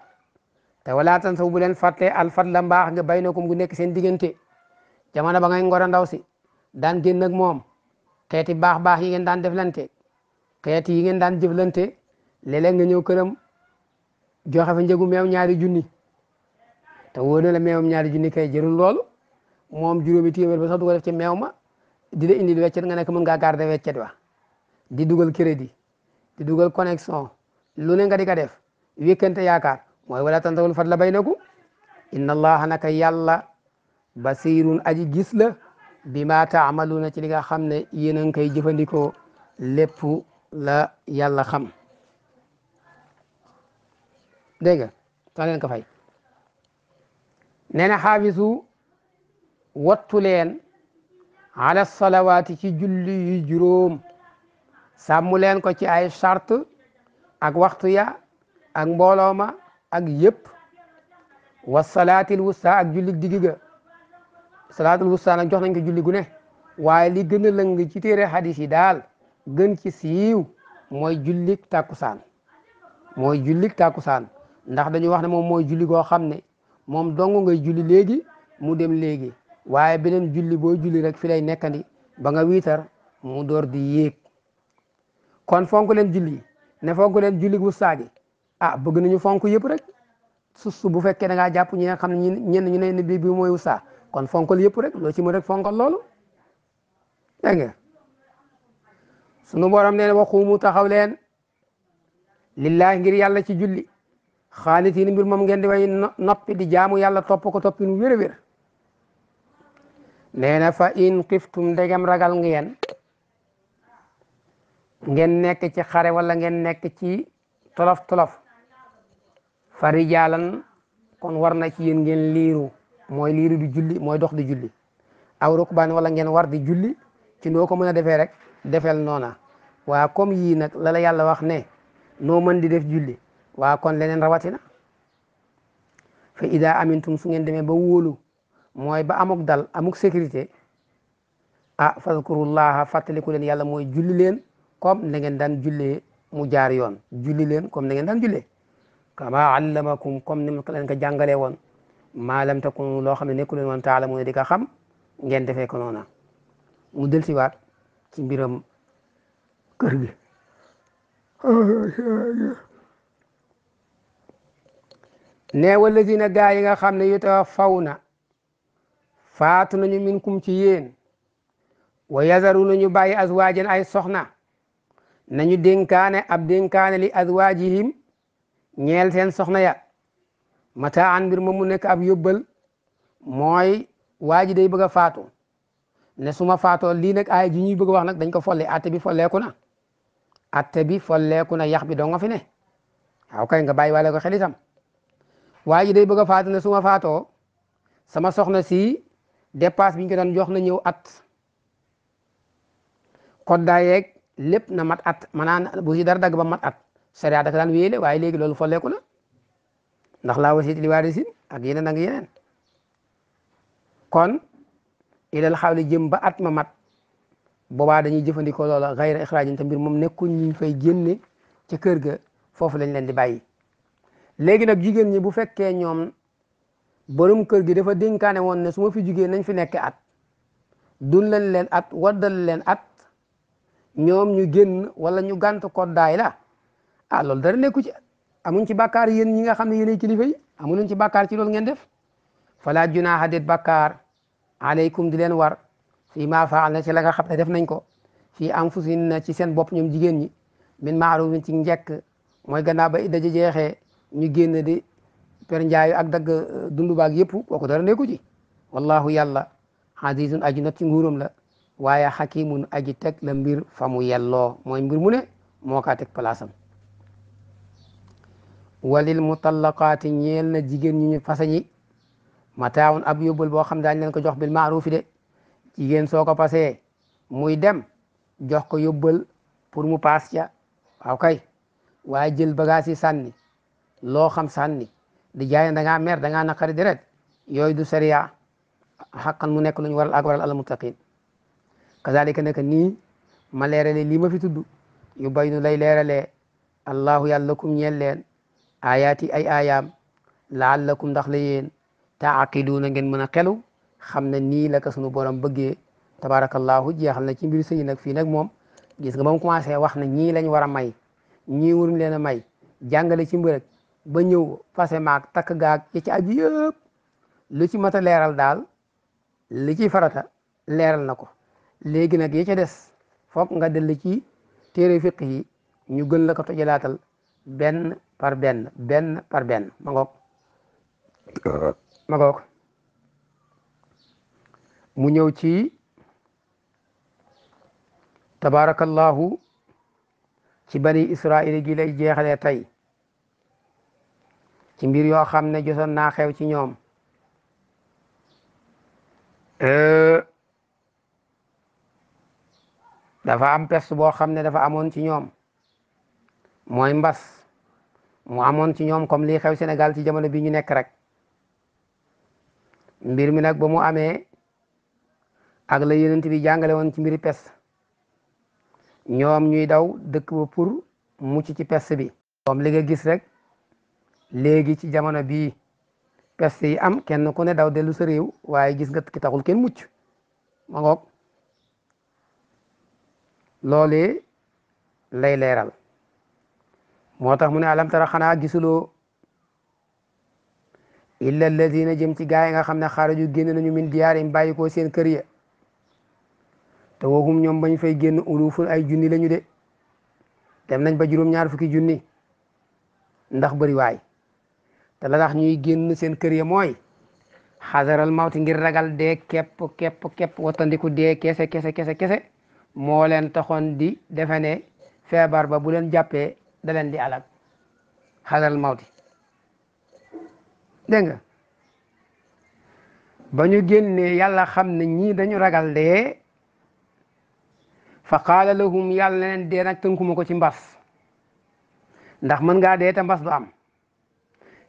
te walaa tan saw bu leen fàtte alfadla mbaax nga bay na ko mu nekk seen diggante jamono ba ngay ngoro ndaw si daan génn ak moom xeeti baax baax yi ngeen daan deflante xeeti yi ngeen daan jëflante léeg nga ñëw këram joxe fa njëgu meew ñaari junni te wóor na la meewam ñaari junni kay jërul lool moom juróomi téeméer ba sax du ko def ci meew ma di la indil weccet nga nekk mën ngaa garder weccet wa di dugal crédit di dugal connexion lu ne nga di ko def wékkante yaakaar mooy wala tantawul fadla baynakum inna allaha naka yàlla basirun aji gis la bi ma taamaluuna ci li nga xam ne yéen a ngi koy jëfandikoo lépp la yàlla xam dégg nga tax leen ko fay nee na xaafisu wattu leen ala salawaati ci julli yu juróom leen ko ci ay charte ak waxtu ya ak mboolooma ma ak yëpp wa salaatil wusta ak julli digg ga salaatul wusta nag jox nañ ko julli gu ne waaye lii gën a lëng ci téere xadis yi daal gën ci siiw mooy jullik tàkkusaan mooy jullik tàkkusaan ndax dañu wax ne moom mooy julli goo xam ne moom dong ngay julli léegi mu dem léegi waaye beneen julli booy julli rek fi lay nekkandi ba nga wiitar mu door di yéeg kon fonk leen julli ne fonk leen julli gu saagi ah bëgg nañu fonk yëpp rek su su bu fekkee da ngaa jàpp ñi nga xam ne ñenn ñu ne ne bii bii mooy wusaa kon fonkal yëpp rek loo ci mën rek fonkal loolu dégg nga sunu borom nee na waxuumu taxaw leen lillahi ngir yàlla ci julli xaalitiin mbir moom ngeen di way noppi di jaamu yàlla topp ko toppin wér-wér nee na fa in xiftum ndegem ragal ngeen ngeen nekk ci xare wala ngeen nekk ci tolof tolof fa rijaalan kon war na ci yéen ngeen liiru mooy liiri di julli mooy dox di julli aw rukbaan wala ngeen war di julli ci noo ko mën a defee rek defeel noona waa comme yii nag la la yàlla wax ne noo mën di def julli waa kon leneen rawatina fa ida amintum su ngeen demee ba wóolu mooy ba amuk dal amuk sécurité ah fadkurullaha fàttaliku leen yàlla mooy julli leen comme na ngeen daan jullee mu jaar yoon julli leen comme na ngeen daan jullee kama allamakum comme ni mu leen ko jàngalee woon maa lam takun loo xam ne nekku leen woon taala mu ne di ko ngeen defee ko noona mu del siwaat ci mbiram kër gi ne wallazina gaa yi nga xam ne yutawaffawna faatu nañu minkum ci yéen wa yazaru nañu bàyyi azwaajan ay soxna nañu dénkaane ab dénkaane li azwaajihim ñeel seen soxna ya mataa an mbir ma mu nekk ab yóbbal mooy waa ji day bëgg a faatu ne su ma faatoo lii nag aay ji ñuy bëgg wax nag dañ ko folle atte bi folleeku na atte bi folleeku na yax bi dong nga fi ne waaw kay nga bàyyi waale ko xel itam waa ji day bëgg a faatu ne suma ma faatoo sama soxna si dépasse bi ñu ko doon jox na ñëw at koddaa yeeg lépp na mat at maanaam bu si dar dagg ba mat at sariya da ko daan wéyale waaye léegi loolu folleeku na ndax laa wasiyyata li waarisin ak yeneen ak yeneen kon ilal xawli jëm ba at ma mat boobaa dañuy jëfandikoo loola xayra ixraajin te mbir moom nekkul ñu fay génne ci kër ga foofu lañ leen di bàyyi léegi nag jigéen ñi bu fekkee ñoom borom kër gi dafa dénkaane woon ne su ma fi jigéen nañ fi nekk at dun lañ leen at waddal leen at ñoom ñu génn wala ñu gànt koddaay la ah loolu dara nekku ci amuñ ci bàkkaar yéen ñi nga xam ne yéenay kilifa yi amuñ ci bàkkaar ci loolu ngeen def fala junaaha déet bàkkaar aleykum di leen war fii maa faal na ci la nga xam ne def nañ ko fii anfusin na ci seen bopp ñoom jigéen ñi min maarufin ci njekk mooy gannaaw ba idda jeexe jeexee ñu génn di per njaayu ak dagg euh, dundu baag yëpp kooku dara nekku ci wallahu yàlla azizun aji not ci nguuram la waaye xakimun aji teg la mbir fa mu yelloo mooy mbir mu ne moo kaa teg palaasam walil mutallaqaati ñeel na jigéen ñi ñu fase ñi mataawun ab yóbbul boo xam daañ leen ko jox bil maaruufi de jigéen soo ko pasee muy dem jox ko yóbbal pour mu paas ca waaw kay waaye jël bagage yi sànni loo xam sànni di jaay da ngaa mer da ngaa naqari deret yooyu du sariya xaqan mu nekk lu ñu waral ak waral al muttaqin kazalika nekk nii ma leerale lii ma fi tudd yu bay nu lay leeralee allahu yàlla kum ñeel leen ayaati ay ayaam laallakum ndax la yéen taaqiluuna ngeen mën a xelu xam ne nii la ko sunu borom bëggee tabaarakallaahu jeexal na ci mbiru sëy nag fii nag moom gis nga ba mu commencé wax na ñii lañ war a may ñii waruñ leen a may jàngale ci mbir ba ñëw fase maag takk gaag ya ci aju yëpp lu ci mat a leeral daal li ci farata leeral na ko léegi nag ya ca des foog nga dellu ci téere fiq yi ñu gën la ko tojalaatal benn par benn benn par benn ma euh. mu ñëw ci tabarakallahu ci bani israil gi lay jeexalee tey ci mbir yoo xam ne joson naa xew ci ñoom euh. dafa am peste boo xam ne dafa amoon ci ñoom mooy mbas mu amoon ci ñoom comme lii xew Sénégal ci jamono bi ñu nekk rek mbir mi nag ba amee ak la yonent bi jàngale woon ci mbiri pes ñoom ñuy daw dëkk ba pour mucc ci pes bi comme li nga gis rek léegi ci jamono bii pes yi am kenn ku ne daw dellu sa réew waaye gis nga ki taxul kenn mucc ma ngoog loolee lay leeral moo tax mu ne alam tara xanaa gisuloo di alladina jëm ci gaa yi nga xam ne xaaraju génn nañu min diyaarim bàyyi ko seen kër ya te waxum ñoom bañ fay génn ulufun ay junni lañu de dem nañ ba juróom-ñaar fukki junni ndax bëri waay te la tax ñuy génn seen kër ya mooy xadaral mawti ngir ragal dee képp képp képp wattandiku dee kese kese kese kese moo leen taxoon di defe ne feebar ba bu leen jàppee da di alak xadal mawti dégg nga ba ñu génnee yàlla xam na ñii dañu ragal dee fa qaala lahum yàlla na leen dee nag tënkuma ko ci mbas ndax mën ngaa dee te mbas du am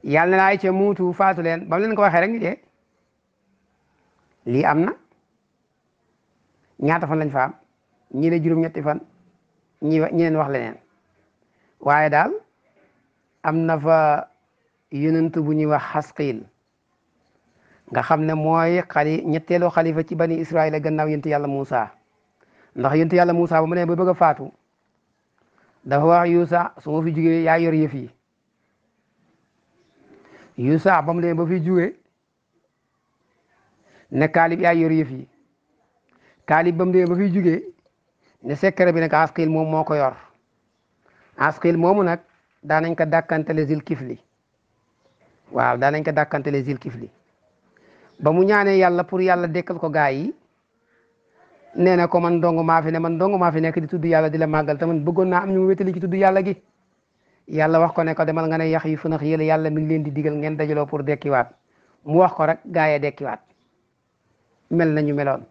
yàlla na ay ca muutu faatu leen ba leen ko waxee rek ñu dee lii am na ñaata fan lañ fa am ñi ne juróom-ñetti fan ñi ñi wax leneen waaye daal am na fa yonent bu ñuy wax xasqiil nga xam ne mooy xali ñetteelu xalifa ci bani israila gannaaw yonent yàlla Muusa ndax yonent yàlla Muusa ba mu ba bëgg a faatu dafa wax Yuusa su ma fi jugee ya yor yëf yi Yuusa ba mu ne fi jugee ne Kaalib yaa yor yëf yi Kaalib ba mu ne fi jugee ne secret bi ne xasqiil moom moo ko yor asqil moomu nag daanañ ko dàkkantale zil kifli waaw daanañ ko dàkkantale zil kifli ba mu ñaanee yàlla pour yàlla dekkal ko gaa yi nee na ko man dong maa fi ne man dong maa fi nekk di tudd yàlla di la màggal te man bëggoon naa am ñu mu wétali ci tudd gi yàlla wax ko ne ko demal nga ne yax yu funax yëla yàlla mi ngi leen di digal ngeen dajaloo pour dekkiwaat mu wax ko rek gaa yi dekkiwaat mel nañu meloon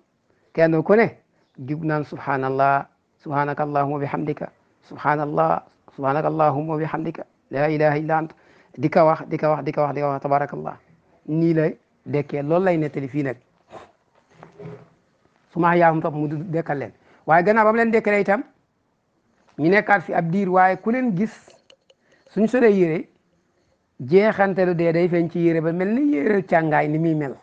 kenn ku ne jub naan subhanallah subhanaka allahuma bihamdika subhanaka allahumma bi hamdika la ilaha illa ant di ka wax di ka wax di ka wax di ka wax tabarakallah nii la dekkee loolu lay nettali fii nag su ma yaam topp mu dekkal leen waaye gannaaw ba mu leen tam itam ñu nekkaat fi ab diir waaye ku leen gis suñ solee yére jeexantelu dee day feeñ ci yére ba mel ni yére càngaay ni muy mel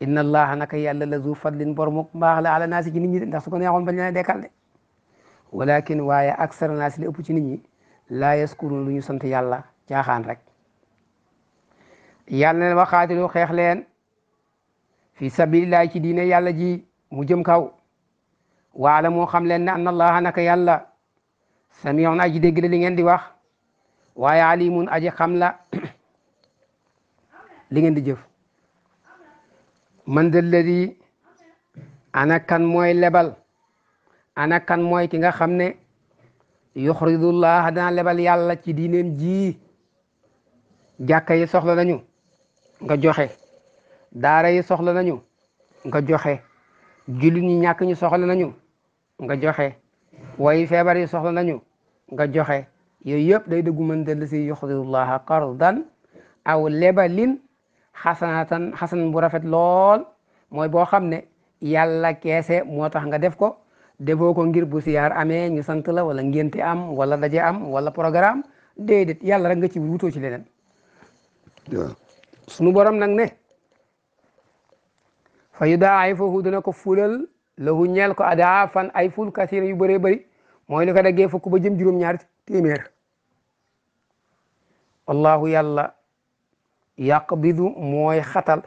inna allaha naka yàlla la zu fadlin bor mu mbaax la ala naasi ci nit ñi ndax su ko neexoon bañ leen dekkal de walakin waaye aksar naas li ëpp ci nit ñi laa yaskurun lu ñu sant yàlla caaxaan rek yàlla ne waxaatilu xeex leen fi sabilillahi ci diine yàlla ji mu jëm kaw waala moo xam leen ne anna allaha naka yàlla samiun aji dégg la li ngeen di wax waaye alimun aji xam la (coughs) li ngeen di jëf man mooy lebal ana kan mooy ki nga xam ne yuxridullaah dana lebal yàlla ci diineen ji jàkka yi soxla nañu nga joxe daara yi soxla nañu nga joxe jullit ñi ñàkk ñu soxla nañu nga joxe way feebar yi soxla nañu nga joxe yooyu yëpp day dëggu mën dell si yuxridullaah qardan aw lebalin xasanatan xasan bu rafet lool mooy boo xam ne yàlla keese moo tax nga def ko defoo ko ngir bu siyaar amee ñu sant la wala ngénte am wala daje am wala programme déedéet yàlla rek nga ci wutoo ci leneen sunu borom nag ne fa yu daa ay foofu dina ko fulal lahu ñeel ko adaa fan ay ful kasir yu bëree bari mooy lu ko daggee fukk ba jëm juróom-ñaar téeméer wallahu yàlla yaqbidu mooy xatal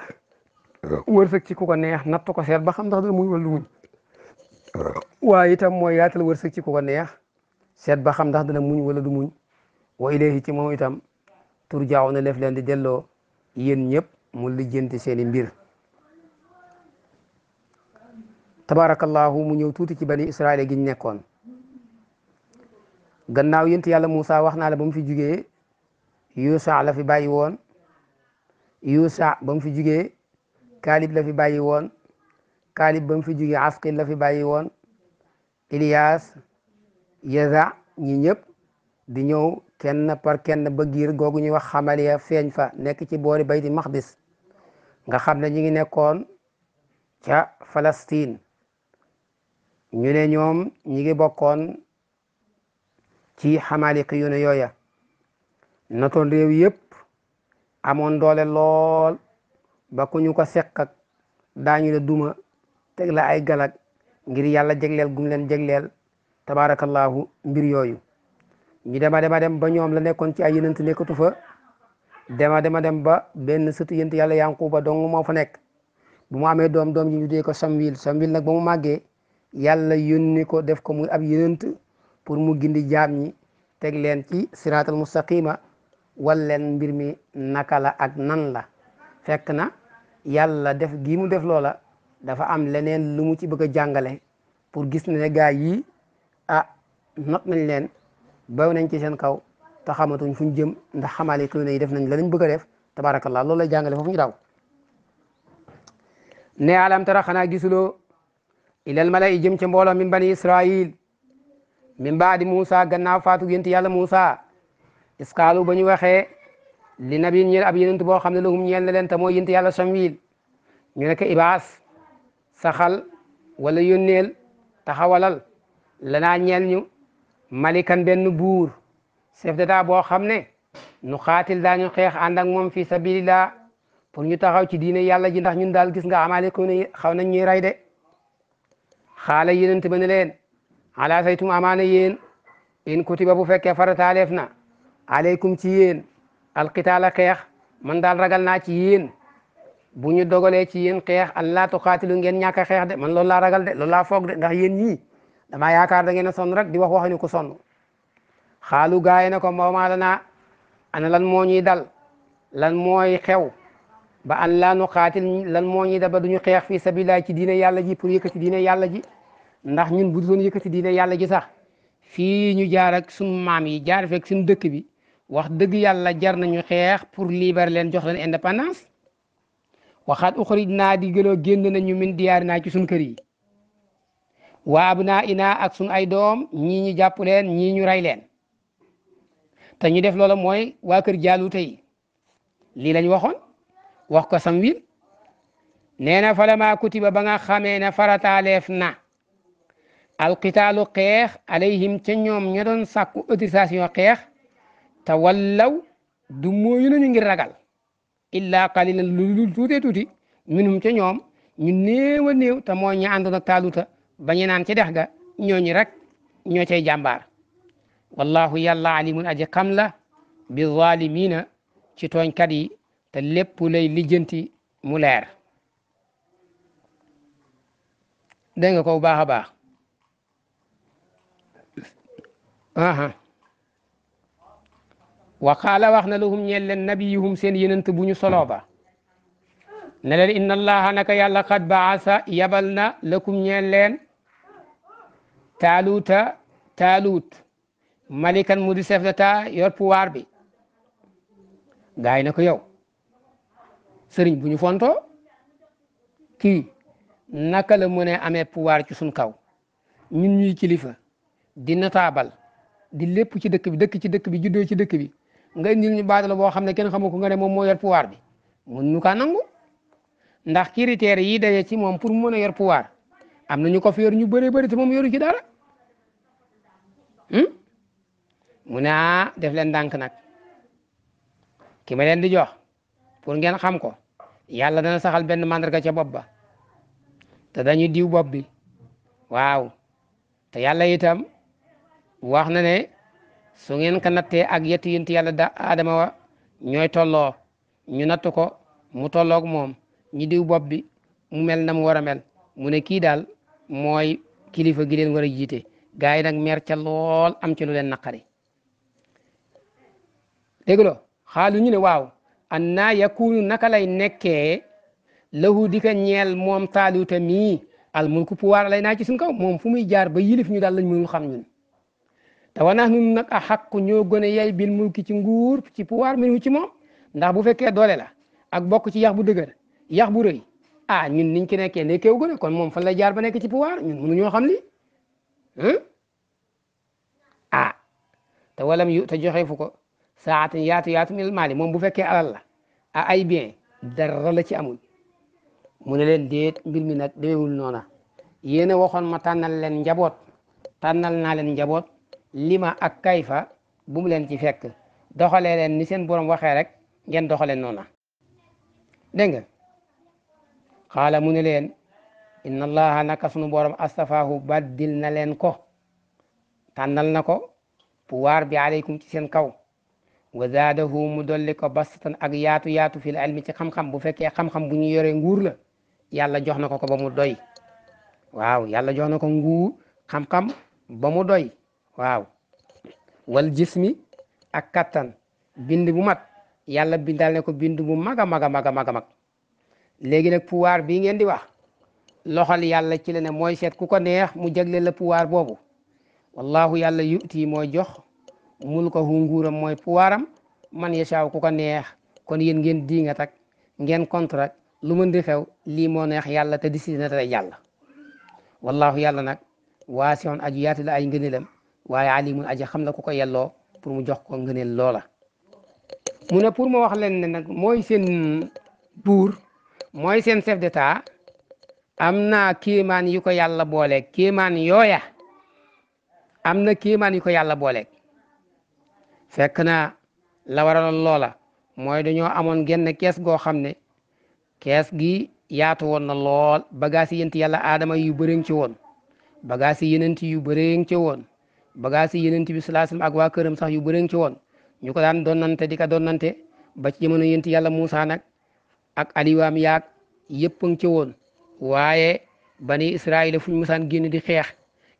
wërsëg ci ku ko neex natt ko seet ba xam ndax dana muñ wala du muñ waaye itam mooy yaatal wërsëg ci ku ko neex set ba xam ndax dana muñ wala du muñ wa ilayhi ci moom itam tur jaaw na lef leen di delloo yéen ñëpp mu lijjanti seeni mbir tabarakallahu mu ñëw tuuti ci bani israila gi nekkoon gannaaw yent yàlla Moussa wax naa la ba mu fi jugee Yuusa la fi bàyyi woon Yuusa ba mu fi jugee Kaalib la fi bàyyi woon Kaalib ba mu fi jógee Asqil la fi bàyyi woon Ilias Yaza ñi ñëpp di ñëw kenn par kenn ba giir googu ñuy wax xamaliya feeñ fa nekk ci boori bayti maxdis nga xam ne ñu ngi nekkoon ca Palestine ñu ne ñoom ñi ngi bokkoon ci xamaliq yu ne yooya notoon réew yëpp amoon doole lool ba ku ñu ko seq ak daañu la duma teg ay galak ngir yàlla jegleel gum leen jegleel tabaarakallaahu mbir yooyu ñu dema dema dem ba ñoom la nekkoon ci ay yonent nekkatu fa dema dema dem ba benn sëtu yonent yàlla Yanquba dong moo fa nekk bu mu amee doom doom ji ñu ko Samwil Samwil nag ba mu màggee yàlla yónni ko def ko mu ab yonent pour mu gindi jaam ñi teg leen ci siraatal mustaqima wal leen mbir mi naka la ak nan la fekk na yàlla def gii mu def loola dafa am leneen lu mu ci bëgg a jàngale pour gis ne gaa yi ah not nañ leen baw nañ ci seen kaw te xamatuñ fu ñu jëm ndax xamaale tuune yi def nañ la lañ bëgg a def tabarakallah loolu lay jàngale foofu ñu daw ne alam tara xanaa gisuloo ilal mala i jëm ca mbooloo min bani israil min baadi Moussa gannaaw faatu yent yàlla Moussa iskaalu ba ñu waxee li nabi ñeel ab yenentu boo xam ne lahum ñeel na leen te mooy yent yàlla Samwil ñu nekk Ibaas saxal wala yónneel taxawalal lanaa ñeel ñu malikan benn buur chef d'état boo xam ne nu xaatil daañu xeex ànd ak moom fi sabilillah pour ñu taxaw ci diine yàlla ji ndax ñun daal gis nga amaale ko ne xaw nañ ñuy rey de xaala yonent ba bu fekkee farataaleef na aleykum ci yéen alqitaala xeex man daal ragal naa ci yéen bu ñu dogalee ci yéen xeex allah tuqaatilu ngeen ñàkk a xeex de man loolu laa ragal de loolu laa foog de ndax yéen ñii damaa yaakaar da ngeen a sonn rek di wax waxuñu ko sonn xaalu gaay yi ne ko moomaa lanaa ana lan moo ñuy dal lan mooy xew ba an laa nu lan moo ñuy dal ba duñu xeex fii sabilillah ci diine yàlla ji pour yëkkati diine yàlla ji ndax ñun bu doon yëkkati diine yàlla ji sax fii ñu jaarak ak suñu maam yi jaar fekk suñu dëkk bi wax dëgg yàlla jar nañu xeex pour libérer leen jox leen indépendance waxaat uxrij naa di gëloo génn nañu min diyaari naa ci suñ kër yi waab naa inaa ak suñ ay doom ñii ñu jàpp leen ñii ñu rey leen te def loola mooy waa kër jaaluta yi lii lañ waxoon wax ko Samwil nee na falamaa kutiba ba nga xamee ne farataaleef na alqitaalu xeex alayhim ca ñoom ña doon sàkku autorisation xeex te wallaw du mooyu nañu ngir ragal illa qalilan lu tuutee tuuti minhum ca ñoom ñu néew a néew te mooy ñu àndoon ak taaluta bañu naan ci dex ga ñooñu rek ñoo cay jàmbaar wallahu yàlla alimun aji xam la bi zalimina ci tooñkat yi te lépp lay lijjanti mu leer dégg nga ko bu baax a baax aha wa qaala wax na lahum ñeel leen nabiyuhum seen yenent bu ñu soloo ba ne leen inna allaha naka yàlla qad baasa yabal na lakum ñeel leen taaluuta taaluut malikan mu di chef d'état yor pouvoir bi gayi na ko yow sëriñ bu ñu fontoo kii naka la mën a amee pouvoir ci suñ kaw ñun ñuy kilifa di nataabal di lépp ci dëkk bi dëkk ci dëkk bi juddoo ci dëkk bi nga indil ñu baatala boo xam ne kenn xamu ko nga ne moom moo yor pouvoir bi mun ñu kaa nangu ndax critères yi daje ci moom pour mu mën a yor pouvoir am na ñu ko fi yor ñu bëree bëri te moom yoru ci dara hmm? mu ne ah def leen ndànk nag ki ma leen di jox pour ngeen xam ko yàlla dana saxal benn mandarga ca bopp ba te dañu diw bopp bi waaw te yàlla itam wax na ne. su ngeen ko nattee ak yetti yonent yàlla da Adama wa ñooy tolloo ñu natt ko mu tolloog moom ñi diw bopp bi mu mel na mu war a mel mu ne kii daal mooy kilifa gi leen war a jiite gaa yi nag mer ca lool am ci lu leen naqari dégg loo xaalu ñu ne waaw an naa yakunu naka lay nekkee lahu di ka ñeel moom taaluta mii al mulku pouvoir lay naa ci suñ moom fu muy jaar ba yilif ñu daal lañ mënul xam ñun wa nax nun nag a xàqu ñoo gën a yay bil mulki ci nguur ci pouvoir minu ci moom ndax bu fekkee doole la ak bokk ci yax bu dëgër yax bu rëy a ñun niñ ci nekkee nekkee wu kon moom fan la jaar ba nekk ci pouvoir ñun mënu ñoo xam li ah te walam yu te joxe fu ko saatin yaatu yaatu minal maali moom bu fekkee alal la a ay bien dara la ci amul mu ne leen déet mbir mi nag demeewul noona yéen a waxoon ma tànnal leen njaboot tànnal naa leen njaboot lima ak kayfa bu mu leen ci fekk doxalee leen ni seen borom waxee rek ngeen doxalee noona dégg nga xaala mu ne leen inna allaha naka sunu borom astafaahu baddil na leen ko tànnal na ko pouvoir bi aleykum ci seen kaw wa zaadahu mu dolli ko bastatan ak yaatu yaatu fil ilmi ci xam-xam bu fekkee xam-xam bu ñu yoree nguur la yàlla jox na ko ko ba mu doy waaw yàlla jox na ko nguur xam-xam ba mu doy waaw wal jismi ak kattan bind bu mat yàlla bindal ne ko bind bu mag a mag a mag a mag léegi nag puwaar bi ngeen di wax loxol yàlla ci la ne mooy seet ku ko neex mu jagleel la pouvoir boobu wallahu yàlla yuti mooy jox mulkahu nguuram mooy pouvoiram man yashaaw ku ko neex kon yéen ngeen diingat ak ngeen contre ak lu mën di xew lii moo neex yàlla te décidé na yàlla wallahu yàlla nag waasiyoon aju yaatu la ay ngëneelam waaye alimun aji xam la ku ko yelloo pour mu jox ko ngëneel loola mu ne pour ma wax leen ne nag mooy seen buur mooy seen chef d'état am na kéemaan yu ko yàlla booleeg kéemaan yooya am na kéemaan yu ko yàlla booleeg fekk na la waraloon loola mooy dañoo amoon genn kees goo xam ne kees gi yaatu woon na lool bagaas yi yent yàlla aadama yu bëri ci woon bagaas yi yenent yu bëri ci woon bagaas yi yonent bi sallallahu alayhi ak waa këram sax yu bëri ci woon ñu ko daan donnante di ko donnante ba ci jamono yonent yàlla Muusa ak aliwaam yaag yëpp ngi ci woon waaye bani Israayil fu ñu musaan génn di xeex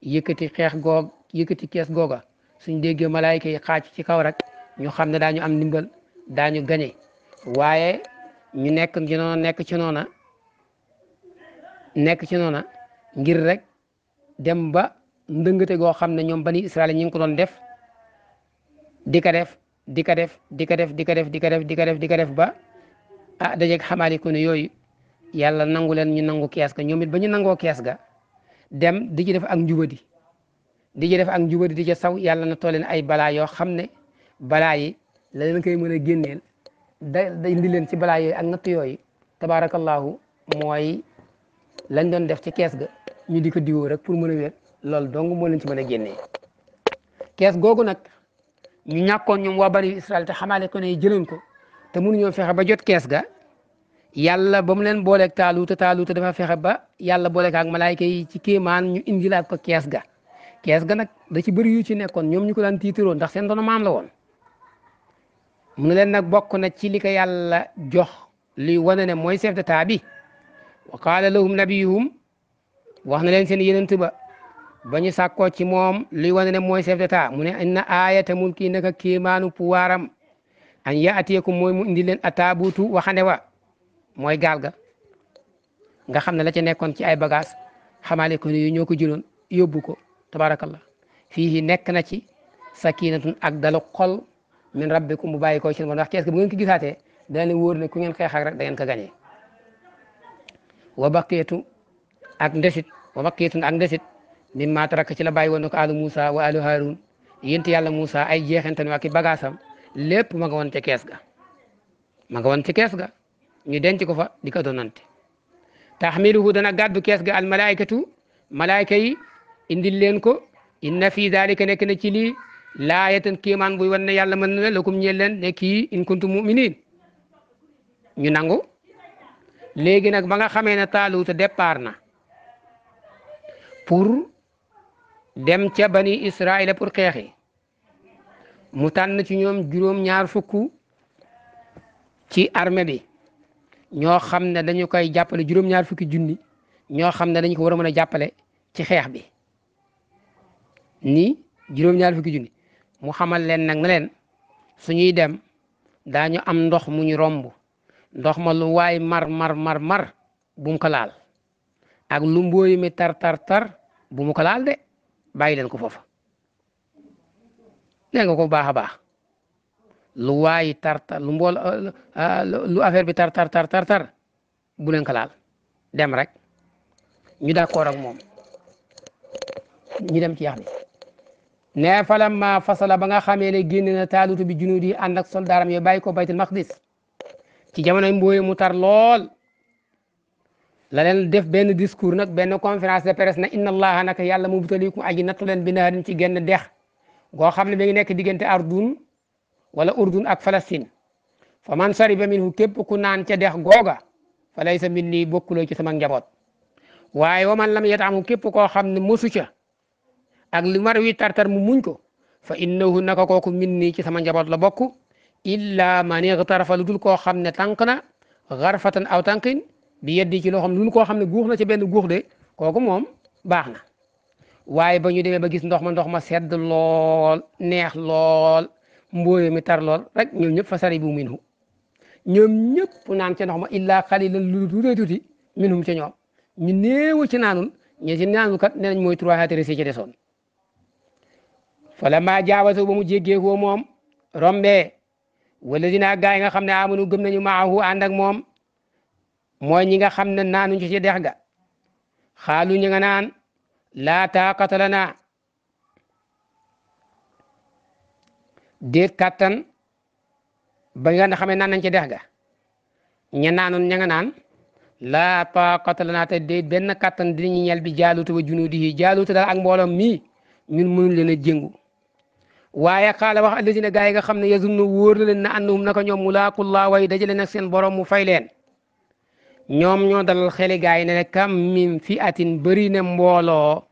yëkkati xeex goog yëkkati kees googa suñ déggee malaayika yi xaac ci kaw rek ñu xam ne daañu am ndimbal daañu gañe waaye ñu nekk ci nekk ci noona nekk ci noona ngir rek dem ba ndëngate goo xam ne ñoom bani Israël ñi ngi ko doon def di ko def di ko def di ko def di ko def di ko def di ko def di ko def ba ah dajeeg xamaaliku ne yooyu yàlla nangu leen ñu nangu kees ga ñoom it ba ñu nangoo kees ga dem di ci def ak njubadi di ci def ak njubadi di ci saw yàlla na toll leen ay balaa yoo xam ne balaa yi la leen kay mën a génneel da indi leen si balaa yooyu ak natt yooyu tabaarakallahu mooy lañ doon def ci kees ga ñu di ko diwoo rek pour mën a wér loolu dong moo leen ci mën a génnee kees googu nag ñu ñàkkoon ñoom waa bani Israël te xamaale ko ne jëloon ko te mënuñoo fexe ba jot kees ga yàlla ba mu leen booleeg taaluuta taaluuta dafa fexe ba yàlla booleeg ak malaayka yi ci kéemaan ñu indilaat ko kees ga kees ga nag da ci bër yu ci nekkoon ñoom ñu ko daan tiitiroo ndax seen doon maam la woon mu ne leen nag bokk na ci li ko yàlla jox li wane ne mooy chef d'état bi wa qaala lahum nabiyuhum ba ñu sàkkoo ci moom luy wane ne mooy chef d'état mu ne inna aayata mulki naka kéemaanu puwaaram an yaatiyakum mooy mu indi leen ataabutu waxande wa mooy gaal ga nga xam ne la ca nekkoon ci ay bagage xamaale ko ne ñoo ko jëloon yóbbu ko tabarakallah fiihi nekk na ci sakinatun ak dalu xol min rabbikum bu bàyyi ko ci moom ndax kees bu ngeen ki gisaatee dana leen wóor ne ku ngeen xeex ak rek da ngeen ko gañee wa baqiyatu ak ndesit wa baqiyatun ak ndesit min maa taraka ci la bàyyi woon na ko alu Moussa wa alu Haroun yént yàlla Moussa ay jeexantan waa ki bagaasam lépp ma nga woon kees ga ma nga woon ci kees ga ñu denc ko fa di ko donante taxmiluhu dana gàddu kees ga al malaikatu malaayka yi indi leen ko inna fi dalika nekk na ci lii laayatan kiimaan buy wan ne yàlla mën na lakum ñeel leen ne kii in kuntum muminin ñu nangu léegi nag ba nga xamee ne taaluuta départ na pour dem ca bani israila pour xeexi mu tànn ci ñoom juróom ñaar fukk ci armée bi ñoo xam ne dañu koy jàppale juróom ñaar fukki junni ñoo xam ne dañu ko war a mën a jàppale ci xeex bi nii juróom ñaar fukki junni mu xamal leen nag na leen suñuy dem daañu am ndox mu ñu romb ndox ma lu waay mar mar mar bu mu laal ak lu mbooy mi tar tar tar bu mu laal de bàyyi leen ko foofa dégg nga ko bu baax a baax lu waayi tar tar lu mbool ah, lu bi tar tar tar tar tar bu leen ko laal dem rek ñu d'accord ak moom ñu dem ci yax bi ne falamma fasala ba nga xamee ne génn na taalutu bi junuudi ànd ak soldaaram yooyu bàyyi ko baytul maqdis ci jamonoy mbooye mu tar lool la leen def benn discours nag benn conférence de presse na inna allaha naka yàlla mubtalikum aji nattu leen bi naarin ci genn dex goo xam ne mi ngi nekk diggante ardun wala urdun ak Palestine fa man sariba minhu képp ku naan ca dex googa fa laysa minni bokkuloo ci sama njaboot waaye wa man lam yatamu képp koo xam ne mosu ca ak li mar wi tartar mu muñ ko fa innahu naka kooku minni ci sama njaboot la bokk illa man ixtarafa lu dul koo xam ne tànk na xarfatan aw tànkin bi yeddi ci loxoom lu koo xam ne guux na ci benn guux de kooku moom baax na waaye ba ñu demee ba gis ndox ma ndox ma sedd lool neex lool mbooye mi tar lool rek ñoom ñëpp fa sari bu minhu ñoom ñëpp naan ca ndox ma illaa xalilan lu tuutee tuuti minhum ca ñoom ñu néew ci naanul ñu ci naanul kat nee nañ mooy trois hectares ci desoon fala maa jaawasoo ba mu jéggeekoo moom rombee wala dinaa gaa yi nga xam ne amanu gëm nañu maahu ànd ak moom mooy ñi nga xam ne naanu ci dex ga xaalu ñi nga naan laa taaqata lanaa déet kàttan ba nga xam ne naan nañ ci dex ga ña naanoon ña nga naan laa taaqata lanaa te déet kattan di dinañu ñel bi jaaluta ba junuudihi jaaluta daal ak mbooloom mii ñun mënuñ leen a jéngu waaye xaala wa allazina gaa yi nga xam ne yazunnu wóor na leen na annahum naka ñoom mulaaqu llaahi way dajale nag seen borom mu fay leen ñoom ñoo dalal xeli gaay ne kam min fi atin bëri ne mbooloo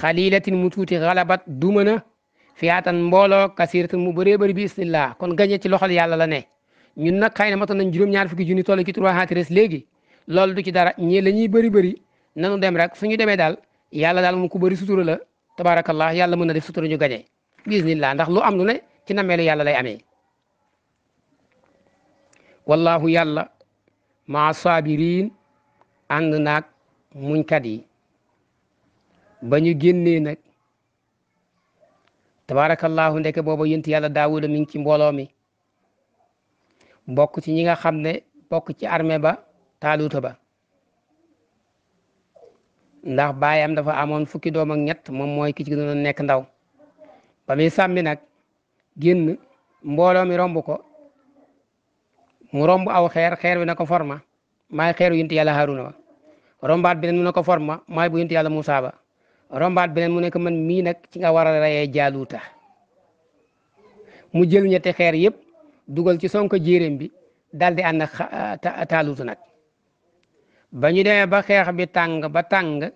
xalilatin mu tuuti xalabat du mën a fiyaatan mbooloo kasiratan mu bëree bëri bi isnillah kon gañe ci loxol yàlla la ne ñun nag xëy na matoon nañ juróom-ñaar fukki junni toll ci trois hatres léegi loolu du ci dara ñii la ñuy bëri bëri nu dem rek suñu deme daal yàlla daal mu ku bëri sutura la tabaarakallah yàlla mën na def sutura ñu gañe bi isnillah ndax lu am lu ne ci nameelu yàlla lay ame maa saabiriin ànd naag muñkat yi ba ñu génnee nag tabaarakallaahu ndeke booba yént yàlla daawuda mi ngi ci mbooloo mi bokk ci ñi nga xam ne bokk ci armée ba taaluuta ba ndax baayam dafa amoon fukki doom ak ñett moom mooy ki ci gënoon nekk ndaw ba muy sàmmi nag génn mbooloo mi romb ko mu romb aw xeer wi na ko forma maay xeeru yonent yàlla Haaruna ba rombaat beneen mu ne ko forma maay bu yonent yàlla Muusaa ba rombaat beneen mu ne ko man mii nag ci nga war a rayee jaaluuta mu jël ñetti xeer yëpp dugal ci sonko jéeréem bi daal di ànd ak taaluutu nag ba ñu demee ba xeex bi tàng ba tàng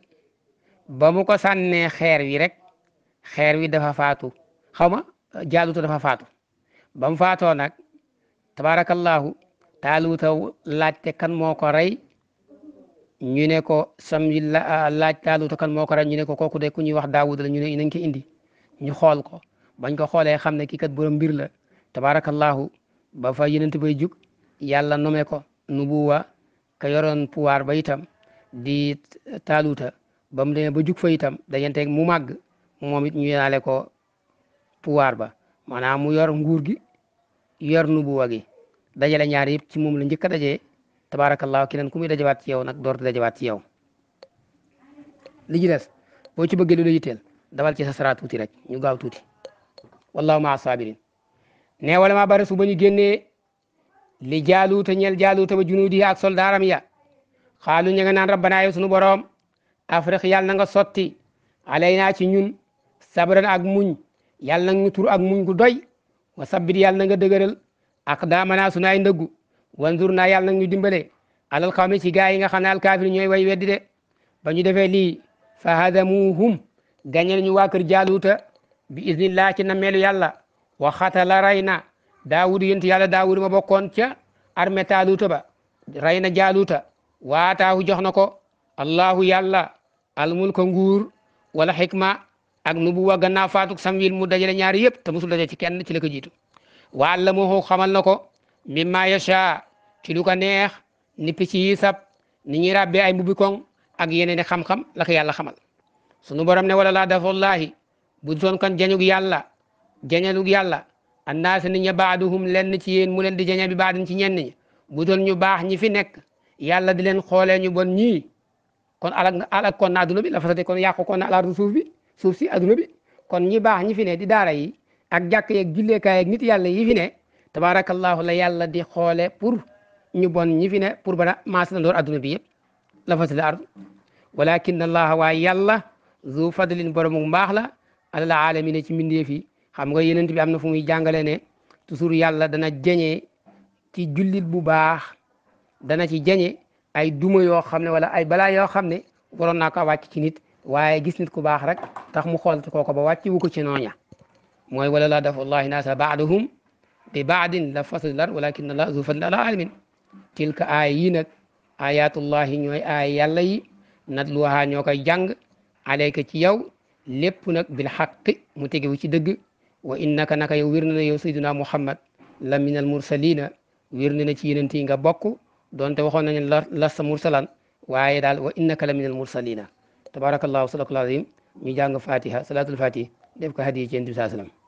ba mu ko sànnee xeer wi rek xeer wi dafa faatu xaw ma jaaluutu dafa faatu ba mu faatoo nag tabaarakallaahu taaluuta laajte kan moo ko rey ñu ne ko samwi ah, laaj taaluuta kan moo ko rey ñu ne ko kooku de ku ñuy wax daawuda la ñu ne nañ ko indi ñu xool ko bañ ko xoolee xam ne kii kat borom mbir la tabaarakallaahu ba fa yenent bay jug yàlla nome ko nubuwa ka yoroon puwar ba itam di taaluuta ba mu demee ba jug fa itam dañenteeg mu màgg moom it ñu yenaale ko puwar ba maanaam mu yor nguur gi yor nubuwa gi dajale ñaar yëpp ci moom la njëkk a dajee tabaarakallaahu keneen ku muy dajawaat ci yow nag door dajawaat ci yow li ci des boo ci bëggee lu la yitteel dawal ci tuuti rek ñu gaaw tuuti wallaahu wal ma ne wala maa bare su ba ñu génnee li jaaluuta ñel jaaluuta ba junuudi ak soldaaram ya xaalu ña nga naan rabbanaa yow sunu boroom afrique yàlla na nga sotti alay naa ci ñun sabran ak muñ yàlla na ñu tur ak muñ gu doy wa sabbit yàlla na nga dëgëral aqdaamanaa sunaay ndëggu wanzur naa yàlla nag ñu dimbale alal xawmi ci gaa yi nga xam ne alkaafir ñooy way weddi ba ñu defee lii fa hadamuhum gañe ñu waa kër jaaluuta bi iznillah ci nammeelu yàlla wa la ray na daawud yonent yàlla daawud ma bokkoon ca armée taaluuta ba ray na jaaluuta waataahu jox na ko allahu yàlla almulka nguur wala xikma ak nubuwa gannaaw faatuk samwil mu dajale ñaari yëpp te musul daje ci kenn ci la ko wa allamahu xamal na ko mimma ma ci lu ko neex ni picc yi sab ni ñuy ràbbee ay mbubbi koŋ ak yeneen xam-xam la ko yàlla xamal sunu borom ne wala laa dafallahi bu doon kan jañug yàlla jañalug yàlla annaas nit ña baaduhum lenn ci yéen mu leen di jaña bi baadin ci ñenn ñi bu doon ñu baax ñi fi nekk yàlla di leen xoolee ñu bon ñi kon alak alak kon na aduna bi la fasate kon yàqu kon na alaardu suuf bi suuf si aduna bi kon ñi baax ñi fi ne di daara yi ak jàkk yeeg julleekaay ak nit yàlla yi fi ne tabaarakallaahu la yàlla di xoole pour ñu bon ñi fi ne pour bana maas na door adduna bi yëpp la fasil ard walakin allah waay yàlla zu fadlin boromu mbaax la alal alamina ci mbindeef yi xam nga yenent bi am na fu muy jàngale ne toujours yàlla dana jeñee ci jullit bu baax dana ci jeñe ay duma yoo xam ne wala ay balaa yoo xam ne waroon naa ko wàcc ci nit waaye gis nit ku baax rek tax mu xool ci kooko ba wàcc ko ci nooña mooy wala laa daf wallahi naasa baaduhum bi baadin la fasl lar walakin allah zu fadl ala alamin tilka aaya yi nag ayatullahi ñooy aaya yàlla yi natluwaha ñoo koy jàng alayka ci yow lépp nag bil xaqi mu tegewu ci dëgg wa innaka naka yow wér na ne yow sayduna muhammad la min al mursalina wér na ne ci yeneen yi nga bokk donte waxoon nañu la lasta mursalan waaye daal wa innaka la min al mursalina tabarakallahu sadaqallahu azim ñu jàng fatiha salatul fatih def ko hadiya ci yonent